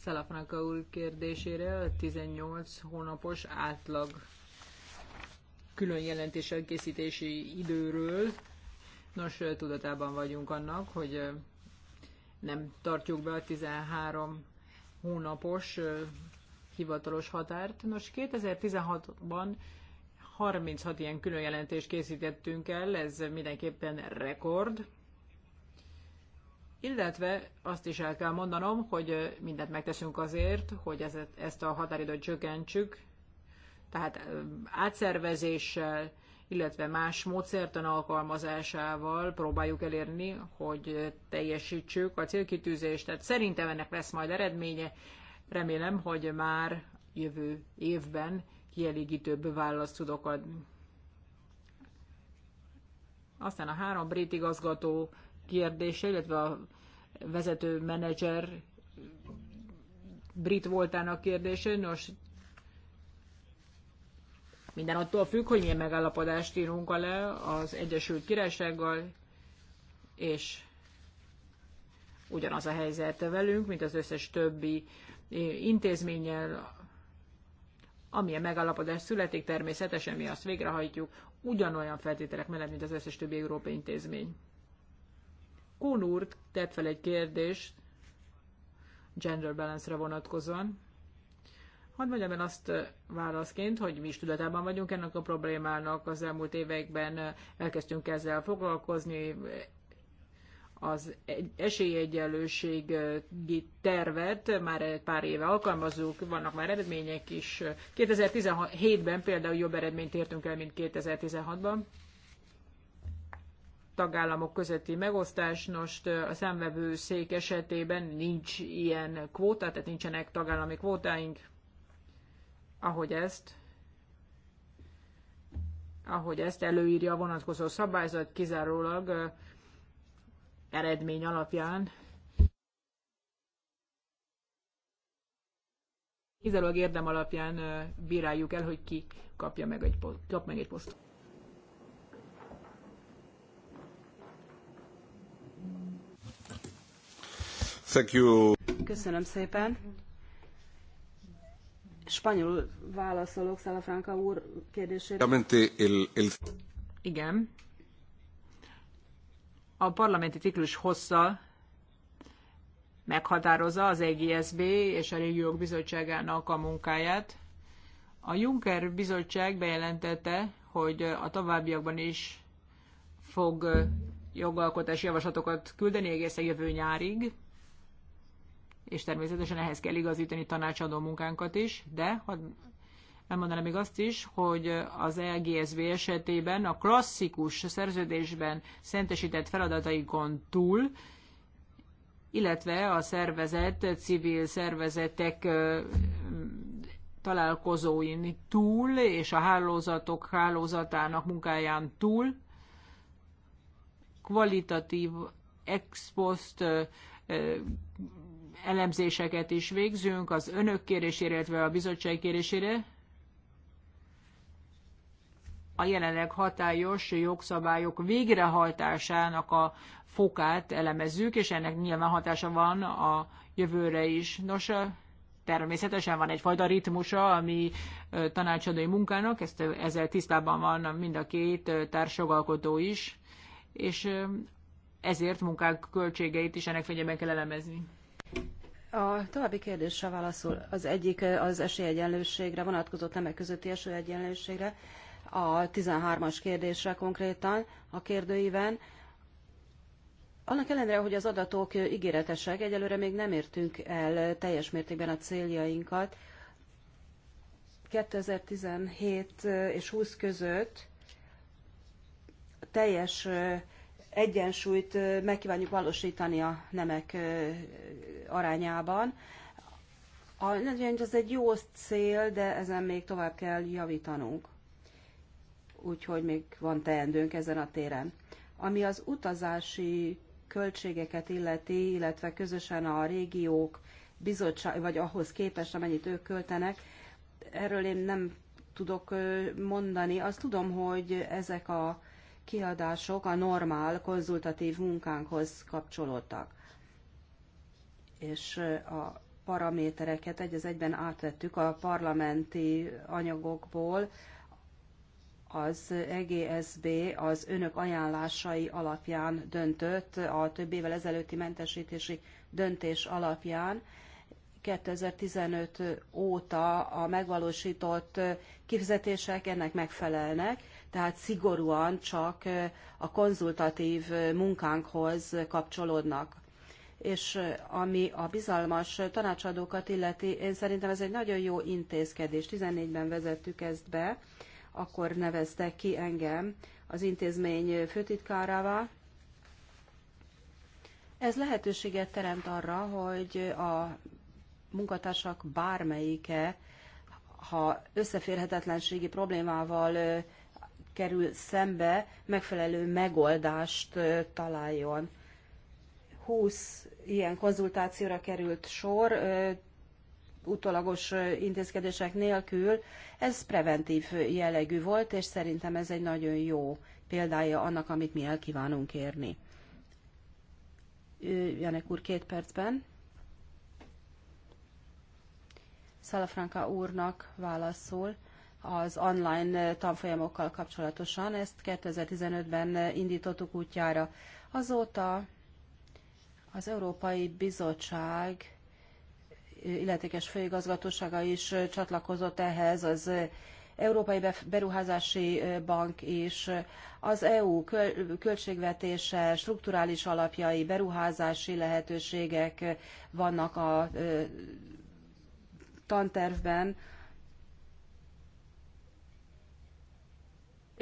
Szelafranka úr kérdésére a 18 hónapos átlag külön jelentés készítési időről. Nos, tudatában vagyunk annak, hogy nem tartjuk be a 13 hónapos hivatalos határt. Nos, 2016-ban 36 ilyen különjelentést készítettünk el, ez mindenképpen rekord. Illetve azt is el kell mondanom, hogy mindent megteszünk azért, hogy ezt a határidőt csökkentsük, tehát átszervezéssel, illetve más módszertan alkalmazásával próbáljuk elérni, hogy teljesítsük a célkitűzést. Tehát szerintem ennek lesz majd eredménye. Remélem, hogy már jövő évben kielégítőbb választ tudok adni. Aztán a három brit igazgató kérdése, illetve a vezető menedzser brit voltának kérdése. Nos, minden attól függ, hogy milyen megállapodást írunk alá az Egyesült Királysággal, és ugyanaz a helyzet velünk, mint az összes többi eh, intézménnyel, amilyen megállapodás születik, természetesen mi azt végrehajtjuk, ugyanolyan feltételek mellett, mint az összes többi európai intézmény. Kuhn úr tett fel egy kérdést gender balance-re vonatkozóan. Hadd mondjam én azt válaszként, hogy mi is tudatában vagyunk ennek a problémának. Az elmúlt években elkezdtünk ezzel foglalkozni, az esélyegyenlőségi tervet már egy pár éve alkalmazunk, vannak már eredmények is. 2017-ben például jobb eredményt értünk el, mint 2016-ban. Tagállamok közötti megosztás, most a szék esetében nincs ilyen kvóta, tehát nincsenek tagállami kvótáink ahogy ezt ahogy ezt előírja a vonatkozó szabályzat, kizárólag eredmény alapján kizárólag érdem alapján bíráljuk el, hogy ki kapja meg egy, kap meg egy posztot. Thank you. Köszönöm szépen spanyol válaszolok Szalafranka úr kérdésére. Igen. A parlamenti ciklus hossza meghatározza az EGSB és a Régiók Bizottságának a munkáját. A Juncker Bizottság bejelentette, hogy a továbbiakban is fog jogalkotási javaslatokat küldeni egészen jövő nyárig és természetesen ehhez kell igazítani tanácsadó munkánkat is, de hadd elmondanám még azt is, hogy az LGSV e esetében a klasszikus szerződésben szentesített feladataikon túl, illetve a szervezet, civil szervezetek találkozóin túl, és a hálózatok hálózatának munkáján túl, kvalitatív expost elemzéseket is végzünk az önök kérésére, illetve a bizottság kérésére. A jelenleg hatályos jogszabályok végrehajtásának a fokát elemezzük, és ennek nyilván hatása van a jövőre is. Nos, természetesen van egyfajta ritmusa, ami tanácsadói munkának, ezt, ezzel tisztában van mind a két társjogalkotó is, és ezért munkák költségeit is ennek fényében kell elemezni. A további kérdésre válaszol. Az egyik eh, az esélyegyenlőségre vonatkozott nemek közötti esélyegyenlőségre, a 13-as kérdésre konkrétan a kérdőiben. Annak ellenére, hogy az adatok ígéretesek, egyelőre még nem értünk el teljes mértékben a céljainkat. 2017 eh, és 20 között teljes eh, egyensúlyt megkívánjuk valósítani a nemek arányában. A az egy jó cél, de ezen még tovább kell javítanunk. Úgyhogy még van teendőnk ezen a téren. Ami az utazási költségeket illeti, illetve közösen a régiók bizottság, vagy ahhoz képest, amennyit ők költenek, erről én nem tudok mondani. Azt tudom, hogy ezek a kiadások a normál konzultatív munkánkhoz kapcsolódtak. És a paramétereket egy az egyben átvettük a parlamenti anyagokból, az EGSB az önök ajánlásai alapján döntött, a több évvel ezelőtti mentesítési döntés alapján. 2015 óta a megvalósított kifizetések ennek megfelelnek, tehát szigorúan csak a konzultatív munkánkhoz kapcsolódnak. És ami a bizalmas tanácsadókat illeti, én szerintem ez egy nagyon jó intézkedés. 14-ben vezettük ezt be, akkor neveztek ki engem az intézmény főtitkárává. Ez lehetőséget teremt arra, hogy a munkatársak bármelyike, ha összeférhetetlenségi problémával kerül szembe, megfelelő megoldást találjon. 20 ilyen konzultációra került sor, utolagos intézkedések nélkül. Ez preventív jellegű volt, és szerintem ez egy nagyon jó példája annak, amit mi el kívánunk érni. Janek úr, két percben. Szalafranka úrnak válaszol az online eh, tanfolyamokkal kapcsolatosan. Ezt 2015-ben eh, indítottuk útjára. Azóta az Európai Bizottság eh, illetékes főigazgatósága is csatlakozott ehhez, az Európai Beruházási Bank is, az EU költségvetése, strukturális alapjai, beruházási lehetőségek vannak a tantervben,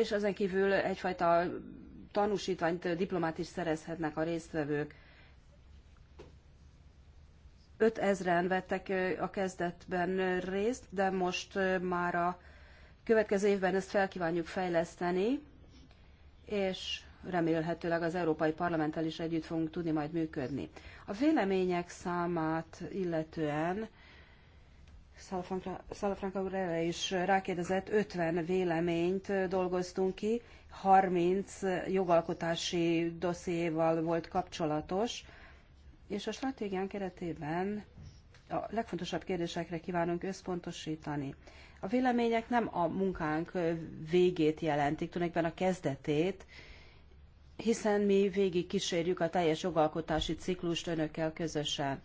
és ezen kívül egyfajta tanúsítványt, diplomát is szerezhetnek a résztvevők. 5000-en vettek a kezdetben részt, de most már a következő évben ezt felkívánjuk fejleszteni, és remélhetőleg az Európai Parlamenttel is együtt fogunk tudni majd működni. A vélemények számát illetően Szalafranka úr erre is rákérdezett, 50 véleményt dolgoztunk ki, 30 jogalkotási dossziéval volt kapcsolatos, és a stratégián keretében a legfontosabb kérdésekre kívánunk összpontosítani. A vélemények nem a munkánk végét jelentik, tulajdonképpen a kezdetét, hiszen mi végig kísérjük a teljes jogalkotási ciklust önökkel közösen.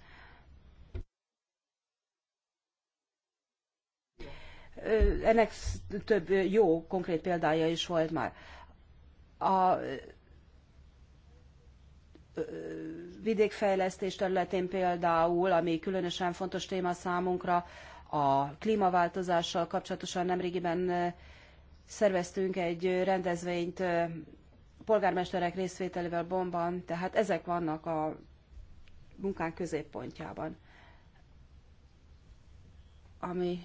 Ennek több jó, konkrét példája is volt már. A vidékfejlesztés területén például, ami különösen fontos téma számunkra, a klímaváltozással kapcsolatosan nemrégiben szerveztünk egy rendezvényt polgármesterek részvételével bomban, tehát ezek vannak a munkánk középpontjában. Ami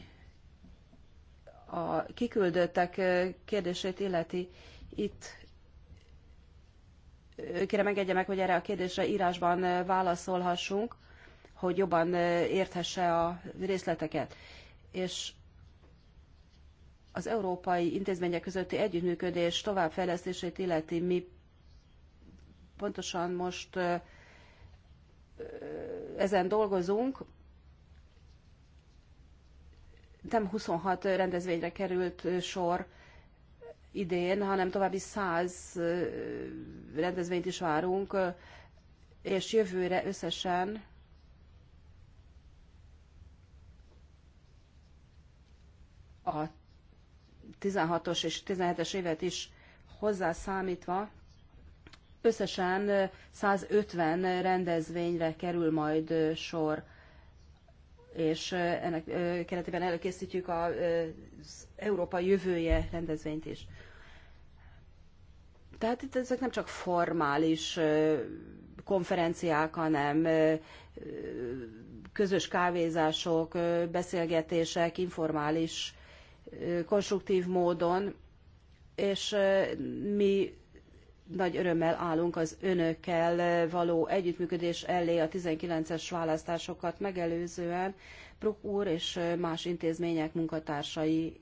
a kiküldöttek kérdését illeti, itt kérem engedje meg, hogy erre a kérdésre írásban válaszolhassunk, hogy jobban érthesse a részleteket. És az európai intézmények közötti együttműködés továbbfejlesztését illeti, mi pontosan most ezen dolgozunk, nem 26 rendezvényre került sor idén, hanem további 100 rendezvényt is várunk, és jövőre összesen a 16-os és 17-es évet is hozzá számítva összesen 150 rendezvényre kerül majd sor és ennek keretében előkészítjük az Európa jövője rendezvényt is. Tehát itt ezek nem csak formális konferenciák, hanem közös kávézások, beszélgetések, informális, konstruktív módon, és mi nagy örömmel állunk az önökkel való együttműködés elé a 19-es választásokat megelőzően. Prok úr és más intézmények munkatársai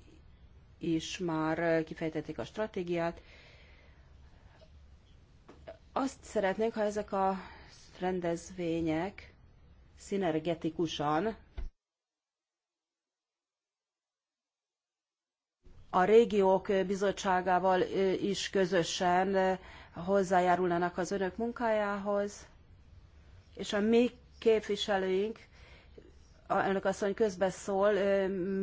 is már kifejtették a stratégiát. Azt szeretnénk, ha ezek a rendezvények szinergetikusan a régiók bizottságával is közösen hozzájárulnának az önök munkájához, és a mi képviselőink, a elnök asszony közben szól,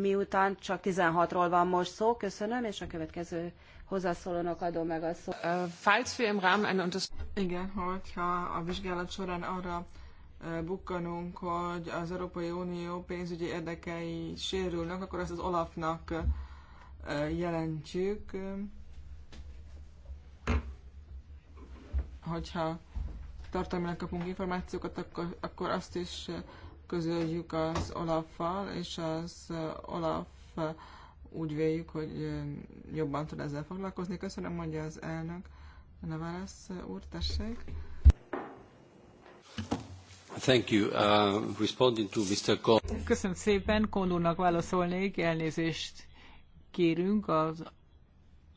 miután csak 16-ról van most szó. Köszönöm, és a következő hozzászólónak adom meg a szót. Igen, hogyha a vizsgálat során arra bukkanunk, hogy az Európai Unió pénzügyi érdekei sérülnek, akkor ezt az Olafnak jelentjük. hogyha tartalmilag kapunk információkat, akkor, akkor azt is közöljük az Olaffal, és az Olaf úgy véljük, hogy jobban tud ezzel foglalkozni. Köszönöm, mondja az elnök. válasz, úr, tessék. Thank you. Uh, responding to Mr. Cole. Köszönöm szépen, Kondónak válaszolnék, elnézést kérünk az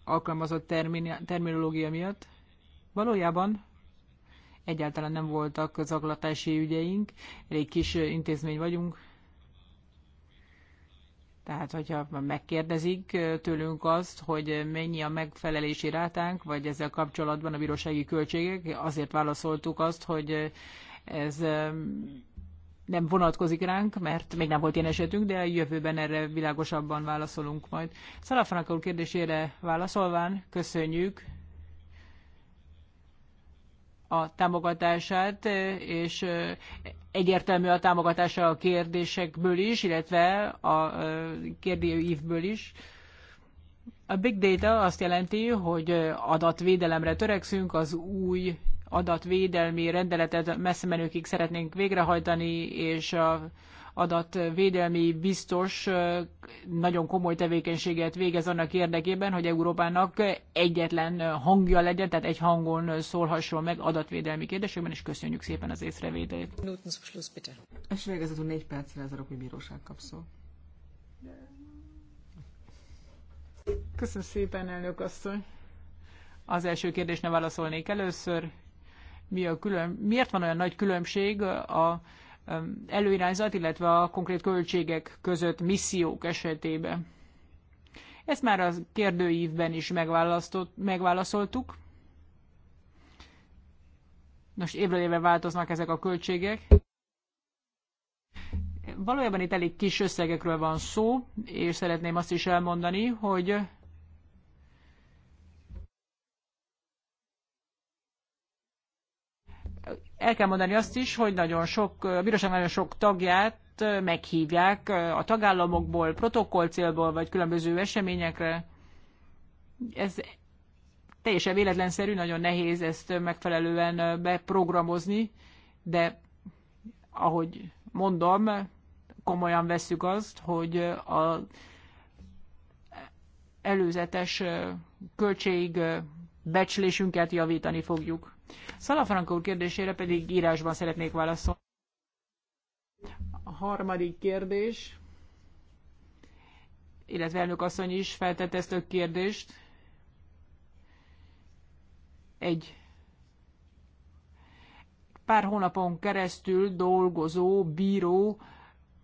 alkalmazott termin- terminológia miatt. Valójában egyáltalán nem voltak zaklatási ügyeink, elég kis intézmény vagyunk, tehát, hogyha megkérdezik tőlünk azt, hogy mennyi a megfelelési rátánk, vagy ezzel kapcsolatban a bírósági költségek, azért válaszoltuk azt, hogy ez nem vonatkozik ránk, mert még nem volt ilyen esetünk, de a jövőben erre világosabban válaszolunk majd. Szalafranak úr kérdésére válaszolván köszönjük a támogatását, és egyértelmű a támogatása a kérdésekből is, illetve a kérdőívből is. A big data azt jelenti, hogy adatvédelemre törekszünk, az új adatvédelmi rendeletet messze menőkig szeretnénk végrehajtani, és a adatvédelmi biztos nagyon komoly tevékenységet végez annak érdekében, hogy Európának egyetlen hangja legyen, tehát egy hangon szólhasson meg adatvédelmi kérdésekben, és köszönjük szépen az észrevételét. És végezetül négy percre az Európai Bíróság kap szó. Köszönöm szépen, elnök asszony. Az első kérdésre válaszolnék először. Mi a külön... Miért van olyan nagy különbség a előirányzat, illetve a konkrét költségek között missziók esetében. Ezt már a kérdőívben is megválaszoltuk. Nos, évről évre változnak ezek a költségek. Valójában itt elég kis összegekről van szó, és szeretném azt is elmondani, hogy el kell mondani azt is, hogy nagyon sok, a bíróság nagyon sok tagját meghívják a tagállamokból, protokoll célból, vagy különböző eseményekre. Ez teljesen véletlenszerű, nagyon nehéz ezt megfelelően beprogramozni, de ahogy mondom, komolyan vesszük azt, hogy a előzetes költség becslésünket javítani fogjuk. Szalafrank úr kérdésére pedig írásban szeretnék válaszolni. A harmadik kérdés, illetve elnök asszony is feltette ezt a kérdést. Egy pár hónapon keresztül dolgozó bíró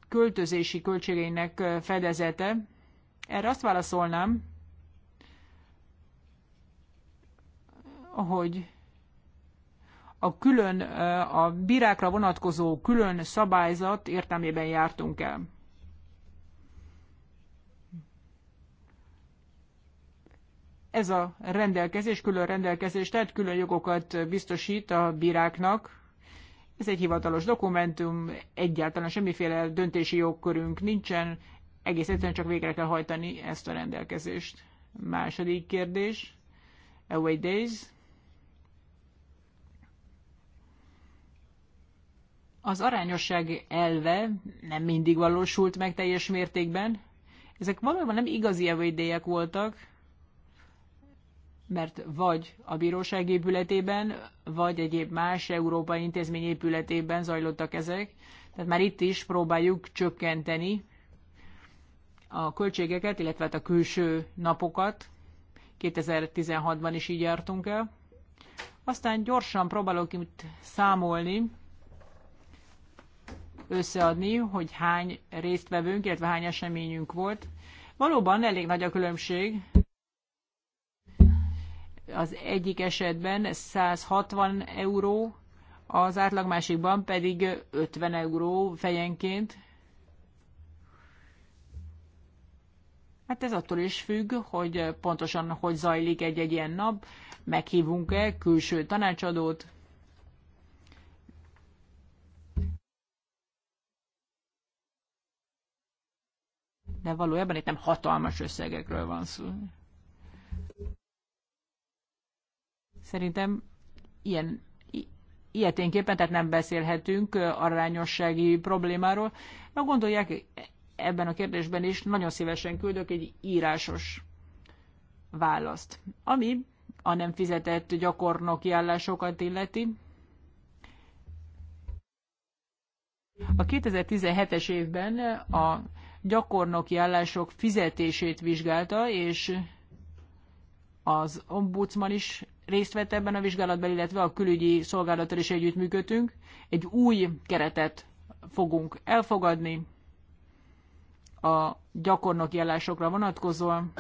költözési költségeinek fedezete. Erre azt válaszolnám, hogy a külön, a bírákra vonatkozó külön szabályzat értelmében jártunk el. Ez a rendelkezés, külön rendelkezés, tehát külön jogokat biztosít a bíráknak. Ez egy hivatalos dokumentum, egyáltalán semmiféle döntési jogkörünk nincsen, egész egyszerűen csak végre kell hajtani ezt a rendelkezést. Második kérdés, Away Days, Az arányosság elve nem mindig valósult meg teljes mértékben. Ezek valójában nem igazi evédélyek voltak, mert vagy a bíróság épületében, vagy egyéb más európai intézmény épületében zajlottak ezek. Tehát már itt is próbáljuk csökkenteni a költségeket, illetve hát a külső napokat. 2016-ban is így jártunk el. Aztán gyorsan próbálok itt számolni, összeadni, hogy hány résztvevőnk, illetve hány eseményünk volt. Valóban elég nagy a különbség. Az egyik esetben 160 euró, az átlag másikban pedig 50 euró fejenként. Hát ez attól is függ, hogy pontosan hogy zajlik egy-egy ilyen nap, meghívunk-e külső tanácsadót, de valójában itt nem hatalmas összegekről van szó. Szerintem ilyen ilyeténképpen, tehát nem beszélhetünk arányossági problémáról. Na gondolják, ebben a kérdésben is nagyon szívesen küldök egy írásos választ. Ami a nem fizetett gyakornoki állásokat illeti. A 2017-es évben a gyakornoki állások fizetését vizsgálta, és az ombudsman is részt vett ebben a vizsgálatban, illetve a külügyi szolgálattal is együttműködtünk. Egy új keretet fogunk elfogadni a gyakornoki állásokra vonatkozóan.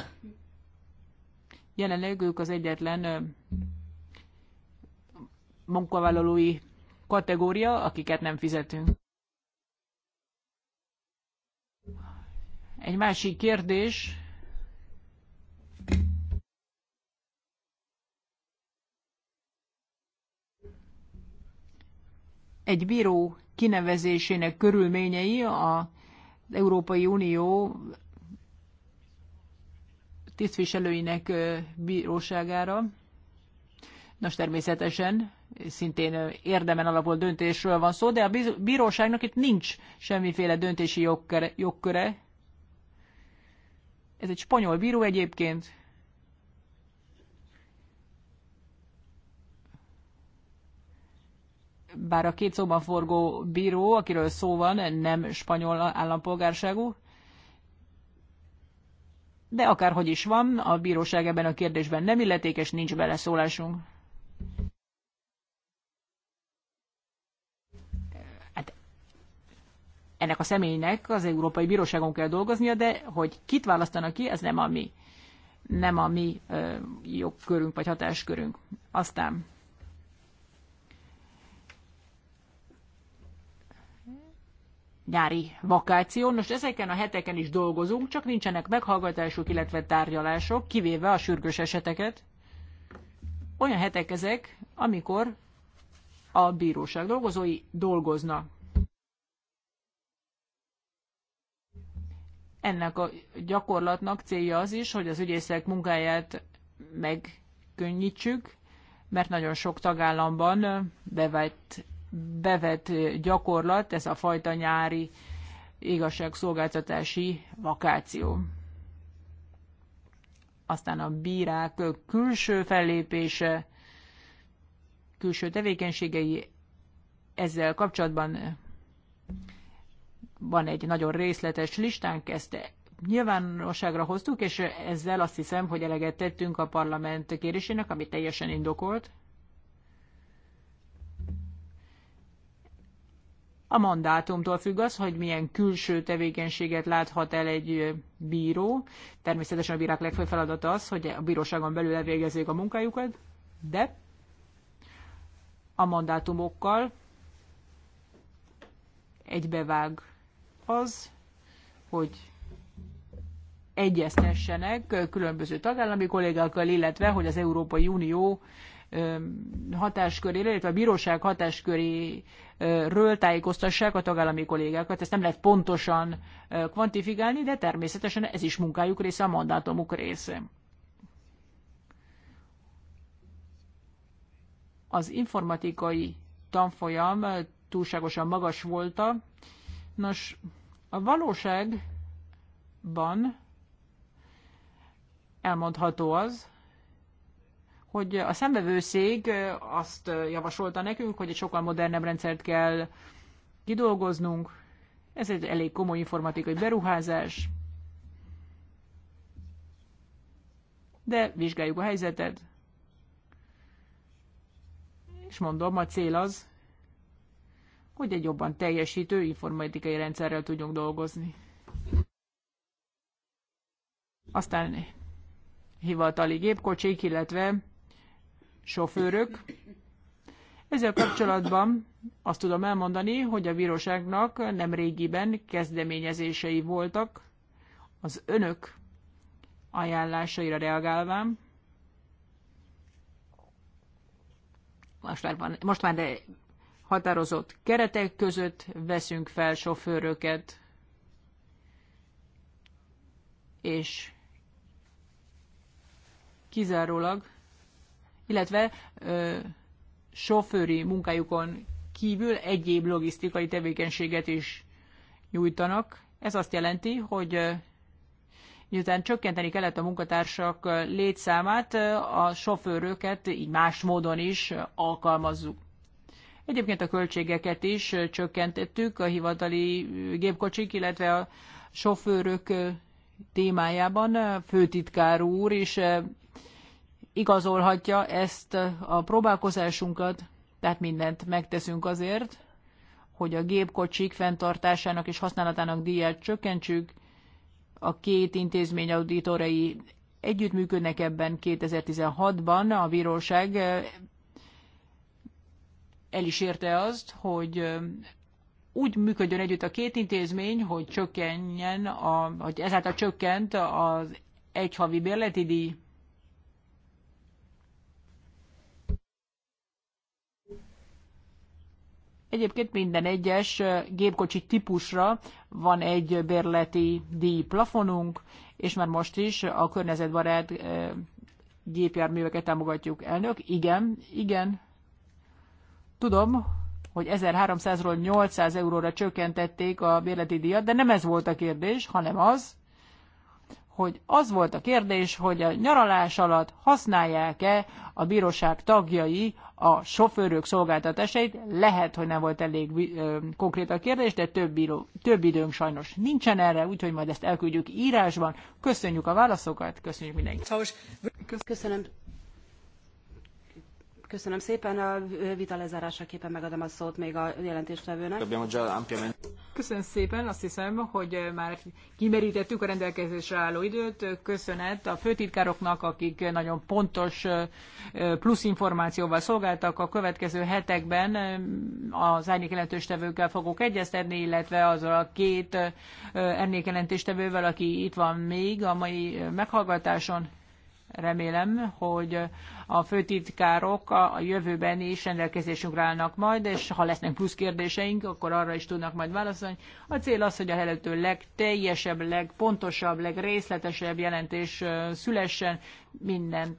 Jelenleg ők az egyetlen munkavállalói kategória, akiket nem fizetünk. Egy másik kérdés, egy bíró kinevezésének körülményei az Európai Unió tisztviselőinek bíróságára. Nos, természetesen szintén érdemen alapul döntésről van szó, de a bíróságnak itt nincs semmiféle döntési jogköre, jogköre ez egy spanyol bíró egyébként. Bár a két szóban forgó bíró, akiről szó van, nem spanyol állampolgárságú, de akárhogy is van, a bíróság ebben a kérdésben nem illetékes, nincs beleszólásunk. ennek a személynek az Európai Bíróságon kell dolgoznia, de hogy kit választanak ki, ez nem a mi, nem a mi jogkörünk vagy hatáskörünk. Aztán nyári vakáció. Most ezeken a heteken is dolgozunk, csak nincsenek meghallgatások, illetve tárgyalások, kivéve a sürgős eseteket. Olyan hetek ezek, amikor a bíróság dolgozói dolgoznak. Ennek a gyakorlatnak célja az is, hogy az ügyészek munkáját megkönnyítsük, mert nagyon sok tagállamban bevett, bevett gyakorlat ez a fajta nyári igazságszolgáltatási vakáció. Aztán a bírák külső fellépése, külső tevékenységei ezzel kapcsolatban van egy nagyon részletes listánk, ezt nyilvánosságra hoztuk, és ezzel azt hiszem, hogy eleget tettünk a parlament kérésének, ami teljesen indokolt. A mandátumtól függ az, hogy milyen külső tevékenységet láthat el egy bíró. Természetesen a bírák legfőbb feladata az, hogy a bíróságon belül elvégezzék a munkájukat, de a mandátumokkal egybevág az, hogy egyeztessenek különböző tagállami kollégákkal, illetve hogy az Európai Unió hatáskörére, illetve a bíróság hatásköréről tájékoztassák a tagállami kollégákat. Ezt nem lehet pontosan kvantifikálni, de természetesen ez is munkájuk része, a mandátumuk része. Az informatikai tanfolyam túlságosan magas volt, Nos, a valóságban elmondható az, hogy a szembevőszék azt javasolta nekünk, hogy egy sokkal modernebb rendszert kell kidolgoznunk. Ez egy elég komoly informatikai beruházás. De vizsgáljuk a helyzetet. És mondom, a cél az, hogy egy jobban teljesítő informatikai rendszerrel tudjunk dolgozni. Aztán hivatali gépkocsik, illetve sofőrök. Ezzel kapcsolatban azt tudom elmondani, hogy a bíróságnak nem régiben kezdeményezései voltak az önök ajánlásaira reagálván. Most már, van, most már de határozott keretek között veszünk fel sofőröket, és kizárólag, illetve ö, sofőri munkájukon kívül egyéb logisztikai tevékenységet is nyújtanak. Ez azt jelenti, hogy miután csökkenteni kellett a munkatársak létszámát, a sofőröket így más módon is alkalmazzuk. Egyébként a költségeket is csökkentettük a hivatali gépkocsik, illetve a sofőrök témájában. Főtitkár úr is igazolhatja ezt a próbálkozásunkat, tehát mindent megteszünk azért, hogy a gépkocsik fenntartásának és használatának díját csökkentsük. A két intézmény auditorai együttműködnek ebben 2016-ban. A bíróság el is érte azt, hogy úgy működjön együtt a két intézmény, hogy csökkenjen, a, hogy ezáltal csökkent az egyhavi bérleti díj. Egyébként minden egyes gépkocsi típusra van egy bérleti díj plafonunk, és már most is a környezetbarát gépjárműveket támogatjuk. Elnök, igen, igen, Tudom, hogy 1300-ról 800 euróra csökkentették a bérleti díjat, de nem ez volt a kérdés, hanem az, hogy az volt a kérdés, hogy a nyaralás alatt használják-e a bíróság tagjai a sofőrök szolgáltatásait. Lehet, hogy nem volt elég ö, konkrét a kérdés, de több, bíró, több időnk sajnos nincsen erre, úgyhogy majd ezt elküldjük írásban. Köszönjük a válaszokat, köszönjük mindenkit. Köszönöm Köszönöm szépen. A vita lezárásaképpen megadom a szót még a jelentéstevőnek. Köszönöm szépen. Azt hiszem, hogy már kimerítettük a rendelkezésre álló időt. Köszönet a főtitkároknak, akik nagyon pontos plusz információval szolgáltak. A következő hetekben az árnyék jelentéstevőkkel fogok egyeztetni, illetve azzal a két árnyék jelentéstevővel, aki itt van még a mai meghallgatáson remélem, hogy a főtitkárok a jövőben is rendelkezésünkre állnak majd, és ha lesznek plusz kérdéseink, akkor arra is tudnak majd válaszolni. A cél az, hogy a helyető legteljesebb, legpontosabb, legrészletesebb jelentés szülessen, mindent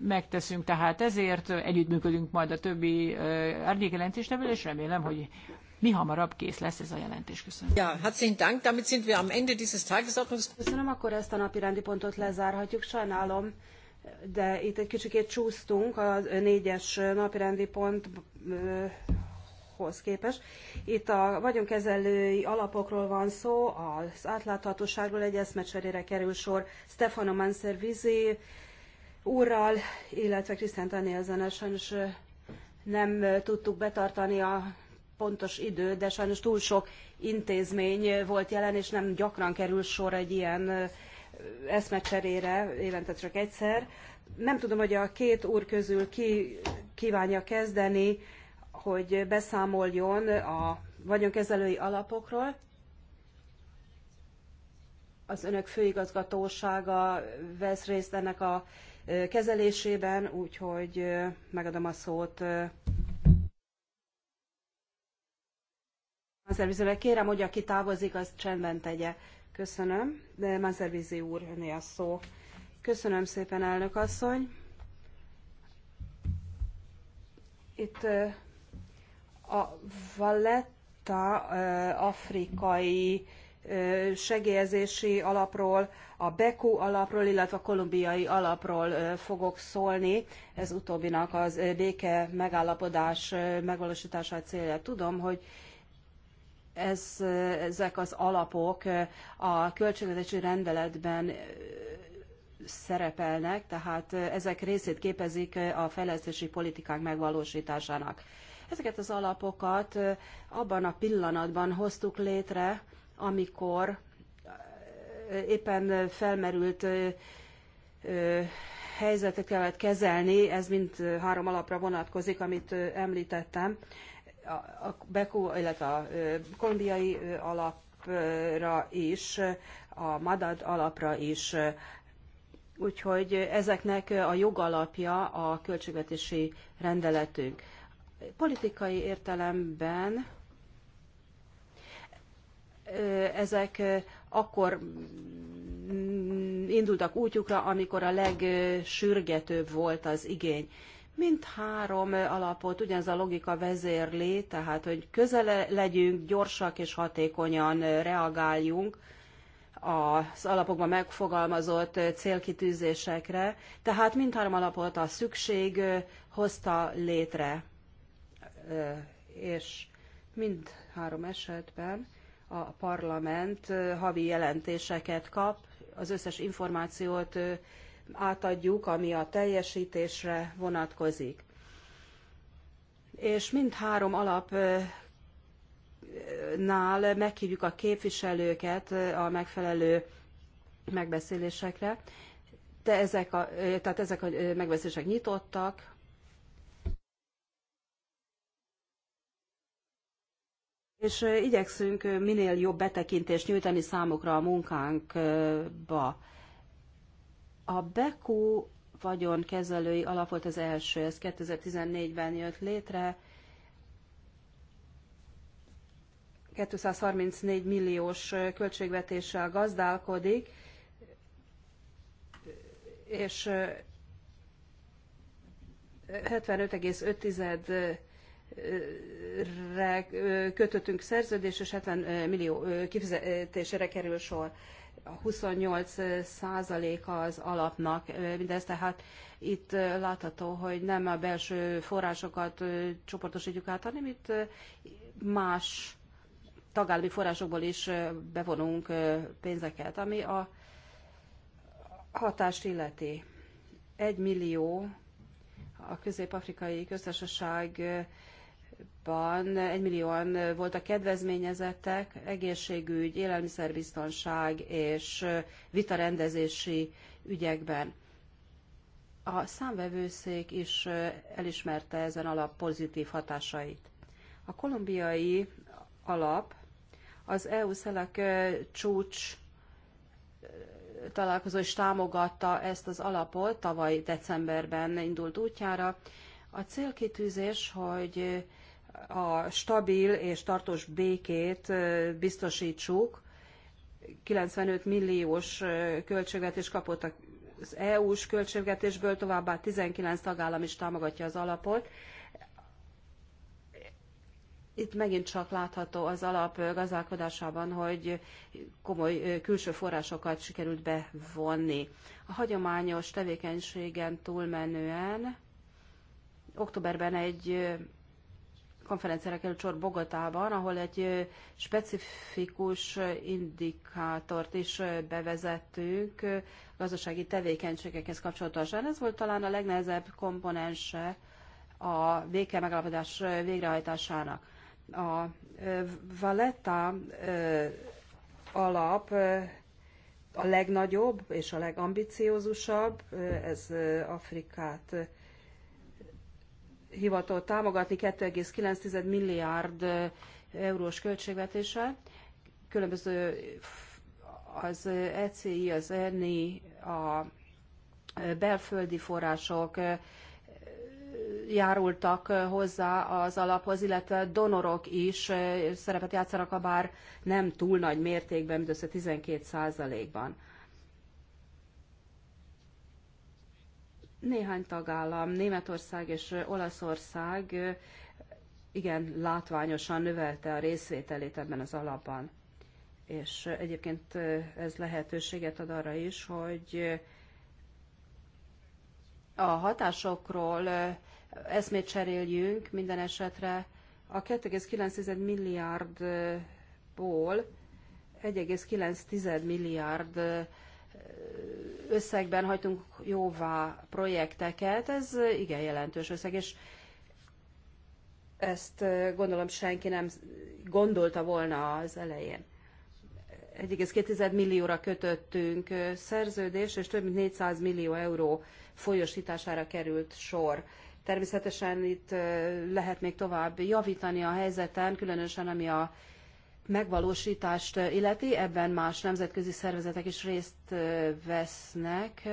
megteszünk tehát ezért, együttműködünk majd a többi árnyékjelentéstevővel, és remélem, hogy mi hamarabb kész lesz ez a jelentés. Köszönöm. Ja, herzlichen Dank. Damit sind wir am Ende dieses Tagesordnungs. Köszönöm, akkor ezt a napi rendi pontot lezárhatjuk. Sajnálom, de itt egy kicsikét csúsztunk a négyes napirendi ponthoz képest. Itt a vagyonkezelői alapokról van szó, az átláthatóságról egy eszmecserére kerül sor Stefano Manservizi úrral, illetve Krisztán Tanielzen, sajnos nem tudtuk betartani a pontos idő, de sajnos túl sok intézmény volt jelen, és nem gyakran kerül sor egy ilyen eszmecserére évente csak egyszer. Nem tudom, hogy a két úr közül ki kívánja kezdeni, hogy beszámoljon a vagyonkezelői alapokról. Az önök főigazgatósága vesz részt ennek a kezelésében, úgyhogy megadom a szót az előzőleg kérem, hogy aki távozik, az csendben tegye. Köszönöm. De Mazervizi úr, öné a szó. Köszönöm szépen, elnök asszony. Itt a Valletta afrikai segélyezési alapról, a Beku alapról, illetve a kolumbiai alapról fogok szólni. Ez utóbbinak az béke megállapodás megvalósítását célja. Tudom, hogy ez, ezek az alapok a költségvetési rendeletben szerepelnek, tehát ezek részét képezik a fejlesztési politikák megvalósításának. Ezeket az alapokat abban a pillanatban hoztuk létre, amikor éppen felmerült helyzetet kellett kezelni, ez mind három alapra vonatkozik, amit említettem, a Beku, illetve a kolumbiai alapra is, a Madad alapra is. Úgyhogy ezeknek a jogalapja a költségvetési rendeletünk. Politikai értelemben ezek akkor indultak útjukra, amikor a legsürgetőbb volt az igény. Mint három alapot ugyanaz a logika vezérli, tehát hogy közele legyünk, gyorsak és hatékonyan reagáljunk az alapokban megfogalmazott célkitűzésekre, tehát mindhárom alapot a szükség hozta létre, és mindhárom esetben a parlament havi jelentéseket kap, az összes információt átadjuk, ami a teljesítésre vonatkozik. És mind három alap nál meghívjuk a képviselőket a megfelelő megbeszélésekre, de ezek a, tehát ezek a megbeszélések nyitottak, és igyekszünk minél jobb betekintést nyújtani számukra a munkánkba. A BEKU vagyonkezelői alap volt az első, ez 2014-ben jött létre, 234 milliós költségvetéssel gazdálkodik, és 75,5-re kötöttünk szerződést, és 70 millió kifizetésére kerül sor a 28 százaléka az alapnak, mindez tehát itt látható, hogy nem a belső forrásokat csoportosítjuk át, hanem itt más tagállami forrásokból is bevonunk pénzeket, ami a hatást illeti. Egy millió a közép-afrikai köztársaság ban egymillióan voltak kedvezményezettek, egészségügy, élelmiszerbiztonság és vitarendezési ügyekben. A számvevőszék is elismerte ezen alap pozitív hatásait. A kolumbiai alap az EU-szelek csúcs találkozó is támogatta ezt az alapot, tavaly decemberben indult útjára. A célkitűzés, hogy a stabil és tartós békét biztosítsuk. 95 milliós költségvetés kapott az EU-s költségvetésből, továbbá 19 tagállam is támogatja az alapot. Itt megint csak látható az alap gazdálkodásában, hogy komoly külső forrásokat sikerült bevonni. A hagyományos tevékenységen túlmenően októberben egy konferenciára került sor Bogotában, ahol egy specifikus indikátort is bevezettünk gazdasági tevékenységekhez kapcsolatosan. Ez volt talán a legnehezebb komponense a béke megállapodás végrehajtásának. A Valletta alap a legnagyobb és a legambiciózusabb, ez Afrikát hivatott támogatni 2,9 milliárd eurós költségvetése. Különböző az ECI, az ENI, a belföldi források járultak hozzá az alaphoz, illetve donorok is szerepet játszanak, a bár nem túl nagy mértékben, mindössze 12 százalékban. Néhány tagállam, Németország és Olaszország igen látványosan növelte a részvételét ebben az alapban. És egyébként ez lehetőséget ad arra is, hogy a hatásokról eszmét cseréljünk minden esetre a 2,9 milliárdból 1,9 milliárd összegben hajtunk jóvá projekteket, ez igen jelentős összeg, és ezt gondolom senki nem gondolta volna az elején. 1,2 millióra kötöttünk szerződés, és több mint 400 millió euró folyosítására került sor. Természetesen itt lehet még tovább javítani a helyzeten, különösen ami a megvalósítást illeti, ebben más nemzetközi szervezetek is részt vesznek.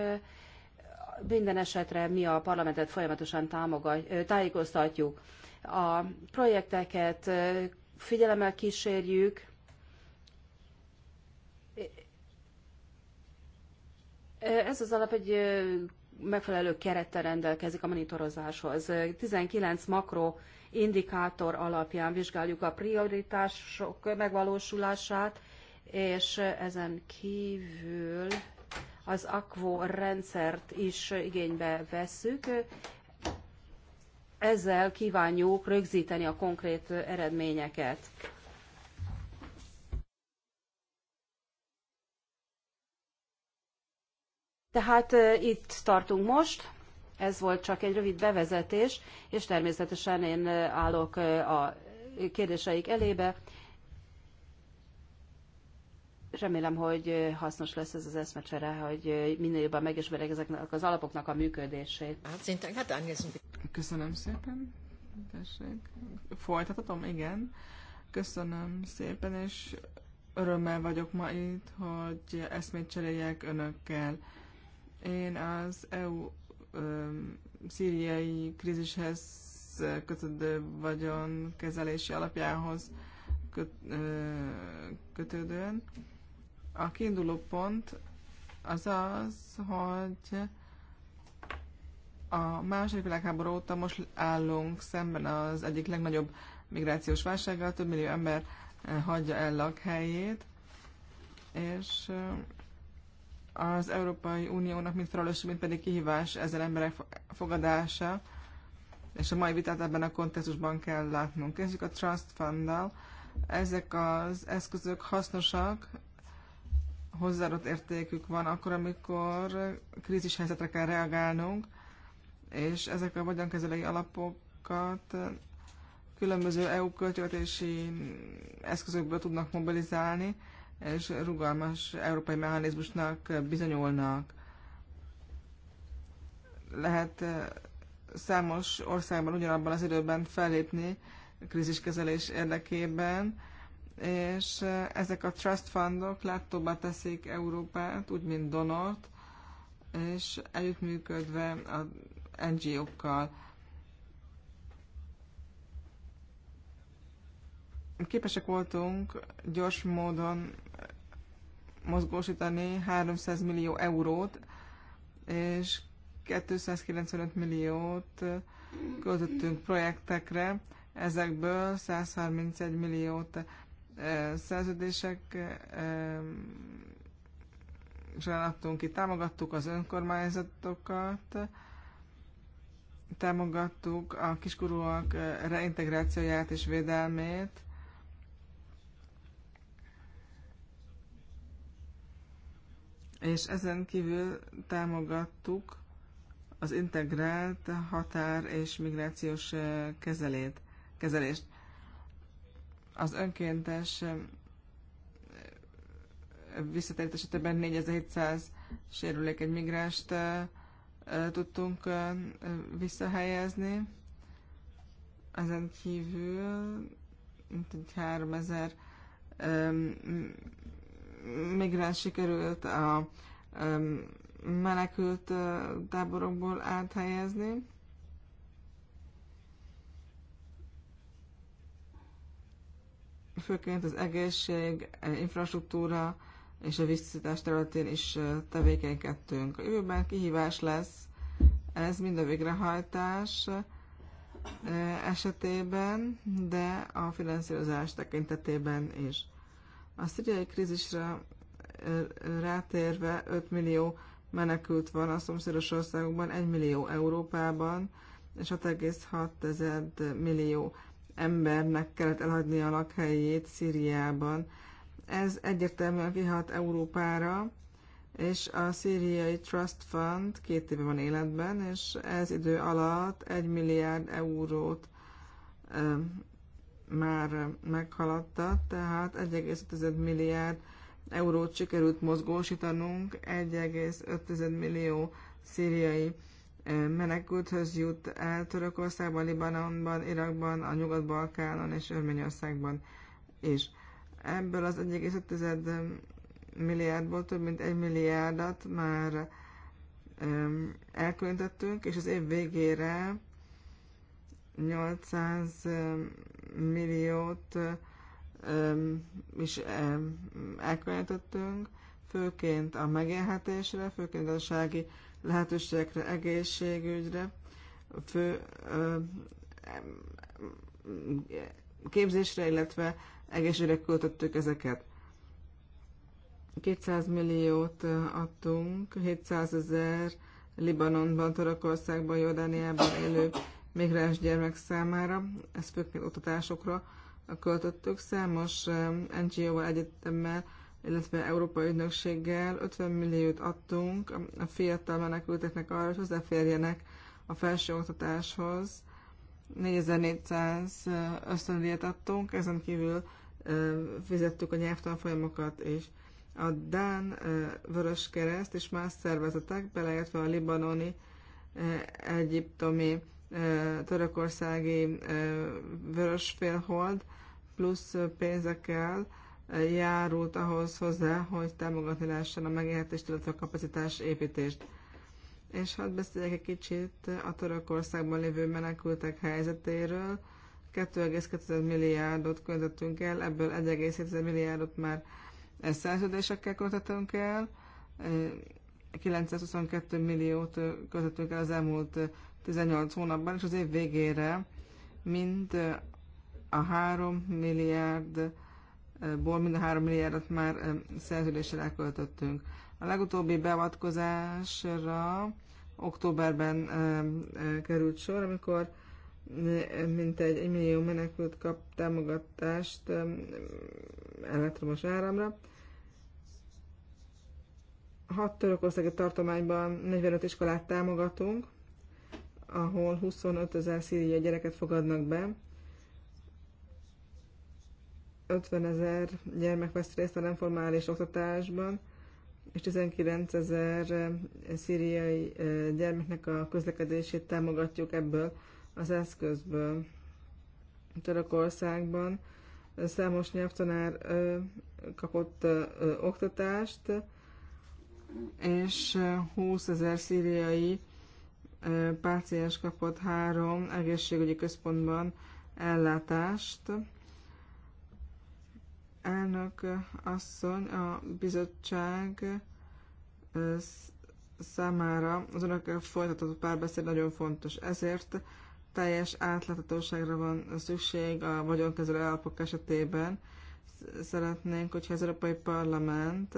Minden esetre mi a parlamentet folyamatosan támogat, tájékoztatjuk. A projekteket figyelemmel kísérjük, Ez az alap egy megfelelő kerettel rendelkezik a monitorozáshoz. 19 makro indikátor alapján vizsgáljuk a prioritások megvalósulását, és ezen kívül az akvó rendszert is igénybe vesszük. Ezzel kívánjuk rögzíteni a konkrét eredményeket. Tehát eh, itt tartunk most ez volt csak egy rövid bevezetés, és természetesen én állok a kérdéseik elébe. Remélem, hogy hasznos lesz ez az eszmecsere, hogy minél jobban megismerek ezeknek az alapoknak a működését. Köszönöm szépen. Tessék. Folytathatom? Igen. Köszönöm szépen, és örömmel vagyok ma itt, hogy eszmét cseréljek önökkel. Én az EU szíriai krízishez kötődő vagyon kezelési alapjához köt, kötődően. A kiinduló pont az az, hogy a második világháború óta most állunk szemben az egyik legnagyobb migrációs válsággal, több millió ember hagyja el lakhelyét, és az Európai Uniónak mint felelős, mint pedig kihívás ezen emberek fogadása, és a mai vitát ebben a kontextusban kell látnunk. Kezdjük a Trust -dal. Ezek az eszközök hasznosak, hozzáadott értékük van akkor, amikor krízis helyzetre kell reagálnunk, és ezek a vagyonkezelői alapokat különböző EU költségvetési eszközökből tudnak mobilizálni, és rugalmas európai mechanizmusnak bizonyulnak. Lehet eh, számos országban ugyanabban az időben fellépni kríziskezelés érdekében, és eh, ezek a trust fundok láttóbbá teszik Európát, úgy mint donort, és együttműködve a NGO-kkal. Képesek voltunk gyors módon mozgósítani 300 millió eurót, és 295 milliót költöttünk projektekre, ezekből 131 milliót eh, szerződések eh, és eladtunk ki, támogattuk az önkormányzatokat, támogattuk a kiskorúak eh, reintegrációját és védelmét, és ezen kívül támogattuk az integrált határ és migrációs kezelét, kezelést. Az önkéntes visszatérít esetében 4700 egy migrást tudtunk visszahelyezni. Ezen kívül mint egy 3000 migráns sikerült a menekült táborokból áthelyezni. Főként az egészség, eh, infrastruktúra és a visszatás területén is tevékenykedtünk. A jövőben kihívás lesz ez mind a végrehajtás esetében, de a finanszírozás tekintetében is a szíriai krízisre rátérve 5 millió menekült van a szomszédos országokban, 1 millió Európában, és 6,6 millió embernek kellett elhagyni a lakhelyét Szíriában. Ez egyértelműen kihat Európára, és a szíriai Trust Fund két éve van életben, és ez idő alatt 1 milliárd eurót már meghaladta, tehát 1,5 milliárd eurót sikerült mozgósítanunk, 1,5 millió szíriai menekülthöz jut el Törökországban, Libanonban, Irakban, a Nyugat-Balkánon és Örményországban is. Ebből az 1,5 milliárdból több mint 1 milliárdat már elkülönítettünk, és az év végére 800 milliót is elkönyvetettünk, főként a megélhetésre, főként a gazdasági lehetőségekre, egészségügyre, fő képzésre, illetve egészségre költöttük ezeket. 200 milliót adtunk, 700 ezer Libanonban, Törökországban, Jordániában élő migráns gyermek számára, ez főként oktatásokra költöttük. Számos NGO-val, egyetemmel, illetve Európai Ügynökséggel 50 milliót adtunk a fiatal menekülteknek arra, hogy hozzáférjenek a felső oktatáshoz. 4400 ösztöndíjat adtunk, ezen kívül fizettük a nyelvtanfolyamokat és a Dán Vöröskereszt és más szervezetek, beleértve a libanoni, egyiptomi törökországi vörösfélhold plusz pénzekkel járult ahhoz hozzá, hogy támogatni lehessen a megélhetést, illetve a kapacitás építést. És hadd beszéljek egy kicsit a Törökországban lévő menekültek helyzetéről. 2,2 milliárdot költöttünk el, ebből 1,7 milliárdot már szerződésekkel költöttünk el, 922 milliót költöttünk el az elmúlt 18 hónapban, és az év végére mind a 3 milliárd ból mind a 3 milliárdot már szerződéssel elköltöttünk. A legutóbbi beavatkozásra októberben került sor, amikor mintegy 1 millió menekült kap támogatást elektromos áramra. Hat törökországi tartományban 45 iskolát támogatunk, ahol 25 ezer szíriai gyereket fogadnak be. 50 ezer gyermek vesz részt a nem formális oktatásban, és 19 ezer eh, szíriai eh, gyermeknek a közlekedését támogatjuk ebből az eszközből. Törökországban eh, számos nyelvtanár kapott oktatást, és 20 ezer szíriai páciens kapott három egészségügyi központban ellátást. Elnök asszony, a bizottság számára az önökkel folytatott párbeszéd nagyon fontos. Ezért teljes átláthatóságra van szükség a vagyonkezelő alapok esetében. Szeretnénk, hogyha az Európai Parlament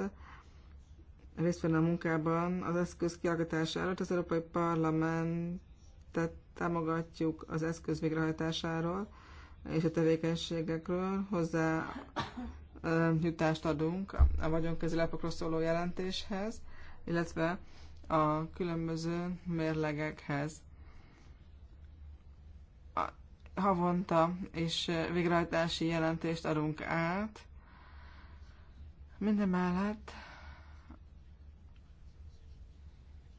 részt venni a munkában az eszköz kialakítására. Az Európai Parlamentet támogatjuk az eszköz végrehajtásáról és a tevékenységekről. Hozzá jutást adunk a vagyonkezelapokról szóló jelentéshez, illetve a különböző mérlegekhez. Havonta és végrehajtási jelentést adunk át. Minden mellett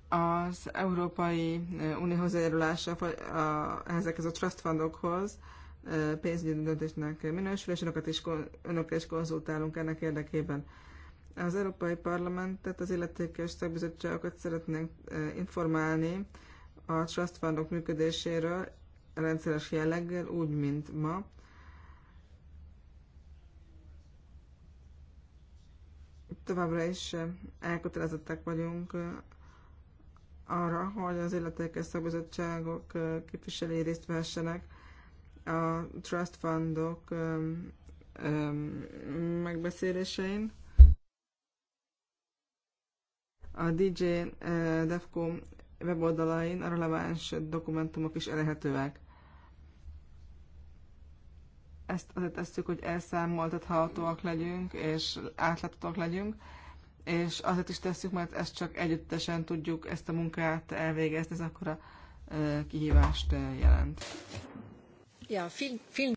az Európai Unió hozzájárulása ezekhez a trust fundokhoz pénzügyi döntésnek minősül, és önöket is, önök is konzultálunk ennek érdekében. Az Európai Parlamentet, az illetékes szakbizottságokat szeretnénk informálni a trust fundok működéséről rendszeres jelleggel, úgy, mint ma. Továbbra is elkötelezettek vagyunk arra, hogy az illetékes szakbizottságok képviselői részt vehessenek a trust fundok megbeszélésein. A DJ Defco weboldalain a releváns dokumentumok is elérhetőek. Ezt azért tesszük, hogy elszámoltathatóak legyünk és átláthatóak legyünk és azért is tesszük, mert ezt csak együttesen tudjuk ezt a munkát elvégezni, ez akkor a kihívást jelent. Ja, film, film.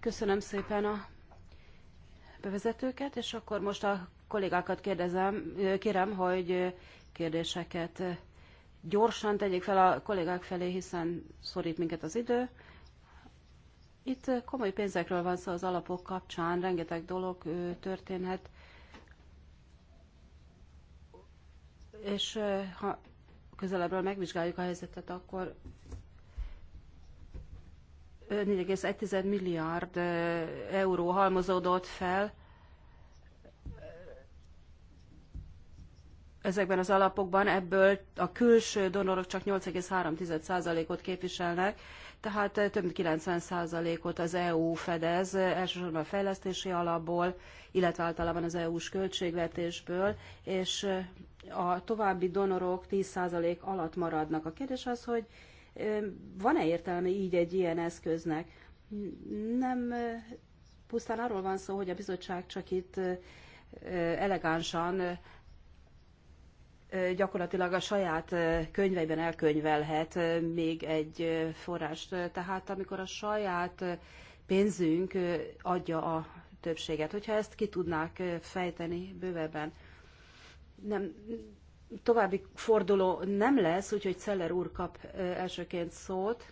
Köszönöm szépen a bevezetőket, és akkor most a kollégákat kérdezem, kérem, hogy kérdéseket gyorsan tegyék fel a kollégák felé, hiszen szorít minket az idő. Itt komoly pénzekről van szó az alapok kapcsán, rengeteg dolog történhet. és ha közelebbről megvizsgáljuk a helyzetet, akkor 4,1 milliárd euró halmozódott fel ezekben az alapokban, ebből a külső donorok csak 8,3%-ot képviselnek, tehát eh, több mint 90%-ot az EU fedez, eh, elsősorban a fejlesztési alapból, illetve általában az EU-s költségvetésből, és eh, a további donorok 10% alatt maradnak. A kérdés az, hogy van-e értelme így egy ilyen eszköznek? Nem pusztán arról van szó, hogy a bizottság csak itt elegánsan gyakorlatilag a saját könyveiben elkönyvelhet még egy forrást. Tehát amikor a saját pénzünk adja a többséget. Hogyha ezt ki tudnák fejteni bővebben. Nem, további forduló nem lesz, úgyhogy Celler úr kap elsőként szót.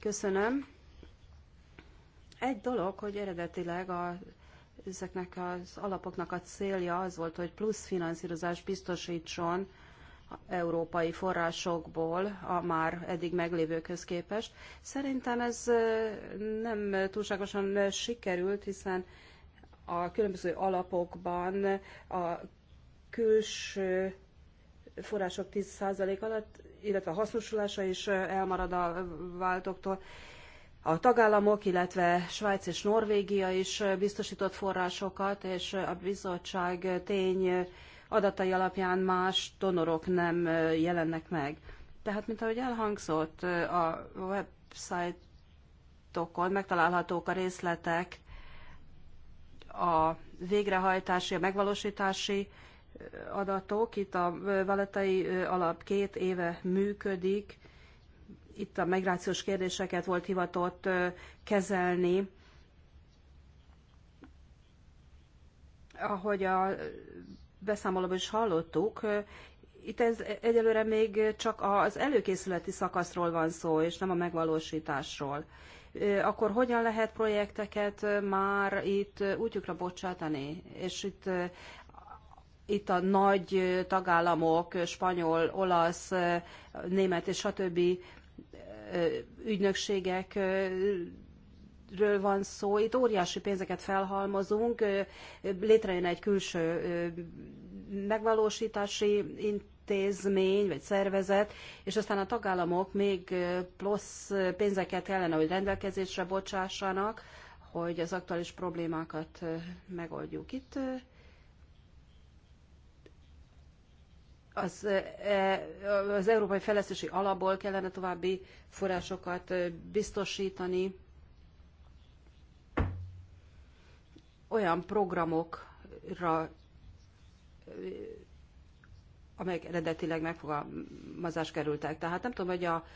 Köszönöm. Egy dolog, hogy eredetileg a ezeknek az alapoknak a célja az volt, hogy plusz finanszírozást biztosítson európai forrásokból a már eddig meglévőkhöz képest. Szerintem ez nem túlságosan sikerült, hiszen a különböző alapokban a külső források 10% alatt, illetve a hasznosulása is elmarad a váltoktól a tagállamok, illetve Svájc és Norvégia is biztosított forrásokat, és a bizottság tény adatai alapján más donorok nem jelennek meg. Tehát, mint ahogy elhangzott, a websájtokon megtalálhatók a részletek a végrehajtási, a megvalósítási adatok. Itt a valetai alap két éve működik, itt a migrációs kérdéseket volt hivatott kezelni. Ahogy a beszámolóban is hallottuk, itt ez egyelőre még csak az előkészületi szakaszról van szó, és nem a megvalósításról. Akkor hogyan lehet projekteket már itt útjukra bocsátani? És itt itt a nagy tagállamok, spanyol, olasz, német és stb ről van szó, itt óriási pénzeket felhalmozunk, létrejön egy külső megvalósítási intézmény vagy szervezet, és aztán a tagállamok még plusz pénzeket kellene, hogy rendelkezésre bocsássanak, hogy az aktuális problémákat megoldjuk. Itt az, e, az Európai Fejlesztési Alapból kellene további forrásokat e, biztosítani olyan programokra, e, amelyek eredetileg megfogalmazás kerültek. Tehát nem tudom, hogy a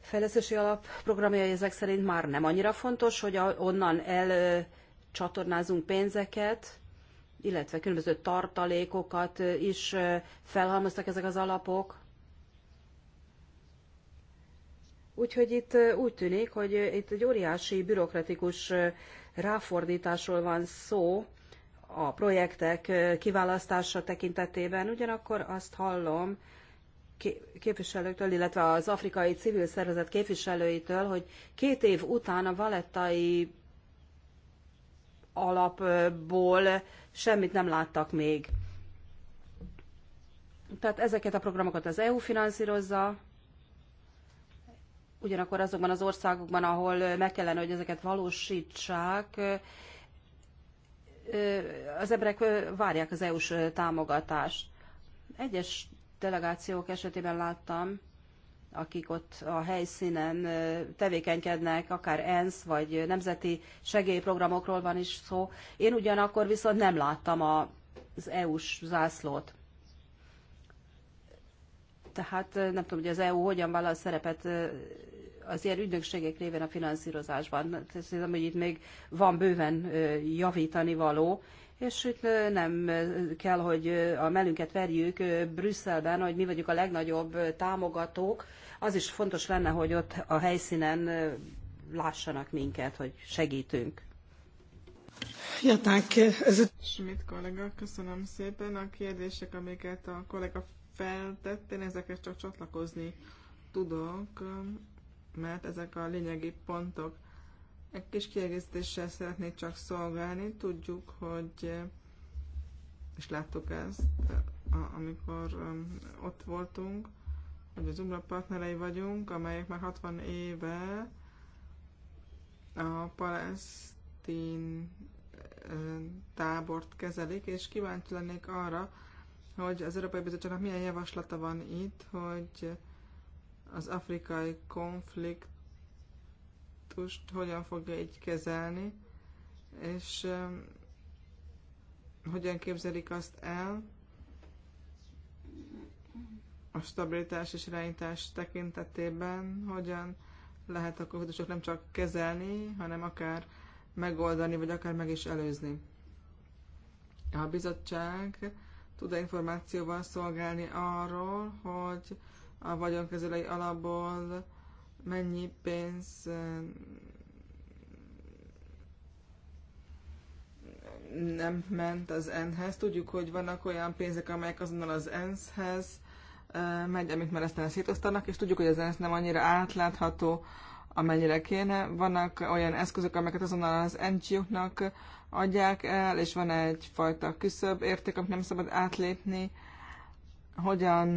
fejlesztési alap programjai ezek szerint már nem annyira fontos, hogy onnan elcsatornázunk pénzeket, illetve különböző tartalékokat is felhalmoztak ezek az alapok. Úgyhogy itt úgy tűnik, hogy itt egy óriási bürokratikus ráfordításról van szó a projektek kiválasztása tekintetében. Ugyanakkor azt hallom képviselőktől, illetve az afrikai civil szervezet képviselőitől, hogy két év után a valettai alapból semmit nem láttak még. Tehát ezeket a programokat az EU finanszírozza, ugyanakkor azokban az országokban, ahol meg kellene, hogy ezeket valósítsák, az emberek várják az EU-s támogatást. Egyes delegációk esetében láttam, akik ott a helyszínen tevékenykednek, akár ENSZ vagy nemzeti segélyprogramokról van is szó. Én ugyanakkor viszont nem láttam az EU-s zászlót. Tehát nem tudom, hogy az EU hogyan vállal szerepet az ilyen ügynökségek révén a finanszírozásban. hiszem, hogy itt még van bőven javítani való, és itt nem kell, hogy a melünket verjük Brüsszelben, hogy mi vagyunk a legnagyobb támogatók. Az is fontos lenne, hogy ott a helyszínen lássanak minket, hogy segítünk. Ja, danke. Schmidt kollega, köszönöm szépen. A kérdések, amiket a kollega feltett, én ezeket csak csatlakozni tudok, mert ezek a lényegi pontok. Egy kis kiegészítéssel szeretnék csak szolgálni. Tudjuk, hogy, és láttuk ezt, amikor um, ott voltunk, hogy az UMRA partnerei vagyunk, amelyek már 60 éve a palesztin tábort kezelik, és kíváncsi lennék arra, hogy az Európai Bizottságnak milyen javaslata van itt, hogy az afrikai konflikt konfliktust hogyan fogja így kezelni, és hogyan képzelik azt el a stabilitás és irányítás tekintetében, hogyan lehet a konfliktusok nem csak kezelni, hanem akár megoldani, vagy akár meg is előzni. A bizottság tud-e információval szolgálni arról, hogy a vagyonkezelői alapból mennyi pénz nem ment az n hez Tudjuk, hogy vannak olyan pénzek, amelyek azonnal az ENSZ-hez megy, amit már aztán szétosztanak, és tudjuk, hogy az ENSZ nem annyira átlátható, amennyire kéne. Vannak olyan eszközök, amelyeket azonnal az ngo adják el, és van egyfajta küszöbb érték, amit nem szabad átlépni. Hogyan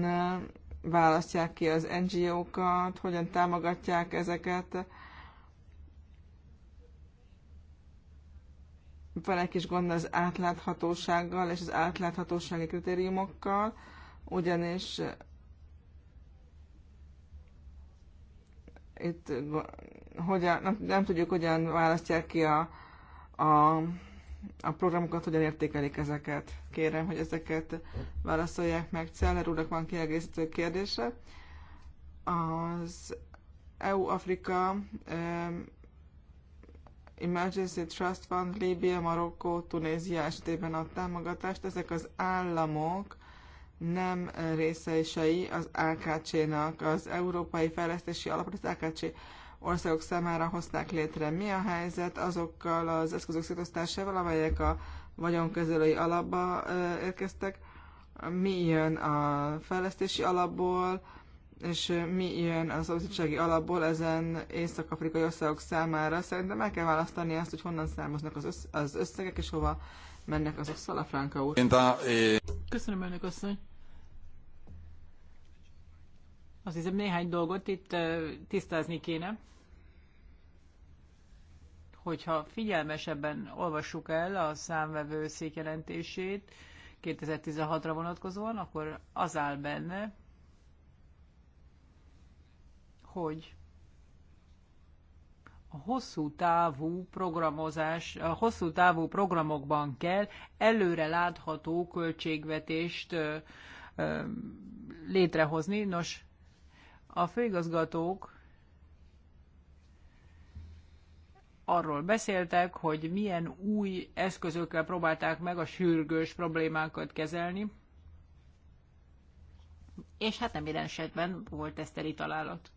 választják ki az NGO-kat, hogyan támogatják ezeket. Van egy kis gond az átláthatósággal és az átláthatósági kritériumokkal, ugyanis itt hogyan, nem, nem tudjuk, hogyan választják ki a, a a programokat hogyan értékelik ezeket. Kérem, hogy ezeket válaszolják meg. Celler úrnak van kiegészítő kérdése. Az EU-Afrika um, Emergency Trust Fund Líbia, Marokkó, Tunézia esetében ad támogatást. Ezek az államok nem részeisei az AKC-nak. Az Európai Fejlesztési Alapot, az AKC országok számára hozták létre. Mi a helyzet azokkal az eszközök szétosztásával, amelyek a vagyonkezelői alapba érkeztek? Mi jön a fejlesztési alapból, és mi jön a szomszédsági alapból ezen észak-afrikai országok számára? Szerintem meg kell választani azt, hogy honnan származnak az, össz- az összegek, és hova mennek azok Szalafránka úr. Köszönöm elnök asszony. Azt hiszem néhány dolgot itt tisztázni kéne. Hogyha figyelmesebben olvassuk el a számvevő székjelentését 2016-ra vonatkozóan, akkor az áll benne, hogy a hosszú távú programozás, a hosszú távú programokban kell előre látható költségvetést létrehozni. Nos, a főigazgatók arról beszéltek, hogy milyen új eszközökkel próbálták meg a sürgős problémákat kezelni, és hát nem minden esetben volt ez teri találat.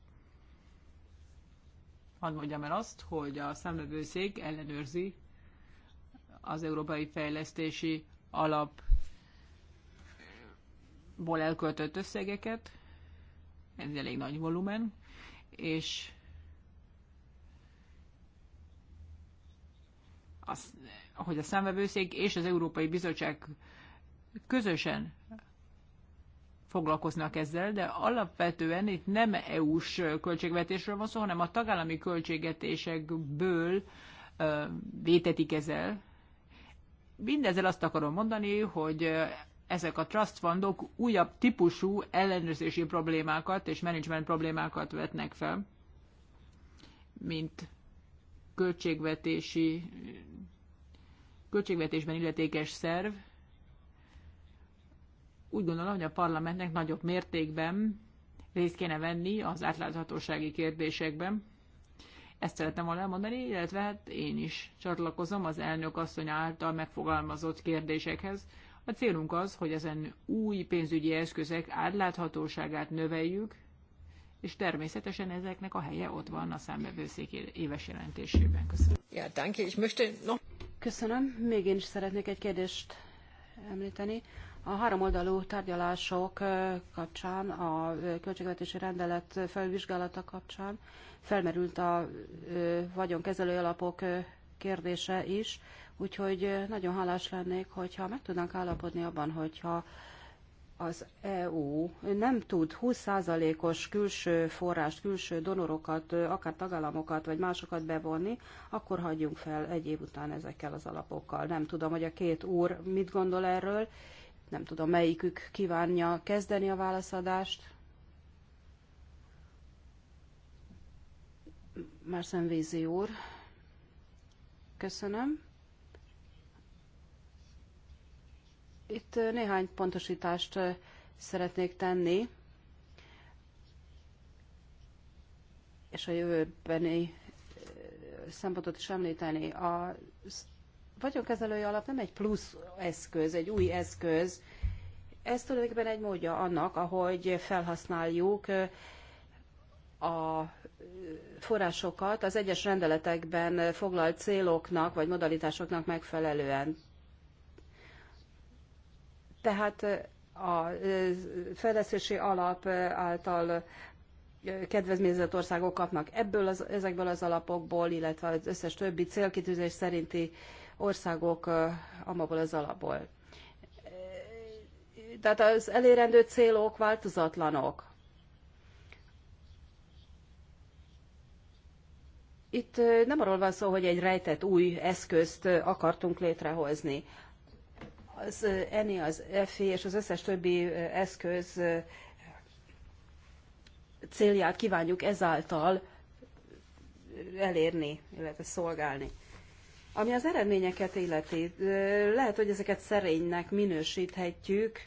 Hadd mondjam el azt, hogy a számlevőszék ellenőrzi az Európai Fejlesztési Alapból elköltött összegeket, ez egy elég nagy volumen, és az, ahogy a számvevőszék és az Európai Bizottság közösen foglalkoznak ezzel, de alapvetően itt nem EU-s költségvetésről van szó, hanem a tagállami költségvetésekből vétetik ezzel. Mindezzel azt akarom mondani, hogy ezek a trust fundok újabb típusú ellenőrzési problémákat és management problémákat vetnek fel, mint költségvetési, költségvetésben illetékes szerv. Úgy gondolom, hogy a parlamentnek nagyobb mértékben részt kéne venni az átláthatósági kérdésekben. Ezt szeretem volna elmondani, illetve hát én is csatlakozom az elnök asszony által megfogalmazott kérdésekhez, a célunk az, hogy ezen új pénzügyi eszközek átláthatóságát növeljük, és természetesen ezeknek a helye ott van a számbevőszék éves jelentésében. Köszönöm. Ja, danke. Ich möchte noch... Köszönöm. Még én is szeretnék egy kérdést említeni. A háromoldalú tárgyalások kapcsán, a költségvetési rendelet felvizsgálata kapcsán felmerült a vagyonkezelő alapok kérdése is. Úgyhogy nagyon hálás lennék, hogyha meg tudnánk állapodni abban, hogyha az EU nem tud 20%-os külső forrást, külső donorokat, akár tagállamokat vagy másokat bevonni, akkor hagyjunk fel egy év után ezekkel az alapokkal. Nem tudom, hogy a két úr mit gondol erről, nem tudom, melyikük kívánja kezdeni a válaszadást. Márszem Vízi úr, köszönöm. Itt néhány pontosítást szeretnék tenni, és a jövőbeni szempontot is említeni. A vagyonkezelői alap nem egy plusz eszköz, egy új eszköz. Ez tulajdonképpen egy módja annak, ahogy felhasználjuk a forrásokat az egyes rendeletekben foglalt céloknak vagy modalitásoknak megfelelően. Tehát a fejlesztési alap által kedvezményezett országok kapnak ebből az, ezekből az alapokból, illetve az összes többi célkitűzés szerinti országok amaból az alapból. Tehát az elérendő célok változatlanok. Itt nem arról van szó, hogy egy rejtett új eszközt akartunk létrehozni az ENI, az EFI és az összes többi eszköz célját kívánjuk ezáltal elérni, illetve szolgálni. Ami az eredményeket illeti, lehet, hogy ezeket szerénynek minősíthetjük.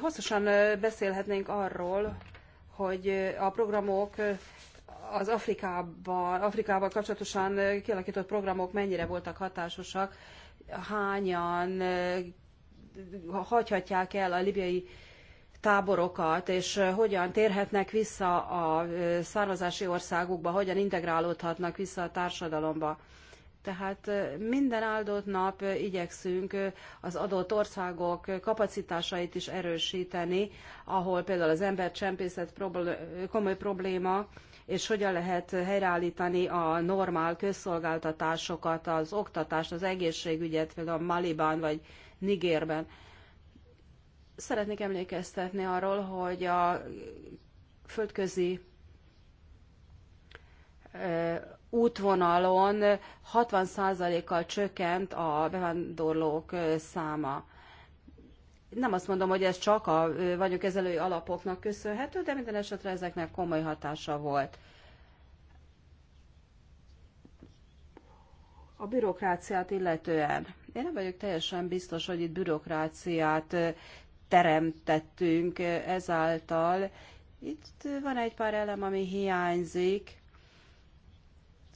Hosszasan beszélhetnénk arról, hogy a programok az Afrikában, Afrikával kapcsolatosan kialakított programok mennyire voltak hatásosak, hányan eh, hagyhatják el a libiai táborokat, és eh, hogyan térhetnek vissza a eh, származási országukba, hogyan integrálódhatnak vissza a társadalomba. Tehát minden áldott nap igyekszünk az adott országok kapacitásait is erősíteni, ahol például az embercsempészet komoly probléma, és hogyan lehet helyreállítani a normál közszolgáltatásokat, az oktatást, az egészségügyet, például Maliban vagy Nigérben. Szeretnék emlékeztetni arról, hogy a földközi útvonalon 60%-kal csökkent a bevándorlók száma nem azt mondom, hogy ez csak a vagyonkezelői alapoknak köszönhető, de minden esetre ezeknek komoly hatása volt. A bürokráciát illetően. Én nem vagyok teljesen biztos, hogy itt bürokráciát teremtettünk ezáltal. Itt van egy pár elem, ami hiányzik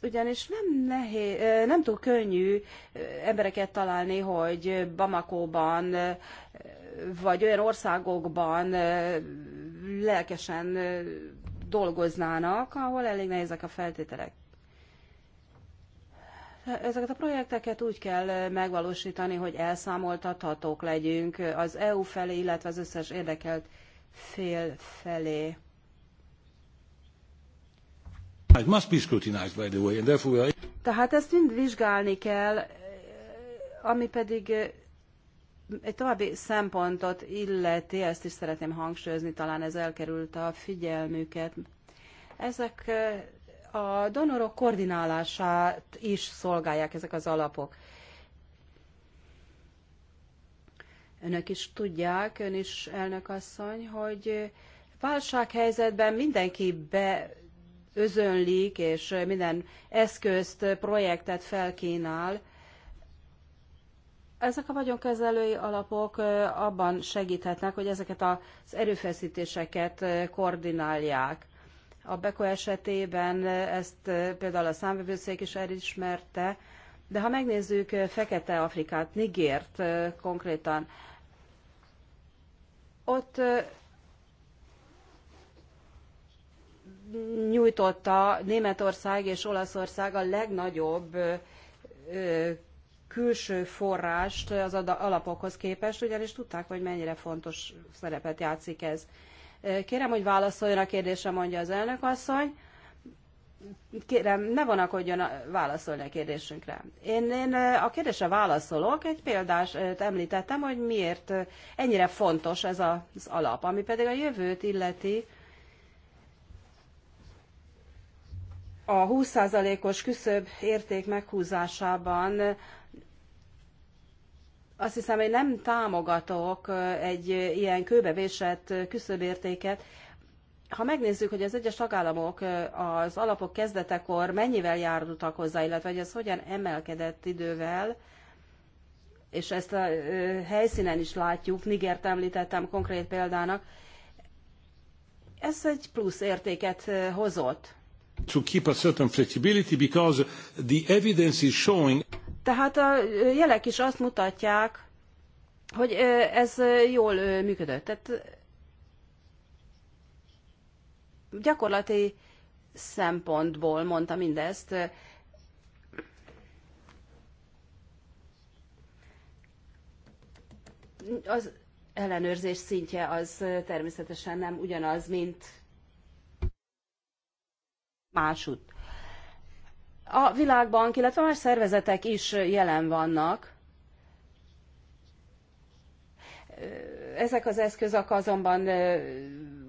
ugyanis nem, nehéz, nem túl könnyű embereket találni, hogy Bamako-ban vagy olyan országokban lelkesen dolgoznának, ahol elég nehézek a feltételek. Ezeket a projekteket úgy kell megvalósítani, hogy elszámoltathatók legyünk az EU felé, illetve az összes érdekelt fél felé. Tehát ezt mind vizsgálni kell, ami pedig egy további szempontot illeti, ezt is szeretném hangsúlyozni, talán ez elkerült a figyelmüket. Ezek eh, a donorok koordinálását is szolgálják ezek az alapok. Önök is tudják, ön is elnök asszony, hogy válsághelyzetben mindenki özönlik, és minden eszközt, projektet felkínál, ezek a vagyonkezelői alapok abban segíthetnek, hogy ezeket az erőfeszítéseket koordinálják. A Beko esetében ezt például a számvevőszék is elismerte, de ha megnézzük Fekete Afrikát, Nigért konkrétan, ott nyújtotta Németország és Olaszország a legnagyobb külső forrást az alapokhoz képest, ugyanis tudták, hogy mennyire fontos szerepet játszik ez. Kérem, hogy válaszoljon a kérdésre, mondja az elnök asszony. Kérem, ne vonakodjon válaszolni a kérdésünkre. Én, én a kérdésre válaszolok, egy példás említettem, hogy miért ennyire fontos ez az alap, ami pedig a jövőt illeti, a 20%-os küszöb érték meghúzásában azt hiszem, hogy nem támogatok egy ilyen kőbevésett küszöbértéket. Ha megnézzük, hogy az egyes tagállamok az alapok kezdetekor mennyivel járultak hozzá, illetve hogy ez hogyan emelkedett idővel, és ezt a helyszínen is látjuk, Nigert említettem konkrét példának, ez egy plusz értéket hozott. To keep a certain flexibility because the evidence is showing tehát a jelek is azt mutatják, hogy ez jól működött. Tehát gyakorlati szempontból mondta mindezt. Az ellenőrzés szintje az természetesen nem ugyanaz, mint másút. A világbank, illetve más szervezetek is jelen vannak. Ezek az eszközök azonban,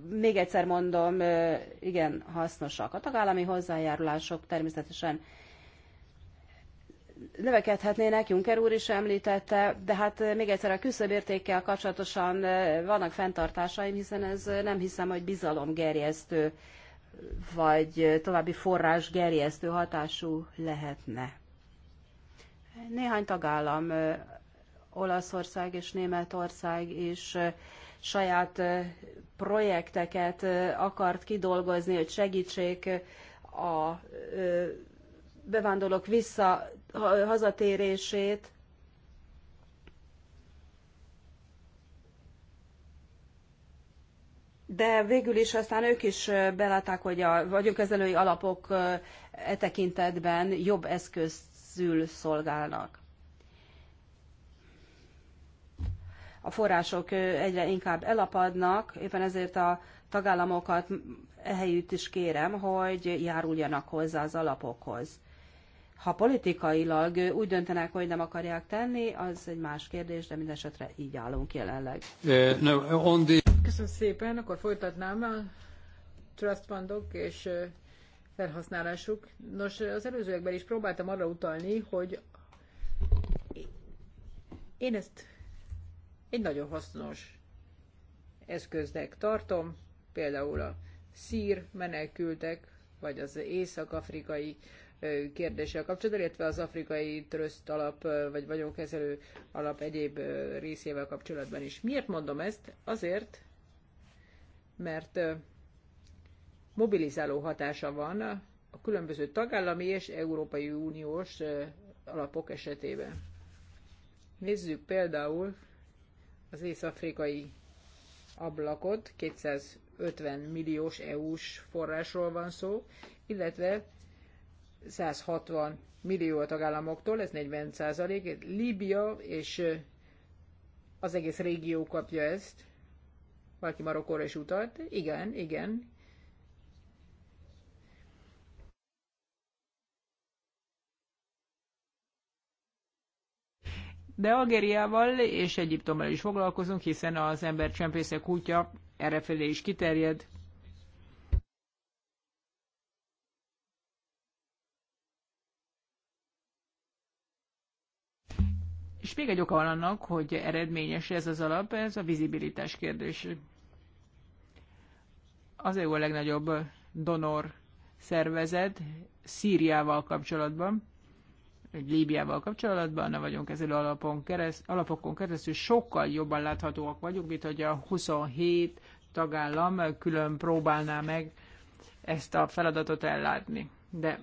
még egyszer mondom, igen hasznosak. A tagállami hozzájárulások természetesen növekedhetnének, Juncker úr is említette, de hát még egyszer a küszöbértékkel kapcsolatosan vannak fenntartásaim, hiszen ez nem hiszem, hogy bizalomgerjesztő vagy további forrás gerjesztő hatású lehetne. Néhány tagállam, Olaszország és Németország is saját projekteket akart kidolgozni, hogy segítsék a bevándorlók vissza hazatérését, de végül is aztán ők is belátták, hogy a vagyonkezelői alapok e tekintetben jobb eszközül szolgálnak. A források egyre inkább elapadnak, éppen ezért a tagállamokat ehelyütt is kérem, hogy járuljanak hozzá az alapokhoz. Ha politikailag úgy döntenek, hogy nem akarják tenni, az egy más kérdés, de mindesetre így állunk jelenleg. Uh, no, the... Köszönöm szépen, akkor folytatnám a trust fundok és felhasználásuk. Nos, az előzőekben is próbáltam arra utalni, hogy én ezt egy nagyon hasznos eszköznek tartom, például a szír menekültek, vagy az észak-afrikai kérdéssel kapcsolatban, illetve az afrikai tröszt alap, vagy vagyonkezelő alap egyéb részével kapcsolatban is. Miért mondom ezt? Azért, mert mobilizáló hatása van a különböző tagállami és Európai Uniós alapok esetében. Nézzük például az észafrikai afrikai ablakot, 250 milliós EU-s forrásról van szó, illetve 160 millió a tagállamoktól, ez 40 százalék. Líbia és az egész régió kapja ezt. Valaki Marokkóra is utalt. Igen, igen. De Algériával és Egyiptommal is foglalkozunk, hiszen az ember embercsempészek útja errefelé is kiterjed. És még egy oka van annak, hogy eredményes ez az alap, ez a vizibilitás kérdés. Az EU a legnagyobb donor szervezet Szíriával kapcsolatban, vagy Líbiával kapcsolatban, vagyunk ezzel alapon kereszt, alapokon keresztül sokkal jobban láthatóak vagyunk, mint hogy a 27 tagállam külön próbálná meg ezt a feladatot ellátni. De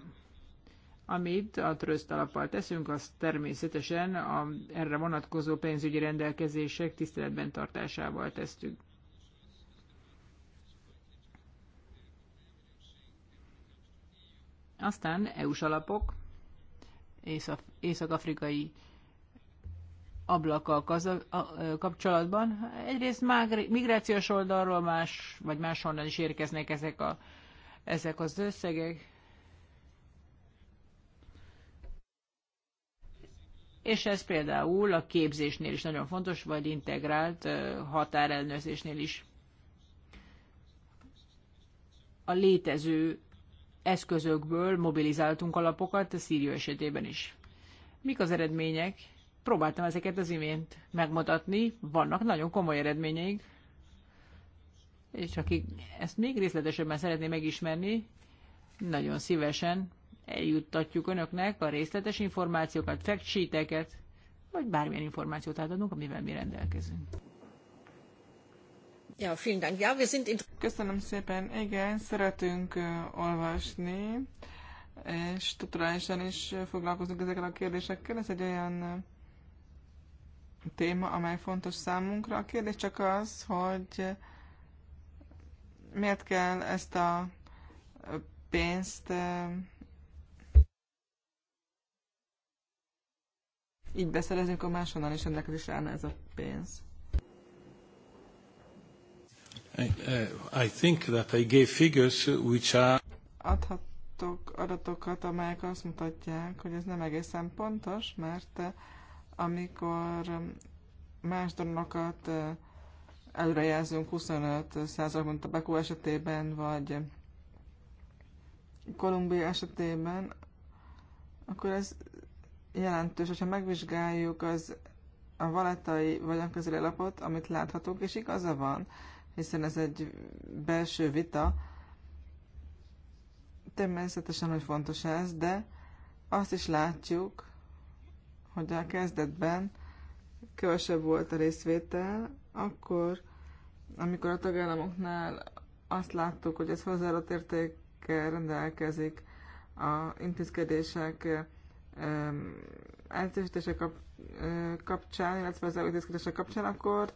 amit a tröszt alappal teszünk, az természetesen a erre vonatkozó pénzügyi rendelkezések tiszteletben tartásával tesztük. Aztán EU-s alapok, észak-afrikai ablakkal kapcsolatban. Egyrészt migrációs oldalról más, vagy más is érkeznek ezek, a, ezek az összegek. és ez például a képzésnél is nagyon fontos, vagy integrált határellenőrzésnél is. A létező eszközökből mobilizáltunk alapokat a Szírió esetében is. Mik az eredmények? Próbáltam ezeket az imént megmutatni, vannak nagyon komoly eredményeik, és akik ezt még részletesebben szeretné megismerni, nagyon szívesen eljuttatjuk önöknek a részletes információkat, fact vagy bármilyen információt átadunk, amivel mi rendelkezünk. Ja, vielen Dank. Ja, wir sind in... Köszönöm szépen. Igen, szeretünk olvasni, és strukturálisan is foglalkozunk ezekkel a kérdésekkel. Ez egy olyan téma, amely fontos számunkra. A kérdés csak az, hogy miért kell ezt a pénzt így beszerezni, akkor máshonnan is is állna ez a pénz. I, uh, I think that I gave figures which are... adhatok adatokat, amelyek azt mutatják, hogy ez nem egészen pontos, mert uh, amikor um, más dolgokat uh, előrejelzünk 25 mint a Bekó esetében, vagy Kolumbia esetében, akkor ez jelentős, hogyha megvizsgáljuk az a valetai vagyonközeli lapot, amit láthatunk, és igaza van, hiszen ez egy belső vita. Természetesen, hogy fontos ez, de azt is látjuk, hogy a kezdetben kevesebb volt a részvétel, akkor, amikor a tagállamoknál azt láttuk, hogy ez hozzáadott értékkel rendelkezik a intézkedések átesítése kapcsán, illetve az EU intézkedése kapcsán, akkor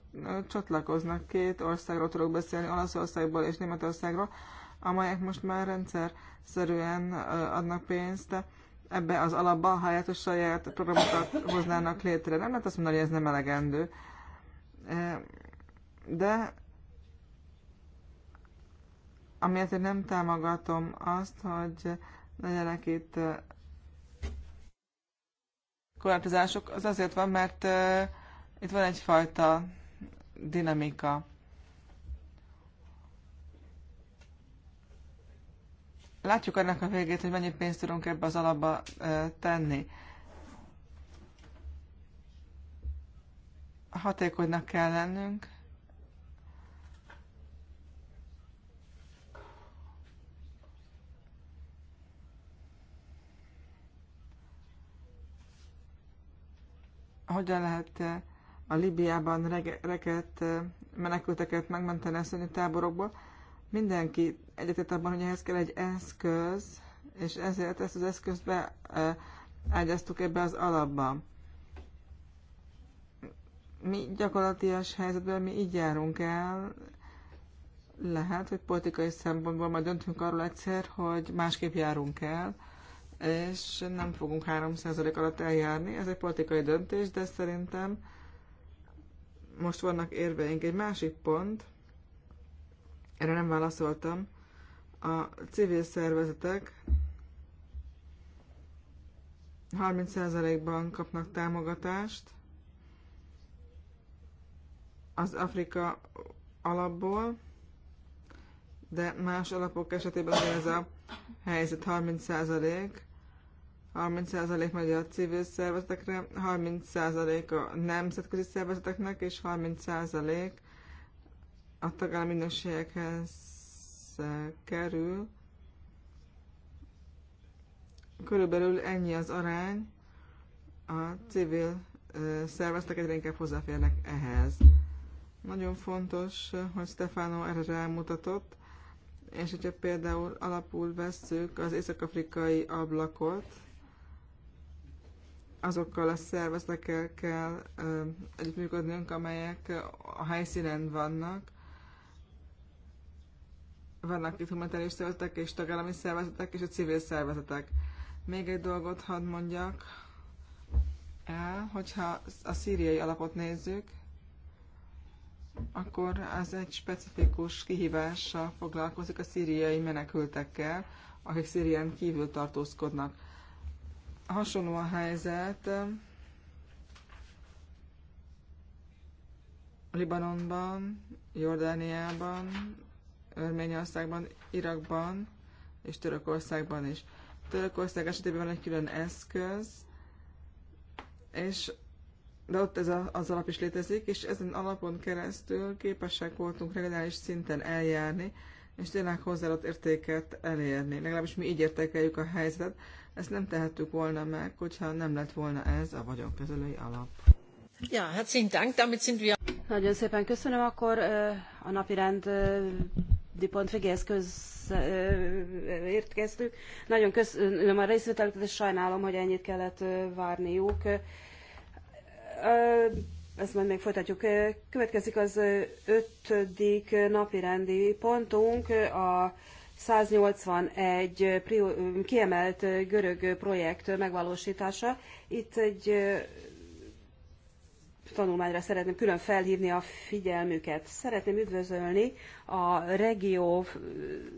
csatlakoznak két országról tudok beszélni, Olaszországból és Németországról, amelyek most már rendszerszerűen adnak pénzt ebbe az alapba, ha a saját programokat hoznának létre. Nem lehet azt mondani, hogy ez nem elegendő. De amiért én nem támogatom azt, hogy legyenek itt korlátozások, az azért van, mert itt van egyfajta dinamika. Látjuk ennek a végét, hogy mennyi pénzt tudunk ebbe az alapba tenni. Hatékonynak kell lennünk. hogyan lehet eh, a Libiában reket, eh, menekülteket megmenteni a szörnyű táborokból. Mindenki egyetett abban, hogy ehhez kell egy eszköz, és ezért ezt az eszközt beágyaztuk eh, ebbe az alapba. Mi gyakorlatias helyzetben mi így járunk el, lehet, hogy politikai szempontból majd döntünk arról egyszer, hogy másképp járunk el, és nem fogunk 3% alatt eljárni. Ez egy politikai döntés, de szerintem most vannak érveink. Egy másik pont, erre nem válaszoltam, a civil szervezetek 30%-ban kapnak támogatást az Afrika alapból, de más alapok esetében ez a helyzet 30 30% megy a civil szervezetekre, 30% a nemzetközi szervezeteknek, és 30% a tagállami ügynökségekhez eh, kerül. Körülbelül ennyi az arány. A civil eh, szervezetek egyre inkább hozzáférnek ehhez. Nagyon fontos, hogy Stefano erre rámutatott, és hogyha például alapul vesszük az észak-afrikai ablakot, azokkal a szervezetekkel kell együttműködnünk, amelyek a helyszínen vannak. Vannak itt humanitárius szervezetek és tagállami szervezetek és a civil szervezetek. Még egy dolgot hadd mondjak el, hogyha a szíriai alapot nézzük, akkor az egy specifikus kihívással foglalkozik a szíriai menekültekkel, akik Szírián kívül tartózkodnak hasonló a helyzet Libanonban, Jordániában, Örményországban, Irakban és Törökországban is. Törökország esetében van egy külön eszköz, és de ott ez a, az alap is létezik, és ezen alapon keresztül képesek voltunk regionális szinten eljárni, és tényleg hozzáadott értéket elérni. Legalábbis mi így értékeljük a helyzetet, ezt nem tehettük volna meg, hogyha nem lett volna ez a vagyonkezelői alap. Ja, hát szintánk, damit szintű. Nagyon szépen köszönöm, akkor a napirend pont végéhez köz, Nagyon köszönöm a részvételüket, és sajnálom, hogy ennyit kellett várniuk. Ezt majd még folytatjuk. Következik az ötödik napirendi pontunk, a 181 kiemelt görög projekt megvalósítása. Itt egy tanulmányra szeretném külön felhívni a figyelmüket. Szeretném üdvözölni a regió,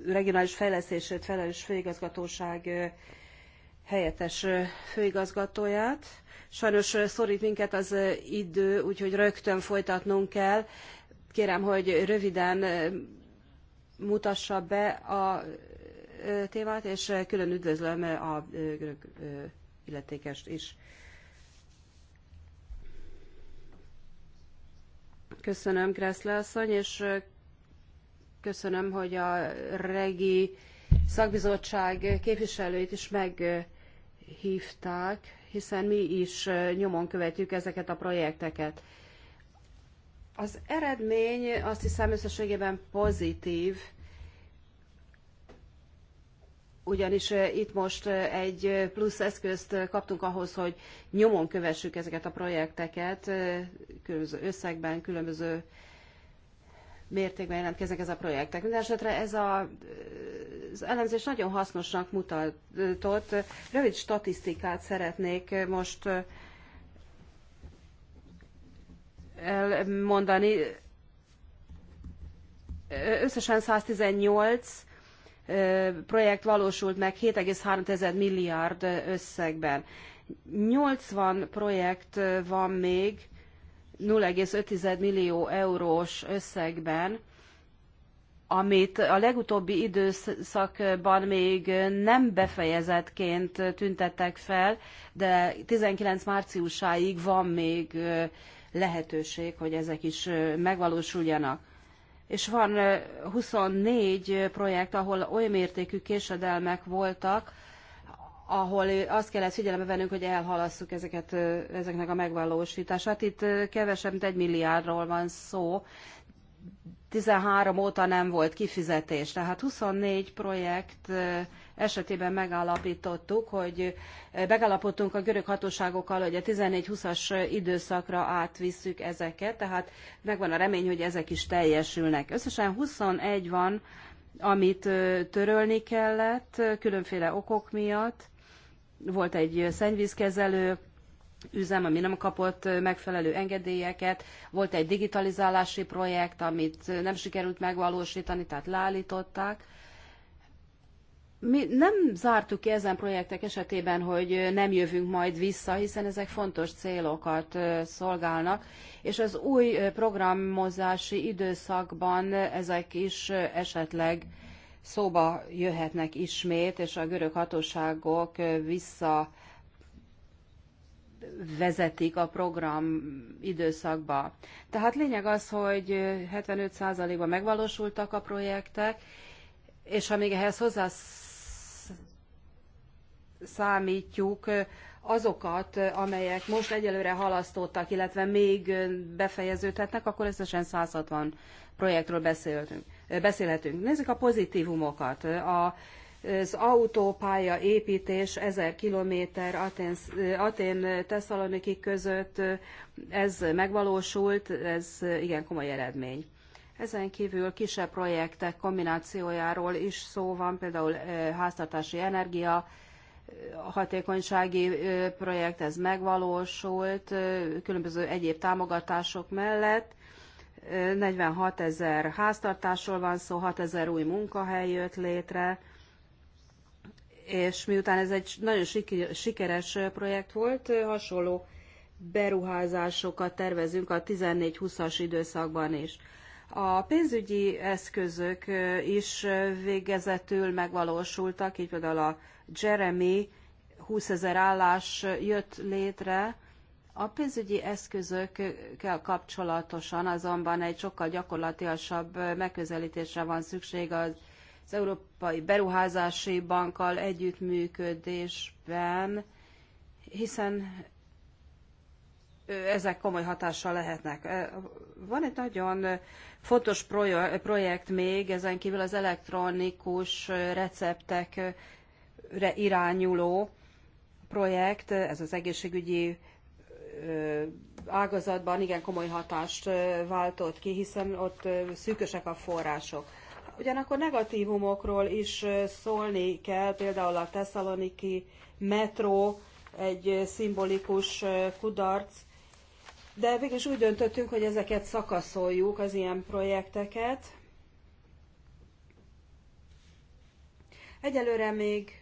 regionális fejlesztését felelős főigazgatóság helyettes főigazgatóját. Sajnos szorít minket az idő, úgyhogy rögtön folytatnunk kell. Kérem, hogy röviden mutassa be a témát, és külön üdvözlöm a görög illetékest is. Köszönöm, Kreszle asszony, és köszönöm, hogy a regi szakbizottság képviselőit is meghívták, hiszen mi is nyomon követjük ezeket a projekteket. Az eredmény azt hiszem összességében pozitív, ugyanis eh, itt most eh, egy eh, plusz eszközt kaptunk ahhoz, hogy nyomon kövessük ezeket a projekteket, különböző összegben, különböző mértékben jelentkeznek ez a projektek. Mindenesetre ez a, az elemzés nagyon hasznosnak mutatott. Rövid statisztikát szeretnék most elmondani. Összesen 118 projekt valósult meg 7,3 milliárd összegben. 80 projekt van még 0,5 millió eurós összegben, amit a legutóbbi időszakban még nem befejezetként tüntettek fel, de 19 márciusáig van még lehetőség, hogy ezek is megvalósuljanak. És van 24 projekt, ahol oly mértékű késedelmek voltak, ahol azt kellett figyelembe vennünk, hogy elhalasszuk ezeket, ezeknek a megvalósítását. Itt kevesebb, mint egy milliárdról van szó. 13 óta nem volt kifizetés, tehát 24 projekt esetében megállapítottuk, hogy eh, megállapodtunk a görög hatóságokkal, hogy a 14-20-as időszakra átvisszük ezeket, tehát megvan a remény, hogy ezek is teljesülnek. Összesen 21 van, amit eh, törölni kellett eh, különféle okok miatt. Volt egy szennyvízkezelő, üzem, ami nem kapott megfelelő engedélyeket, volt egy digitalizálási projekt, amit nem sikerült megvalósítani, tehát leállították. Mi nem zártuk ki ezen projektek esetében, hogy nem jövünk majd vissza, hiszen ezek fontos célokat szolgálnak, és az új programozási időszakban ezek is esetleg szóba jöhetnek ismét, és a görög hatóságok vissza vezetik a program időszakba. Tehát lényeg az, hogy 75%-ban megvalósultak a projektek, és ha még ehhez hozzász számítjuk eh, azokat, eh, amelyek most egyelőre halasztottak, illetve még eh, befejeződhetnek, akkor összesen 160 projektről beszélhetünk. beszélhetünk. Nézzük a pozitívumokat. A, az autópálya építés 1000 kilométer Atén Tesszaloniki között, ez megvalósult, ez igen komoly eredmény. Ezen kívül kisebb projektek kombinációjáról is szó van, például háztartási energia, hatékonysági projekt, ez megvalósult, különböző egyéb támogatások mellett. 46 ezer háztartásról van szó, 6 ezer új munkahely jött létre, és miután ez egy nagyon sikeres projekt volt, hasonló beruházásokat tervezünk a 14-20-as időszakban is. A pénzügyi eszközök is végezetül megvalósultak, így például a Jeremy 20 ezer állás jött létre, a pénzügyi eszközökkel kapcsolatosan azonban egy sokkal gyakorlatilasabb megközelítésre van szükség az Európai Beruházási Bankkal együttműködésben, hiszen ezek komoly hatással lehetnek. Van egy nagyon fontos projekt még, ezen kívül az elektronikus receptek re irányuló projekt, ez az egészségügyi ágazatban igen komoly hatást váltott ki, hiszen ott szűkösek a források. Ugyanakkor negatívumokról is szólni kell, például a Thessaloniki metró egy szimbolikus kudarc, de is úgy döntöttünk, hogy ezeket szakaszoljuk, az ilyen projekteket. Egyelőre még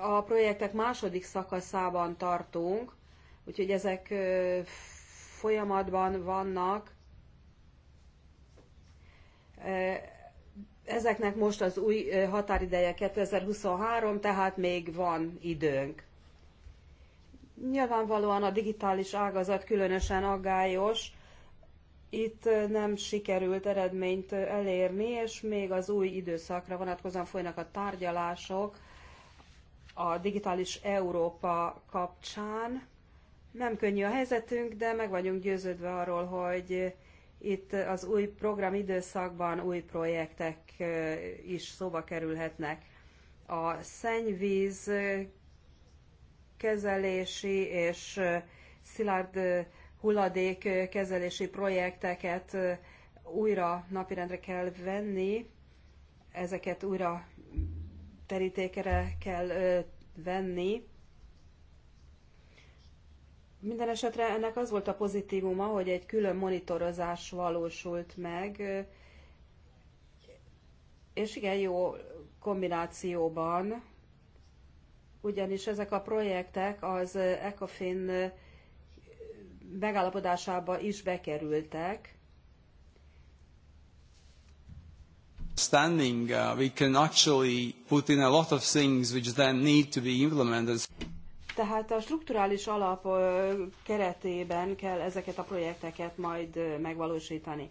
a projektek második szakaszában tartunk, úgyhogy ezek folyamatban vannak. Ezeknek most az új határideje 2023, tehát még van időnk. Nyilvánvalóan a digitális ágazat különösen aggályos. Itt nem sikerült eredményt elérni, és még az új időszakra vonatkozóan folynak a tárgyalások a digitális Európa kapcsán. Nem könnyű a helyzetünk, de meg vagyunk győződve arról, hogy itt az új program időszakban új projektek is szóba kerülhetnek. A szennyvíz kezelési és szilárd hulladék kezelési projekteket újra napirendre kell venni, ezeket újra terítékre kell venni. Minden esetre ennek az volt a pozitívuma, hogy egy külön monitorozás valósult meg, és igen jó kombinációban, ugyanis ezek a projektek az ECOFIN megállapodásába is bekerültek, Standing, uh, we can actually put in a lot of things which then need to be implemented. Tehát a strukturális alap keretében kell ezeket a projekteket majd megvalósítani.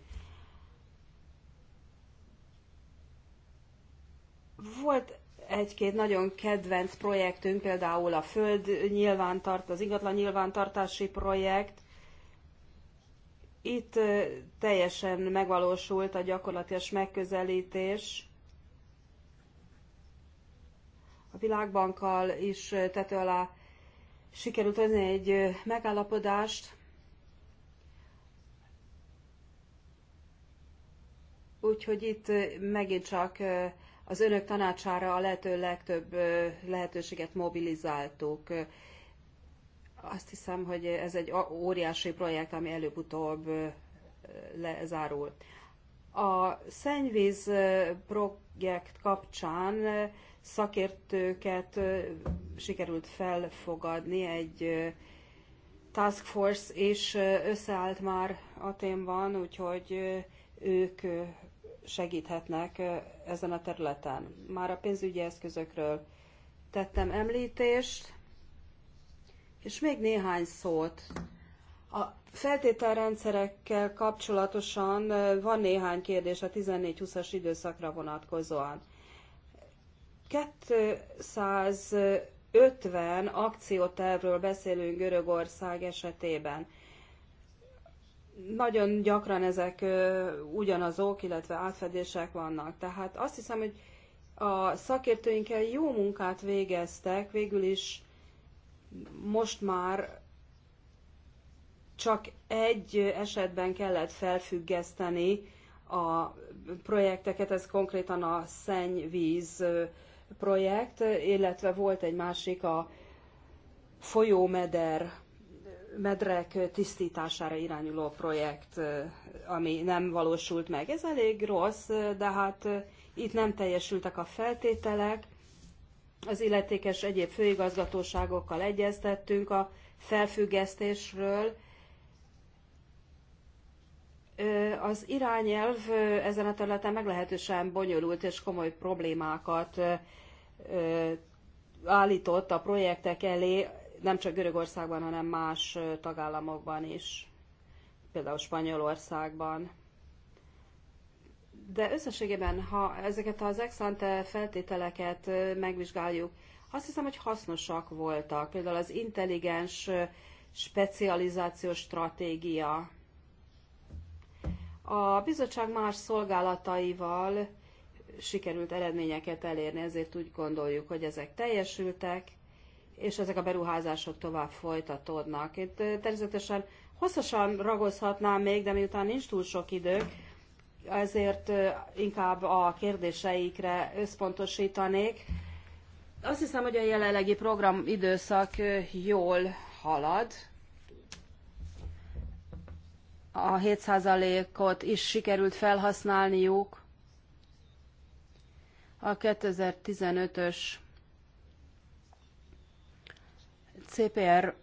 Volt egy-két nagyon kedvenc projektünk, például a föld nyilvántart, az ingatlan nyilvántartási projekt, itt teljesen megvalósult a gyakorlatias megközelítés. A világbankkal is tető alá sikerült hozni egy megállapodást. Úgyhogy itt megint csak az önök tanácsára a lehető legtöbb lehetőséget mobilizáltuk. Azt hiszem, hogy ez egy óriási projekt, ami előbb-utóbb lezárul. A szennyvíz projekt kapcsán szakértőket sikerült felfogadni, egy task force és összeállt már a témban, úgyhogy ők segíthetnek ezen a területen. Már a pénzügyi eszközökről tettem említést, és még néhány szót. A feltételrendszerekkel kapcsolatosan van néhány kérdés a 14-20-as időszakra vonatkozóan. 250 akciótervről beszélünk Görögország esetében. Nagyon gyakran ezek ugyanazok, illetve átfedések vannak. Tehát azt hiszem, hogy a szakértőinkkel jó munkát végeztek, végül is most már csak egy esetben kellett felfüggeszteni a projekteket, ez konkrétan a szennyvíz projekt, illetve volt egy másik a folyómeder medrek tisztítására irányuló projekt, ami nem valósult meg. Ez elég rossz, de hát itt nem teljesültek a feltételek, az illetékes egyéb főigazgatóságokkal egyeztettünk a felfüggesztésről. Az irányelv ezen a területen meglehetősen bonyolult és komoly problémákat állított a projektek elé, nem csak Görögországban, hanem más tagállamokban is, például Spanyolországban de összességében, ha ezeket az exante feltételeket megvizsgáljuk, azt hiszem, hogy hasznosak voltak. Például az intelligens specializációs stratégia. A bizottság más szolgálataival sikerült eredményeket elérni, ezért úgy gondoljuk, hogy ezek teljesültek, és ezek a beruházások tovább folytatódnak. Itt természetesen hosszasan ragozhatnám még, de miután nincs túl sok idők, ezért inkább a kérdéseikre összpontosítanék. Azt hiszem, hogy a jelenlegi időszak jól halad. A 7%-ot is sikerült felhasználniuk. A 2015-ös CPR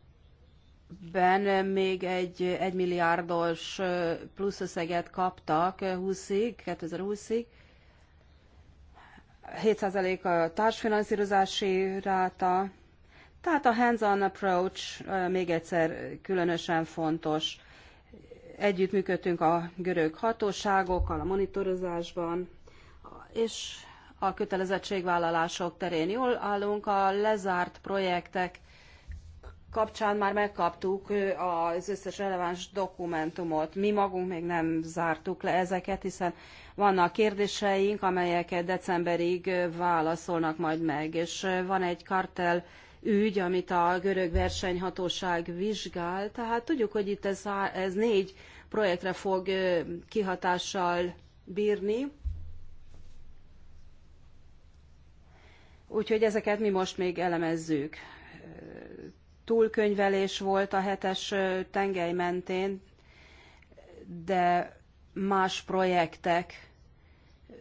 ben még egy 1 milliárdos összeget kaptak 20-ig, 2020-ig. 7% a társfinanszírozási ráta. Tehát a hands-on approach még egyszer különösen fontos. Együttműködtünk a görög hatóságokkal a monitorozásban, és a kötelezettségvállalások terén jól állunk, a lezárt projektek kapcsán már megkaptuk az összes releváns dokumentumot. Mi magunk még nem zártuk le ezeket, hiszen vannak kérdéseink, amelyeket decemberig válaszolnak majd meg, és van egy kartel ügy, amit a görög versenyhatóság vizsgál, tehát tudjuk, hogy itt ez, ez négy projektre fog kihatással bírni. Úgyhogy ezeket mi most még elemezzük túlkönyvelés volt a hetes tengely mentén, de más projektek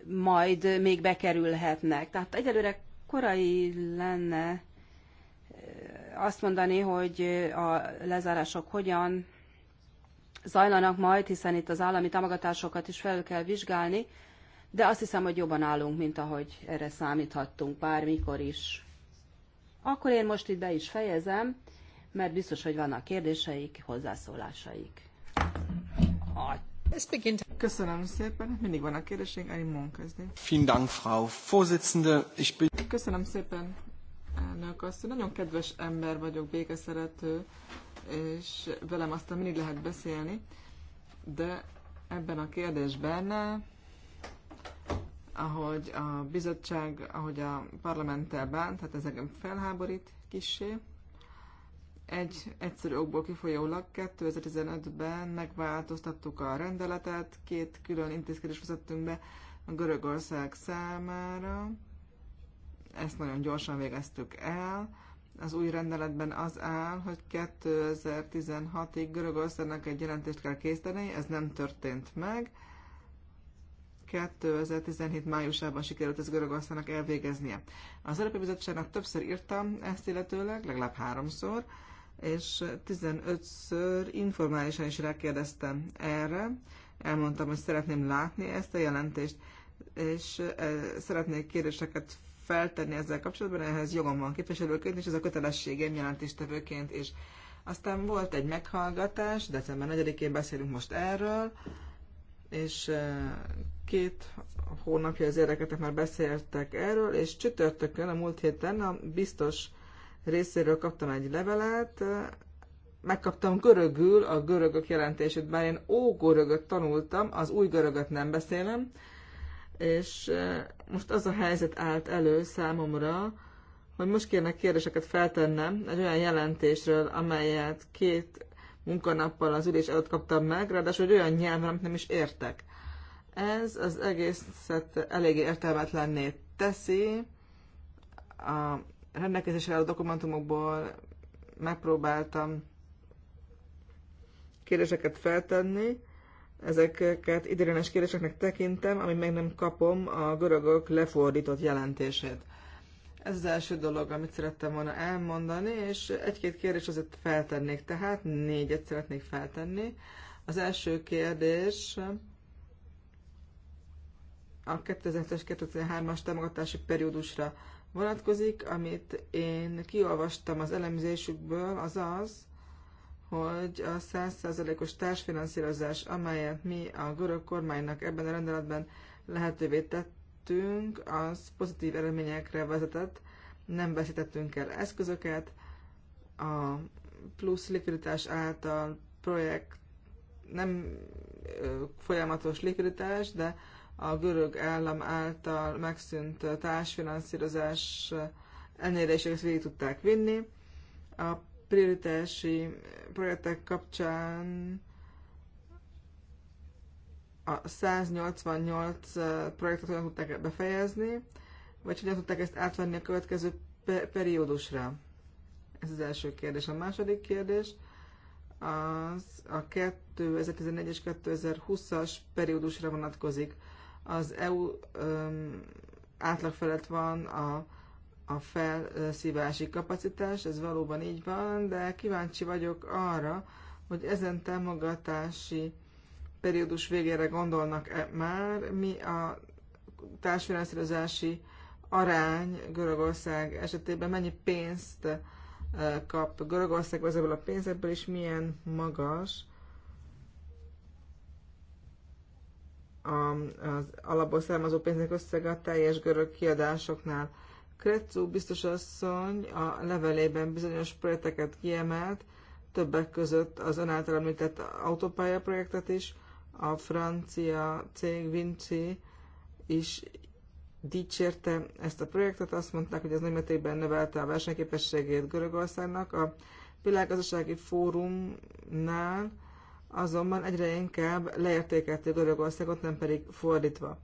majd még bekerülhetnek. Tehát egyelőre korai lenne azt mondani, hogy a lezárások hogyan zajlanak majd, hiszen itt az állami támogatásokat is fel kell vizsgálni, de azt hiszem, hogy jobban állunk, mint ahogy erre számíthattunk bármikor is. Akkor én most itt be is fejezem, mert biztos, hogy vannak kérdéseik, hozzászólásaik. Köszönöm szépen, mindig vannak kérdéseink, Ani mondom kezdi. Vielen Dank, Frau Vorsitzende. Ich bin... Köszönöm szépen, elnök asszony. Nagyon kedves ember vagyok, békeszerető, és velem aztán mindig lehet beszélni, de ebben a kérdésben, ahogy a bizottság, ahogy a parlamenttel bánt, hát ez engem felháborít kissé egy egyszerű okból kifolyólag 2015-ben megváltoztattuk a rendeletet, két külön intézkedést vezettünk be a Görögország számára. Ezt nagyon gyorsan végeztük el. Az új rendeletben az áll, hogy 2016-ig Görögországnak egy jelentést kell készíteni, ez nem történt meg. 2017 májusában sikerült ezt Görögországnak elvégeznie. Az Európai Bizottságnak többször írtam ezt illetőleg, legalább háromszor, és 15-ször informálisan is rákérdeztem erre, elmondtam, hogy szeretném látni ezt a jelentést, és e, szeretnék kérdéseket feltenni ezzel kapcsolatban, ehhez jogom van képviselőként, és ez a kötelességem jelentéstevőként is. Aztán volt egy meghallgatás, december 4-én beszélünk most erről, és e, két hónapja az érdeketek már beszéltek erről, és csütörtökön, a múlt héten a biztos részéről kaptam egy levelet, megkaptam görögül a görögök jelentését, bár én ógörögöt tanultam, az új görögöt nem beszélem, és eh, most az a helyzet állt elő számomra, hogy most kérnek kérdéseket feltennem egy olyan jelentésről, amelyet két munkanappal az ülés előtt kaptam meg, ráadásul egy olyan nyelven, amit nem is értek. Ez az egészet eléggé értelmetlenné teszi, a rendelkezésre álló dokumentumokból megpróbáltam kérdéseket feltenni, ezeket ideiglenes kérdéseknek tekintem, ami meg nem kapom a görögök lefordított jelentését. Ez az első dolog, amit szerettem volna elmondani, és egy-két kérdés azért feltennék, tehát négyet szeretnék feltenni. Az első kérdés a 2007-es-2013-as támogatási periódusra vonatkozik. Amit én kiolvastam az elemzésükből, az az, hogy a 100%-os társfinanszírozás, amelyet mi a görög kormánynak ebben a rendeletben lehetővé tettünk, az pozitív eredményekre vezetett, nem veszítettünk el eszközöket, a plusz likviditás által projekt nem folyamatos likviditás, de a görög állam által megszűnt társfinanszírozás ennél végig tudták vinni. A prioritási projektek kapcsán a 188 projektet hogyan tudták befejezni, vagy hogyan tudták ezt átvenni a következő periódusra? Ez az első kérdés. A második kérdés az a 2014 es 2020-as periódusra vonatkozik az EU um, átlag felett van a, a felszívási kapacitás, ez valóban így van, de kíváncsi vagyok arra, hogy ezen támogatási periódus végére gondolnak-e már, mi a társfinanszírozási arány Görögország esetében, mennyi pénzt kap Görögország ezekből a pénzekből, és milyen magas a, az alapból származó pénznek összege a teljes görög kiadásoknál. Kretszú biztos asszony a levelében bizonyos projekteket kiemelt, többek között az ön által említett autópálya projektet is, a francia cég Vinci is dicsérte ezt a projektet, azt mondták, hogy ez nagy mértékben növelte a versenyképességét Görögországnak. A világgazdasági fórumnál azonban egyre inkább leértékelték Görögországot, nem pedig fordítva.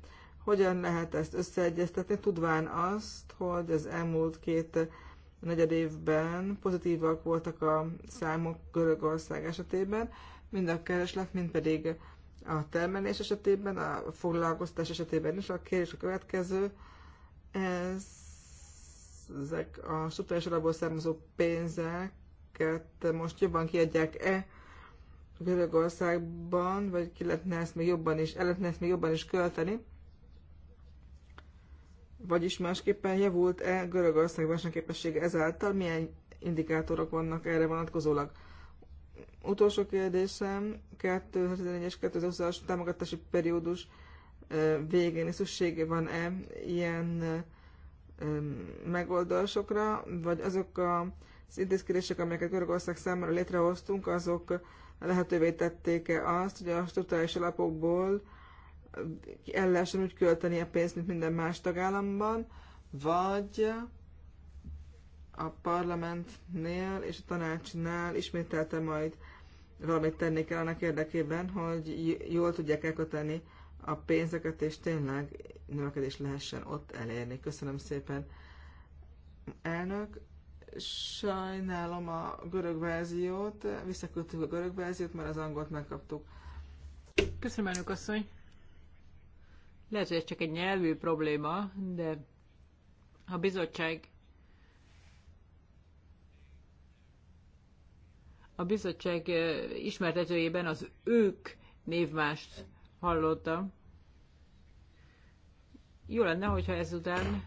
Hogyan lehet ezt összeegyeztetni, tudván azt, hogy az elmúlt két negyed évben pozitívak voltak a számok Görögország esetében, mind a kereslet, mind pedig a termelés esetében, a foglalkoztás esetében is. A kérdés a következő, ez, ezek a struktúrás alapból származó pénzeket most jobban kiadják-e Görögországban, vagy ki lehetne ezt még jobban is, el lehetne ezt még jobban is költeni. Vagyis másképpen javult-e Görögország versenyképessége ezáltal? Milyen indikátorok vannak erre vonatkozólag? Utolsó kérdésem, 2014-es 2020-as támogatási periódus végén is szüksége van-e ilyen megoldásokra, vagy azok az intézkedések, amelyeket Görögország számára létrehoztunk, azok lehetővé tették-e azt, hogy a struktúrális alapokból el lehessen úgy költeni a pénzt, mint minden más tagállamban, vagy a parlamentnél és a tanácsnál ismételte majd valamit tenni kell annak érdekében, hogy jól tudják elköteni a pénzeket, és tényleg növekedés lehessen ott elérni. Köszönöm szépen, elnök. Sajnálom a görög verziót, visszaküldtük a görög verziót, mert az angolt megkaptuk. Köszönöm, elnök asszony. Lehet, hogy ez csak egy nyelvű probléma, de a bizottság a bizottság eh, ismertetőjében az ők névmást hallottam. Jó lenne, hogyha ezután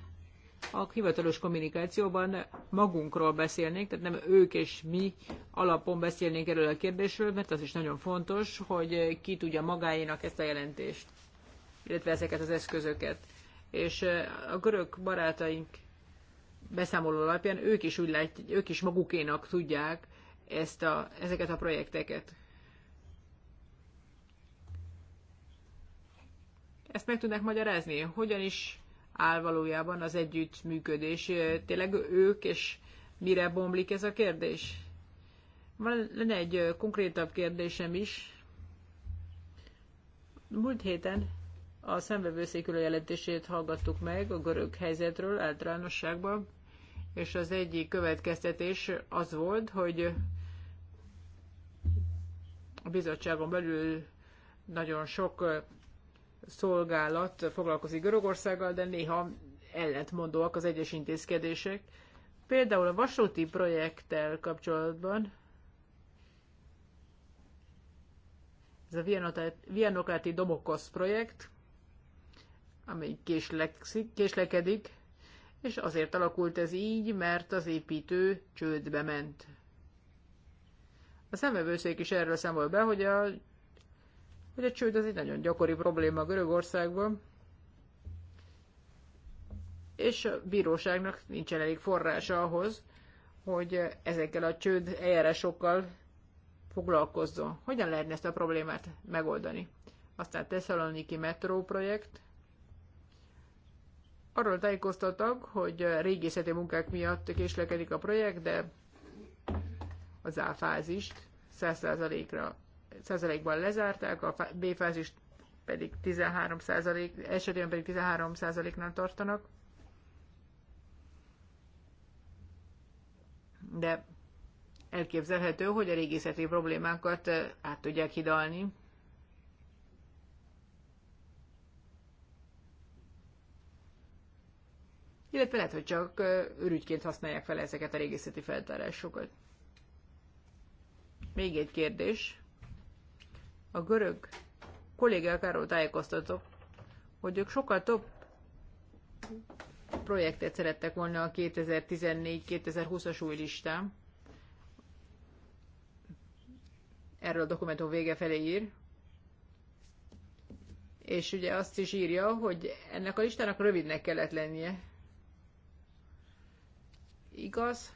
a hivatalos kommunikációban magunkról beszélnénk, tehát nem ők és mi alapon beszélnénk erről a kérdésről, mert az is nagyon fontos, hogy ki tudja magáénak ezt a jelentést, illetve ezeket az eszközöket. És a görög barátaink beszámoló alapján ők is úgy látják, ők is magukénak tudják ezt a, ezeket a projekteket. Ezt meg tudnak magyarázni, hogyan is áll valójában az együttműködés. Tényleg ők, és mire bomlik ez a kérdés? Van lenne egy konkrétabb kérdésem is. Múlt héten a szembevőszékülő jelentését hallgattuk meg a görög helyzetről általánosságban, és az egyik következtetés az volt, hogy a bizottságon belül nagyon sok szolgálat foglalkozik Görögországgal, de néha ellentmondóak az egyes intézkedések. Például a vasúti projekttel kapcsolatban ez a Vianokráti Domokosz projekt, amely késlekszik, késlekedik, és azért alakult ez így, mert az építő csődbe ment. A szemvevőszék is erről számol be, hogy a hogy a csőd az egy nagyon gyakori probléma Görögországban, és a bíróságnak nincsen elég forrása ahhoz, hogy ezekkel a csőd eljárásokkal foglalkozzon. Hogyan lehetne ezt a problémát megoldani? Aztán Thessaloniki metró projekt. Arról tájékoztattak, hogy régészeti munkák miatt késlekedik a projekt, de az áfázist 100%-ra százalékban lezárták, a B fázist pedig 13 százalék, esetében pedig 13 százaléknál tartanak. De elképzelhető, hogy a régészeti problémákat át tudják hidalni. Illetve lehet, hogy csak ürügyként használják fel ezeket a régészeti feltárásokat. Még egy kérdés. A görög kollégák arról tájékoztatok, hogy ők sokkal több projektet szerettek volna a 2014-2020-as új listán. Erről a dokumentum vége felé ír. És ugye azt is írja, hogy ennek a listának rövidnek kellett lennie. Igaz,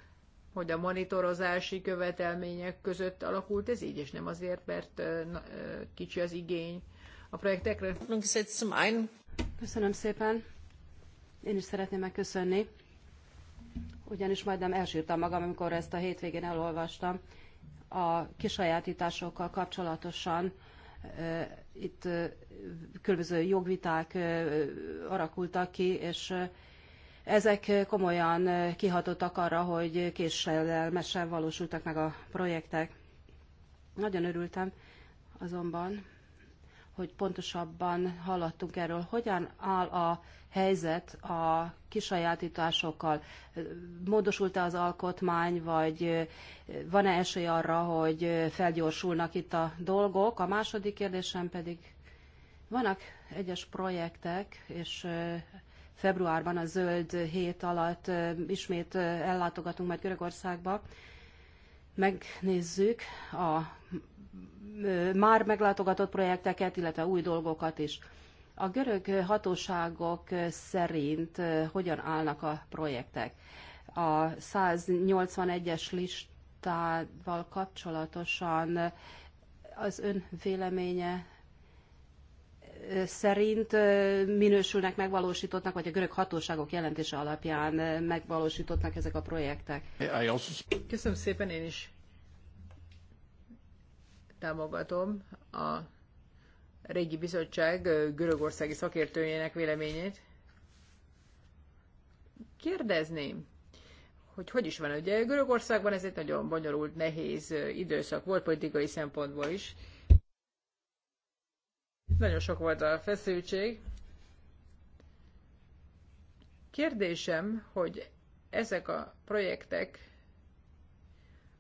hogy a monitorozási követelmények között alakult ez így, és nem azért, mert kicsi az igény a projektekre. Köszönöm szépen. Én is szeretném megköszönni. Ugyanis majdnem elsírtam magam, amikor ezt a hétvégén elolvastam a kisajátításokkal kapcsolatosan itt különböző jogviták arakultak ki, és ezek komolyan kihatottak arra, hogy késedelmesen valósultak meg a projektek. Nagyon örültem azonban, hogy pontosabban hallottunk erről, hogyan áll a helyzet a kisajátításokkal. Módosult-e az alkotmány, vagy van-e esély arra, hogy felgyorsulnak itt a dolgok? A második kérdésem pedig, vannak egyes projektek, és februárban a zöld hét alatt ismét ellátogatunk majd Görögországba. Megnézzük a már meglátogatott projekteket, illetve új dolgokat is. A görög hatóságok szerint hogyan állnak a projektek? A 181-es listával kapcsolatosan az ön véleménye szerint minősülnek megvalósítottnak, vagy a görög hatóságok jelentése alapján megvalósítottnak ezek a projektek? Köszönöm szépen, én is támogatom a régi bizottság görögországi szakértőjének véleményét. Kérdezném, hogy hogy is van, ugye Görögországban ez egy nagyon bonyolult, nehéz időszak volt politikai szempontból is. Nagyon sok volt a feszültség. Kérdésem, hogy ezek a projektek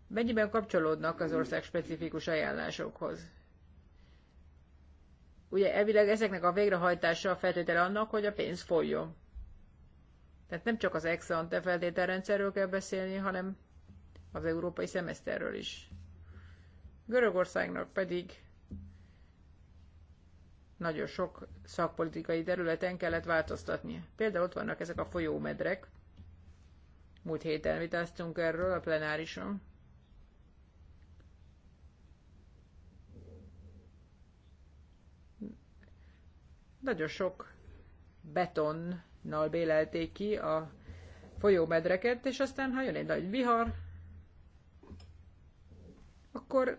mennyiben kapcsolódnak az ország specifikus ajánlásokhoz? Ugye elvileg ezeknek a végrehajtása a feltétele annak, hogy a pénz folyjon. Tehát nem csak az ex ante feltételrendszerről kell beszélni, hanem az európai szemeszterről is. Görögországnak pedig nagyon sok szakpolitikai területen kellett változtatni. Például ott vannak ezek a folyómedrek. Múlt héten vitáztunk erről a plenárison. Nagyon sok betonnal bélelték ki a folyómedreket, és aztán, ha jön egy nagy vihar, akkor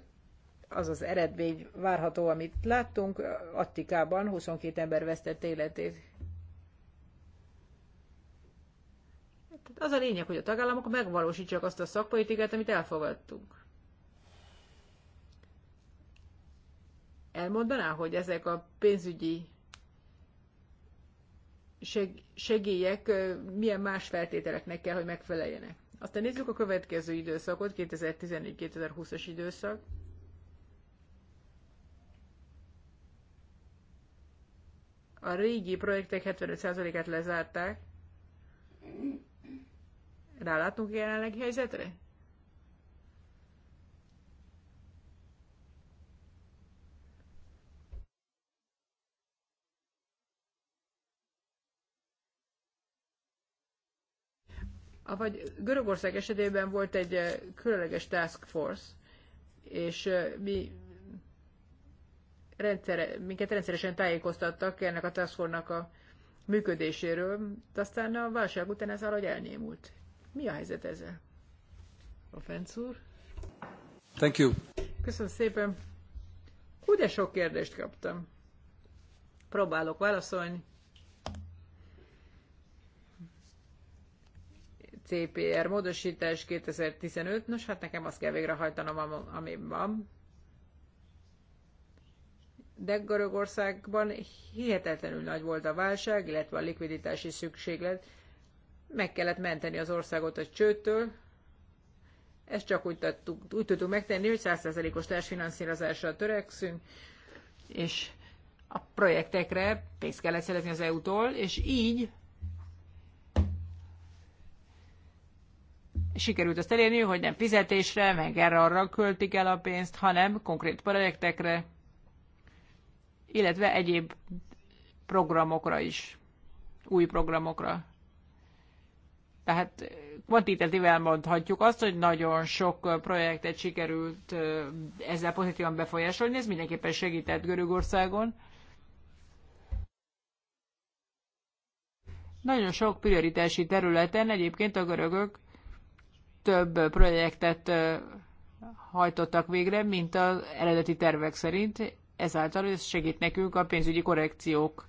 az az eredmény várható, amit láttunk. Attikában 22 ember vesztett életét. Az a lényeg, hogy a tagállamok megvalósítsák azt a szakpolitikát, amit elfogadtunk. Elmondaná, hogy ezek a pénzügyi segélyek milyen más feltételeknek kell, hogy megfeleljenek. Aztán nézzük a következő időszakot, 2014-2020-as időszak. A régi projektek 75%-át lezárták. Rálátunk a jelenlegi helyzetre? Vagy Görögország esetében volt egy eh, különleges task force, és eh, mi rendszer, minket rendszeresen tájékoztattak ennek a task a működéséről, de aztán a válság után ez valahogy elnémult. Mi a helyzet ezzel? A Fenc úr? Thank you. Köszönöm szépen. Hú, de sok kérdést kaptam. Próbálok válaszolni. CPR módosítás 2015, nos hát nekem azt kell végrehajtanom, ami van de Görögországban hihetetlenül nagy volt a válság, illetve a likviditási szükséglet. Meg kellett menteni az országot a csőttől. Ezt csak úgy, tettük, úgy tudtuk megtenni, hogy 100%-os társfinanszírozásra törekszünk, és a projektekre pénzt kellett szerezni az EU-tól, és így sikerült azt elérni, hogy nem fizetésre, meg erre arra költik el a pénzt, hanem konkrét projektekre, illetve egyéb programokra is, új programokra. Tehát kvantitatív elmondhatjuk azt, hogy nagyon sok projektet sikerült ezzel pozitívan befolyásolni, ez mindenképpen segített Görögországon. Nagyon sok prioritási területen egyébként a görögök több projektet hajtottak végre, mint az eredeti tervek szerint ezáltal ez segít nekünk a pénzügyi korrekciók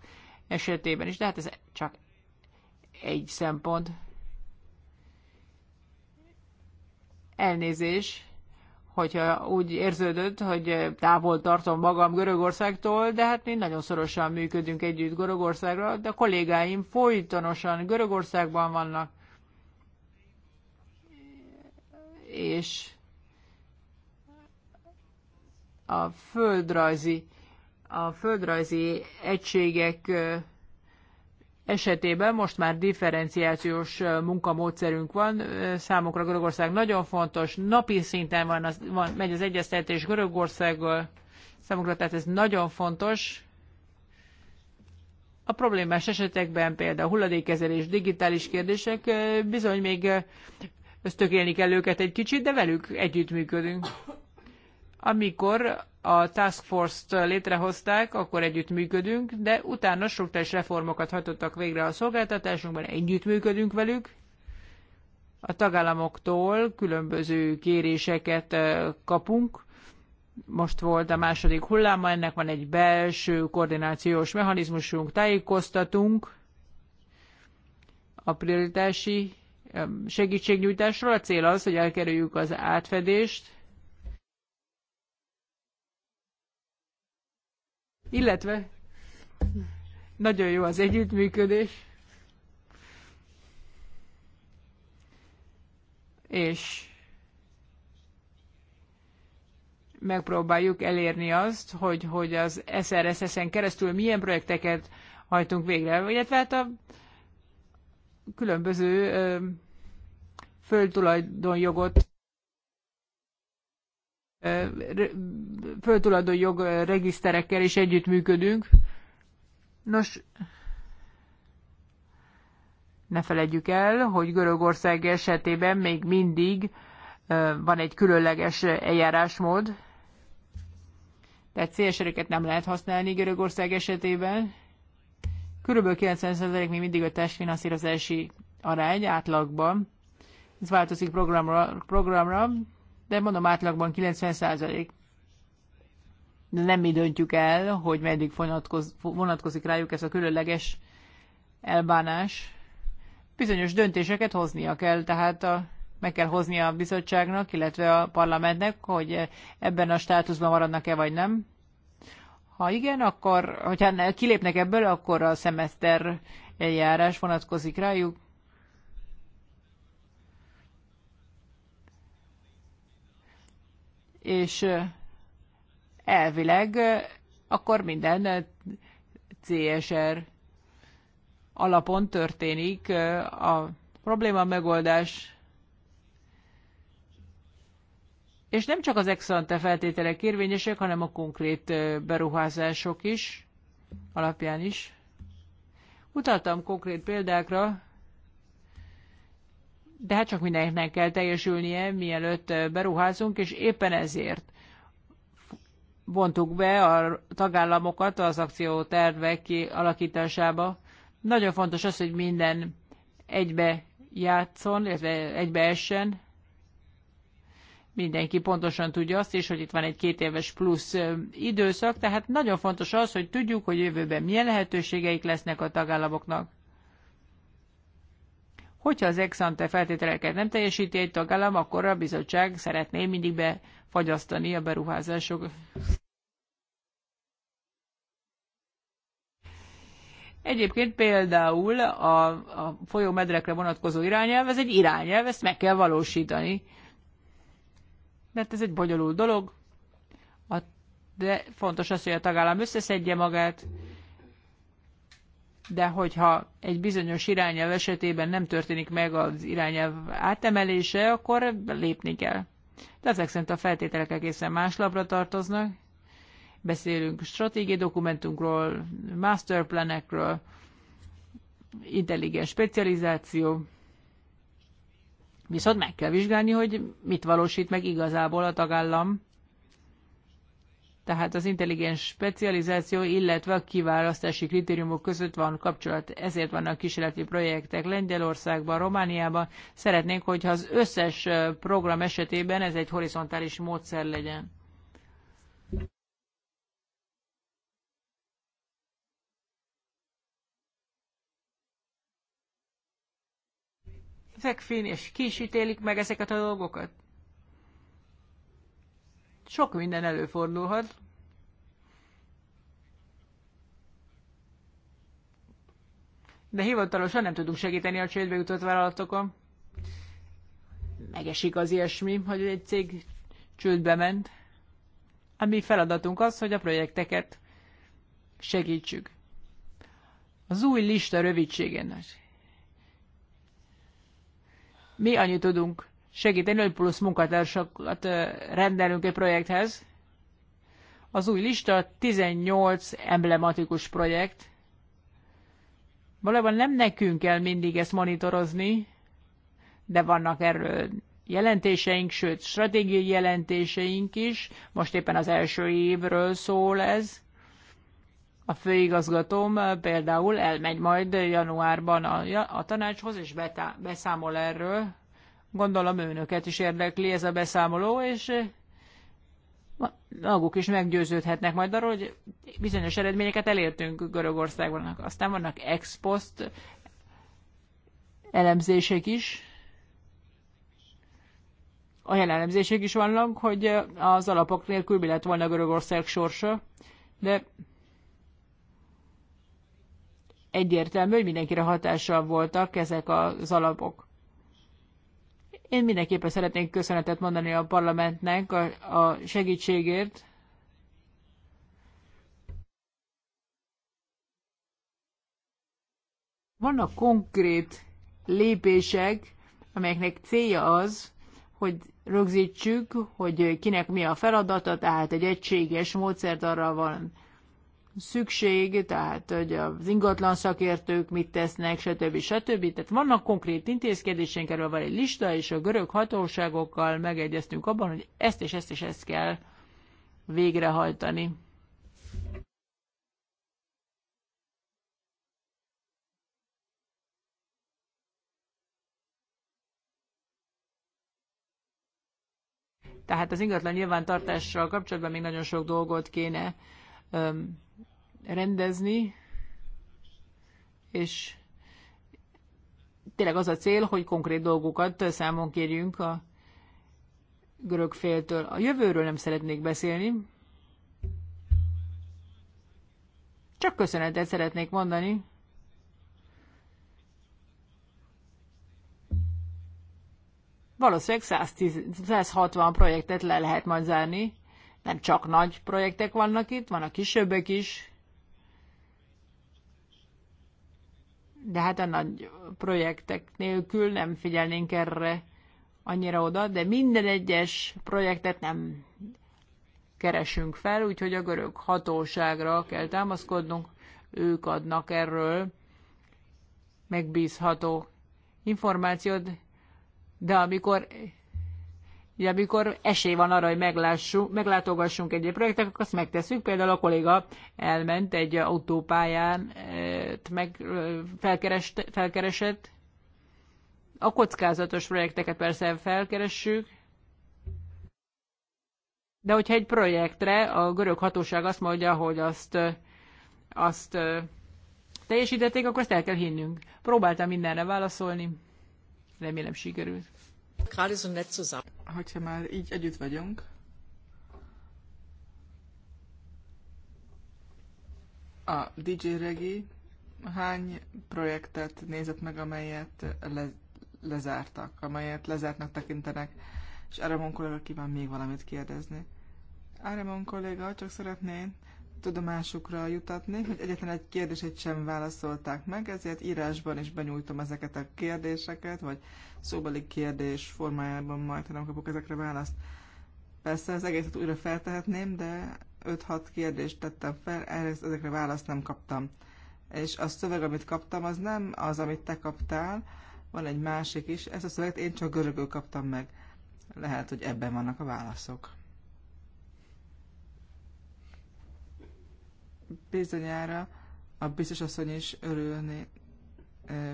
esetében is, de hát ez csak egy szempont. Elnézés, hogyha úgy érződött, hogy távol tartom magam Görögországtól, de hát mi nagyon szorosan működünk együtt Görögországra, de a kollégáim folytonosan Görögországban vannak. És a földrajzi, a földrajzi egységek esetében most már differenciációs munkamódszerünk van. Számukra Görögország nagyon fontos, napi szinten van, az, van megy az egyeztetés Görögországgal. Számukra tehát ez nagyon fontos. A problémás esetekben például hulladékkezelés, digitális kérdések bizony még ösztökélni kell őket egy kicsit, de velük együttműködünk. Amikor a Task Force-t létrehozták, akkor együttműködünk, de utána struktúrális reformokat hajtottak végre a szolgáltatásunkban, együttműködünk velük, a tagállamoktól különböző kéréseket kapunk. Most volt a második hulláma, ennek van egy belső koordinációs mechanizmusunk, tájékoztatunk a prioritási segítségnyújtásról. A cél az, hogy elkerüljük az átfedést, Illetve nagyon jó az együttműködés, és megpróbáljuk elérni azt, hogy, hogy az SRSS-en keresztül milyen projekteket hajtunk végre, illetve hát a különböző ö, földtulajdonjogot jog regiszterekkel is együttműködünk. Nos, ne felejtjük el, hogy Görögország esetében még mindig van egy különleges eljárásmód, tehát CSR-eket nem lehet használni Görögország esetében. Körülbelül 90% még mindig a testfinanszírozási arány átlagban. Ez változik programra, programra de mondom átlagban 90% de nem mi döntjük el, hogy meddig vonatkoz, vonatkozik rájuk ez a különleges elbánás. Bizonyos döntéseket hoznia kell, tehát a, meg kell hoznia a bizottságnak, illetve a parlamentnek, hogy ebben a státuszban maradnak-e vagy nem. Ha igen, akkor, hogyha kilépnek ebből, akkor a szemeszter eljárás vonatkozik rájuk. És elvileg akkor minden CSR alapon történik a probléma megoldás, és nem csak az exante feltételek érvényesek, hanem a konkrét beruházások is, alapján is. Utaltam konkrét példákra, de hát csak mindenkinek kell teljesülnie, mielőtt beruházunk, és éppen ezért vontuk be a tagállamokat az akciótervek kialakításába. Nagyon fontos az, hogy minden egybe játszon, illetve essen. Mindenki pontosan tudja azt is, hogy itt van egy két éves plusz időszak, tehát nagyon fontos az, hogy tudjuk, hogy jövőben milyen lehetőségeik lesznek a tagállamoknak. Hogyha az ex ante feltételeket nem teljesíti egy tagállam, akkor a bizottság szeretné mindig fagyasztani a beruházások. Egyébként például a, a folyómedrekre vonatkozó irányelv, ez egy irányelv, ezt meg kell valósítani. Mert ez egy bonyolult dolog, a, de fontos az, hogy a tagállam összeszedje magát, de hogyha egy bizonyos irányelv esetében nem történik meg az irányelv átemelése, akkor lépni kell de ezek szerint a feltételek egészen más labra tartoznak. Beszélünk stratégiai dokumentumról, masterplanekről, intelligens specializáció, Viszont meg kell vizsgálni, hogy mit valósít meg igazából a tagállam tehát az intelligens specializáció, illetve a kiválasztási kritériumok között van kapcsolat. Ezért vannak kísérleti projektek Lengyelországban, Romániában. Szeretnénk, hogyha az összes program esetében ez egy horizontális módszer legyen. Ezek fény és kisítélik meg ezeket a dolgokat? Sok minden előfordulhat. De hivatalosan nem tudunk segíteni a csődbe jutott vállalatokon. Megesik az ilyesmi, hogy egy cég csődbe ment. A mi feladatunk az, hogy a projekteket segítsük. Az új lista rövidségén. Mi annyit tudunk segíteni, hogy plusz munkatársakat rendelünk egy projekthez. Az új lista 18 emblematikus projekt. Valójában nem nekünk kell mindig ezt monitorozni, de vannak erről jelentéseink, sőt, stratégiai jelentéseink is. Most éppen az első évről szól ez. A főigazgatóm például elmegy majd januárban a, a tanácshoz, és betá, beszámol erről. Gondolom önöket is érdekli ez a beszámoló, és eh, maguk is meggyőződhetnek majd arról, hogy bizonyos eredményeket elértünk Görögországban. Aztán vannak ex post elemzések is, olyan elemzések is vannak, hogy eh, az alapok nélkül mi lett volna Görögország sorsa, de egyértelmű, hogy mindenkire hatással voltak ezek az alapok. Én mindenképpen szeretnék köszönetet mondani a parlamentnek a, a segítségért. Vannak konkrét lépések, amelyeknek célja az, hogy rögzítsük, hogy kinek mi a feladata, tehát egy egységes módszert arra van szükség, tehát hogy az ingatlan szakértők mit tesznek, stb. stb. Tehát vannak konkrét intézkedésénk, erről van egy lista, és a görög hatóságokkal megegyeztünk abban, hogy ezt és ezt és ezt kell végrehajtani. Tehát az ingatlan nyilvántartással kapcsolatban még nagyon sok dolgot kéne rendezni, és tényleg az a cél, hogy konkrét dolgokat számon kérjünk a görög féltől. A jövőről nem szeretnék beszélni, csak köszönetet szeretnék mondani. Valószínűleg 110, 160 projektet le lehet majd zárni, nem csak nagy projektek vannak itt, van a kisebbek is, de hát a nagy projektek nélkül nem figyelnénk erre annyira oda, de minden egyes projektet nem keresünk fel, úgyhogy a görög hatóságra kell támaszkodnunk, ők adnak erről megbízható információt, de amikor Ugye amikor esély van arra, hogy meglássunk, meglátogassunk egy projektet, akkor azt megteszünk. Például a kolléga elment egy autópályán, eh, meg eh, felkerest, felkeresett. A kockázatos projekteket persze felkeressük, de hogyha egy projektre a görög hatóság azt mondja, hogy azt, eh, azt teljesítették, akkor ezt el kell hinnünk. Próbáltam mindenre válaszolni, remélem sikerült. Gerade so nett zusammen. Hogyha már így együtt vagyunk, a DJ Regi hány projektet nézett meg, amelyet le, lezártak, amelyet lezártnak tekintenek, és Áramon kolléga kíván még valamit kérdezni. Áramon kolléga, csak szeretné tudomásukra jutatni, hogy egyetlen egy kérdését sem válaszolták meg, ezért írásban is benyújtom ezeket a kérdéseket, vagy szóbeli kérdés formájában majd, ha nem kapok ezekre választ. Persze az egészet újra feltehetném, de 5-6 kérdést tettem fel, erre ezekre választ nem kaptam. És a szöveg, amit kaptam, az nem az, amit te kaptál, van egy másik is, ezt a szöveget én csak görögül kaptam meg. Lehet, hogy ebben vannak a válaszok. bizonyára a biztos asszony is örülni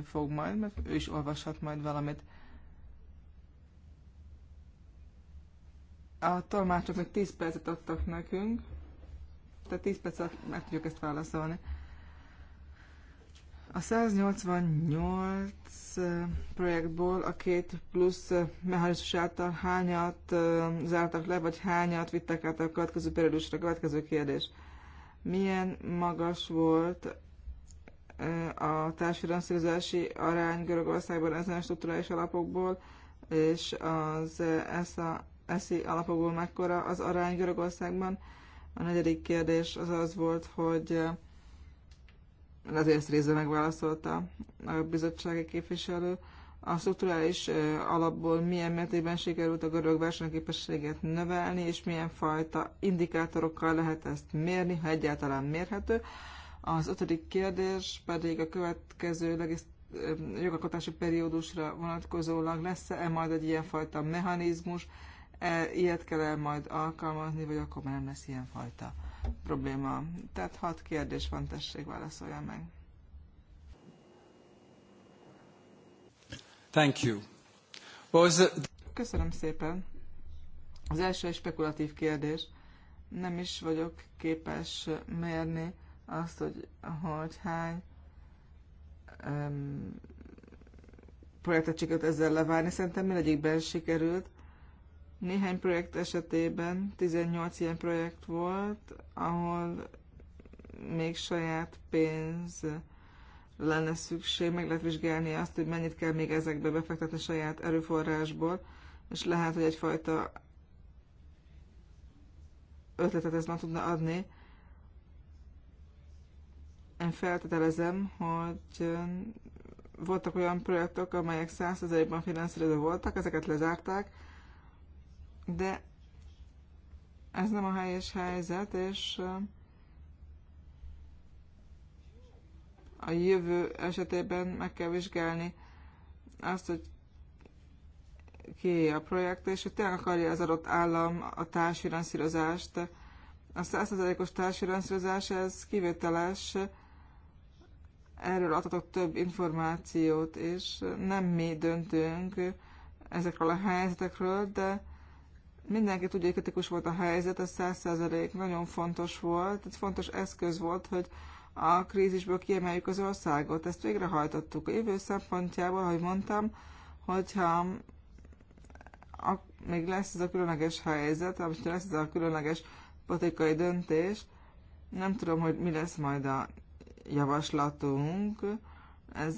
fog majd, mert ő is olvashat majd valamit. A tolmácsok még 10 percet adtak nekünk, tehát 10 perc alatt meg tudjuk ezt válaszolni. A 188 projektból a két plusz mechanizmus által hányat zártak le, vagy hányat vittek át a következő periódusra? Következő kérdés milyen magas volt a társfinanszírozási arány Görögországban ezen a struktúrális alapokból, és az ESA, ESZI alapokból mekkora az arány Görögországban. A negyedik kérdés az az volt, hogy azért Réze megválaszolta a bizottsági képviselő, a strukturális alapból milyen mértékben sikerült a görög versenyképességet növelni, és milyen fajta indikátorokkal lehet ezt mérni, ha egyáltalán mérhető. Az ötödik kérdés pedig a következő legis- jogalkotási periódusra vonatkozólag lesz-e majd egy ilyenfajta mechanizmus, e, ilyet kell -e majd alkalmazni, vagy akkor már nem lesz ilyenfajta probléma. Tehát hat kérdés van, tessék, válaszolja meg. Thank you. Was the... Köszönöm szépen. Az első egy spekulatív kérdés. Nem is vagyok képes mérni azt, hogy, hogy hány um, projektet sikerült ezzel levárni. Szerintem mindegyikben sikerült. Néhány projekt esetében 18 ilyen projekt volt, ahol még saját pénz lenne szükség, meg lehet vizsgálni azt, hogy mennyit kell még ezekbe befektetni saját erőforrásból, és lehet, hogy egyfajta ötletet ez már tudna adni. Én feltételezem, hogy voltak olyan projektok, amelyek 100%-ban finanszírozó voltak, ezeket lezárták, de ez nem a helyes helyzet, és a jövő esetében meg kell vizsgálni azt, hogy ki a projekt, és hogy tényleg akarja az adott állam a társfinanszírozást. A 100%-os társfinanszírozás, ez kivételes, erről adhatok több információt, és nem mi döntünk ezekről a helyzetekről, de mindenki tudja, hogy kritikus volt a helyzet, ez 100% nagyon fontos volt, ez fontos eszköz volt, hogy a krízisből kiemeljük az országot. Ezt végrehajtottuk a jövő szempontjából, ahogy mondtam, hogyha a, még lesz ez a különleges helyzet, amit lesz ez a különleges politikai döntés, nem tudom, hogy mi lesz majd a javaslatunk. Ez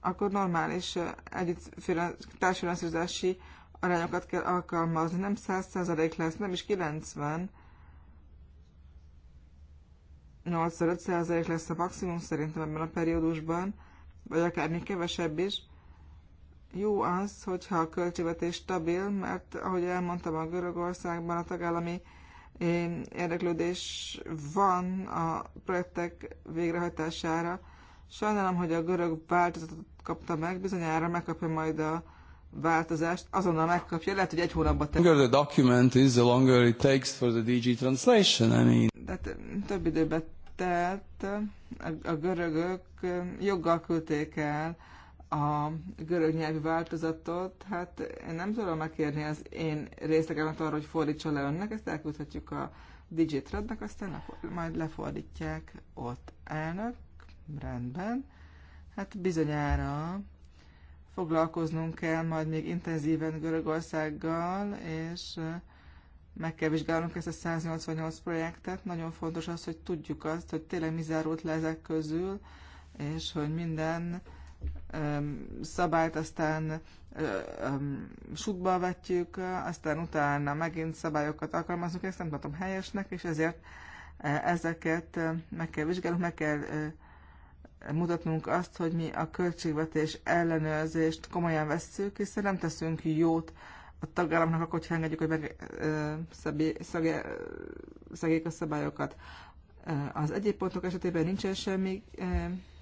akkor normális eh, együtt társfinanszírozási arányokat kell alkalmazni. Nem 100% lesz, nem is 90, 85% lesz a maximum szerintem ebben a periódusban, vagy akár még kevesebb is. Jó az, hogyha a költségvetés stabil, mert ahogy elmondtam a Görögországban a tagállami eh, érdeklődés van a projektek végrehajtására. Sajnálom, hogy a görög változatot kapta meg, bizonyára megkapja majd a változást, azonnal megkapja, lehet, hogy egy hónapba te... The document is, the longer it takes for the DG translation, I mean. több időbe tehát a görögök joggal küldték el a görög nyelvi változatot. Hát én nem tudom megkérni az én részlegemet arra, hogy fordítsa le önnek, ezt elküldhetjük a Digitradnak, aztán majd lefordítják ott. Elnök, rendben. Hát bizonyára foglalkoznunk kell majd még intenzíven Görögországgal, és meg kell vizsgálnunk ezt a 188 projektet. Nagyon fontos az, hogy tudjuk azt, hogy tényleg mi zárult le ezek közül, és hogy minden öm, szabályt aztán sútba vetjük, aztán utána megint szabályokat alkalmazunk, ezt nem tartom helyesnek, és ezért e, ezeket meg kell vizsgálnunk, meg kell mutatnunk azt, hogy mi a költségvetés ellenőrzést komolyan vesszük, hiszen nem teszünk jót a tagállamnak, akkor hogyha engedjük, hogy megszegjék a szabályokat. Az egyéb pontok esetében nincsen semmi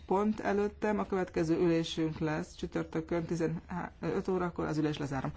pont előttem, a következő ülésünk lesz csütörtökön 15 órakor, az ülés lezárom.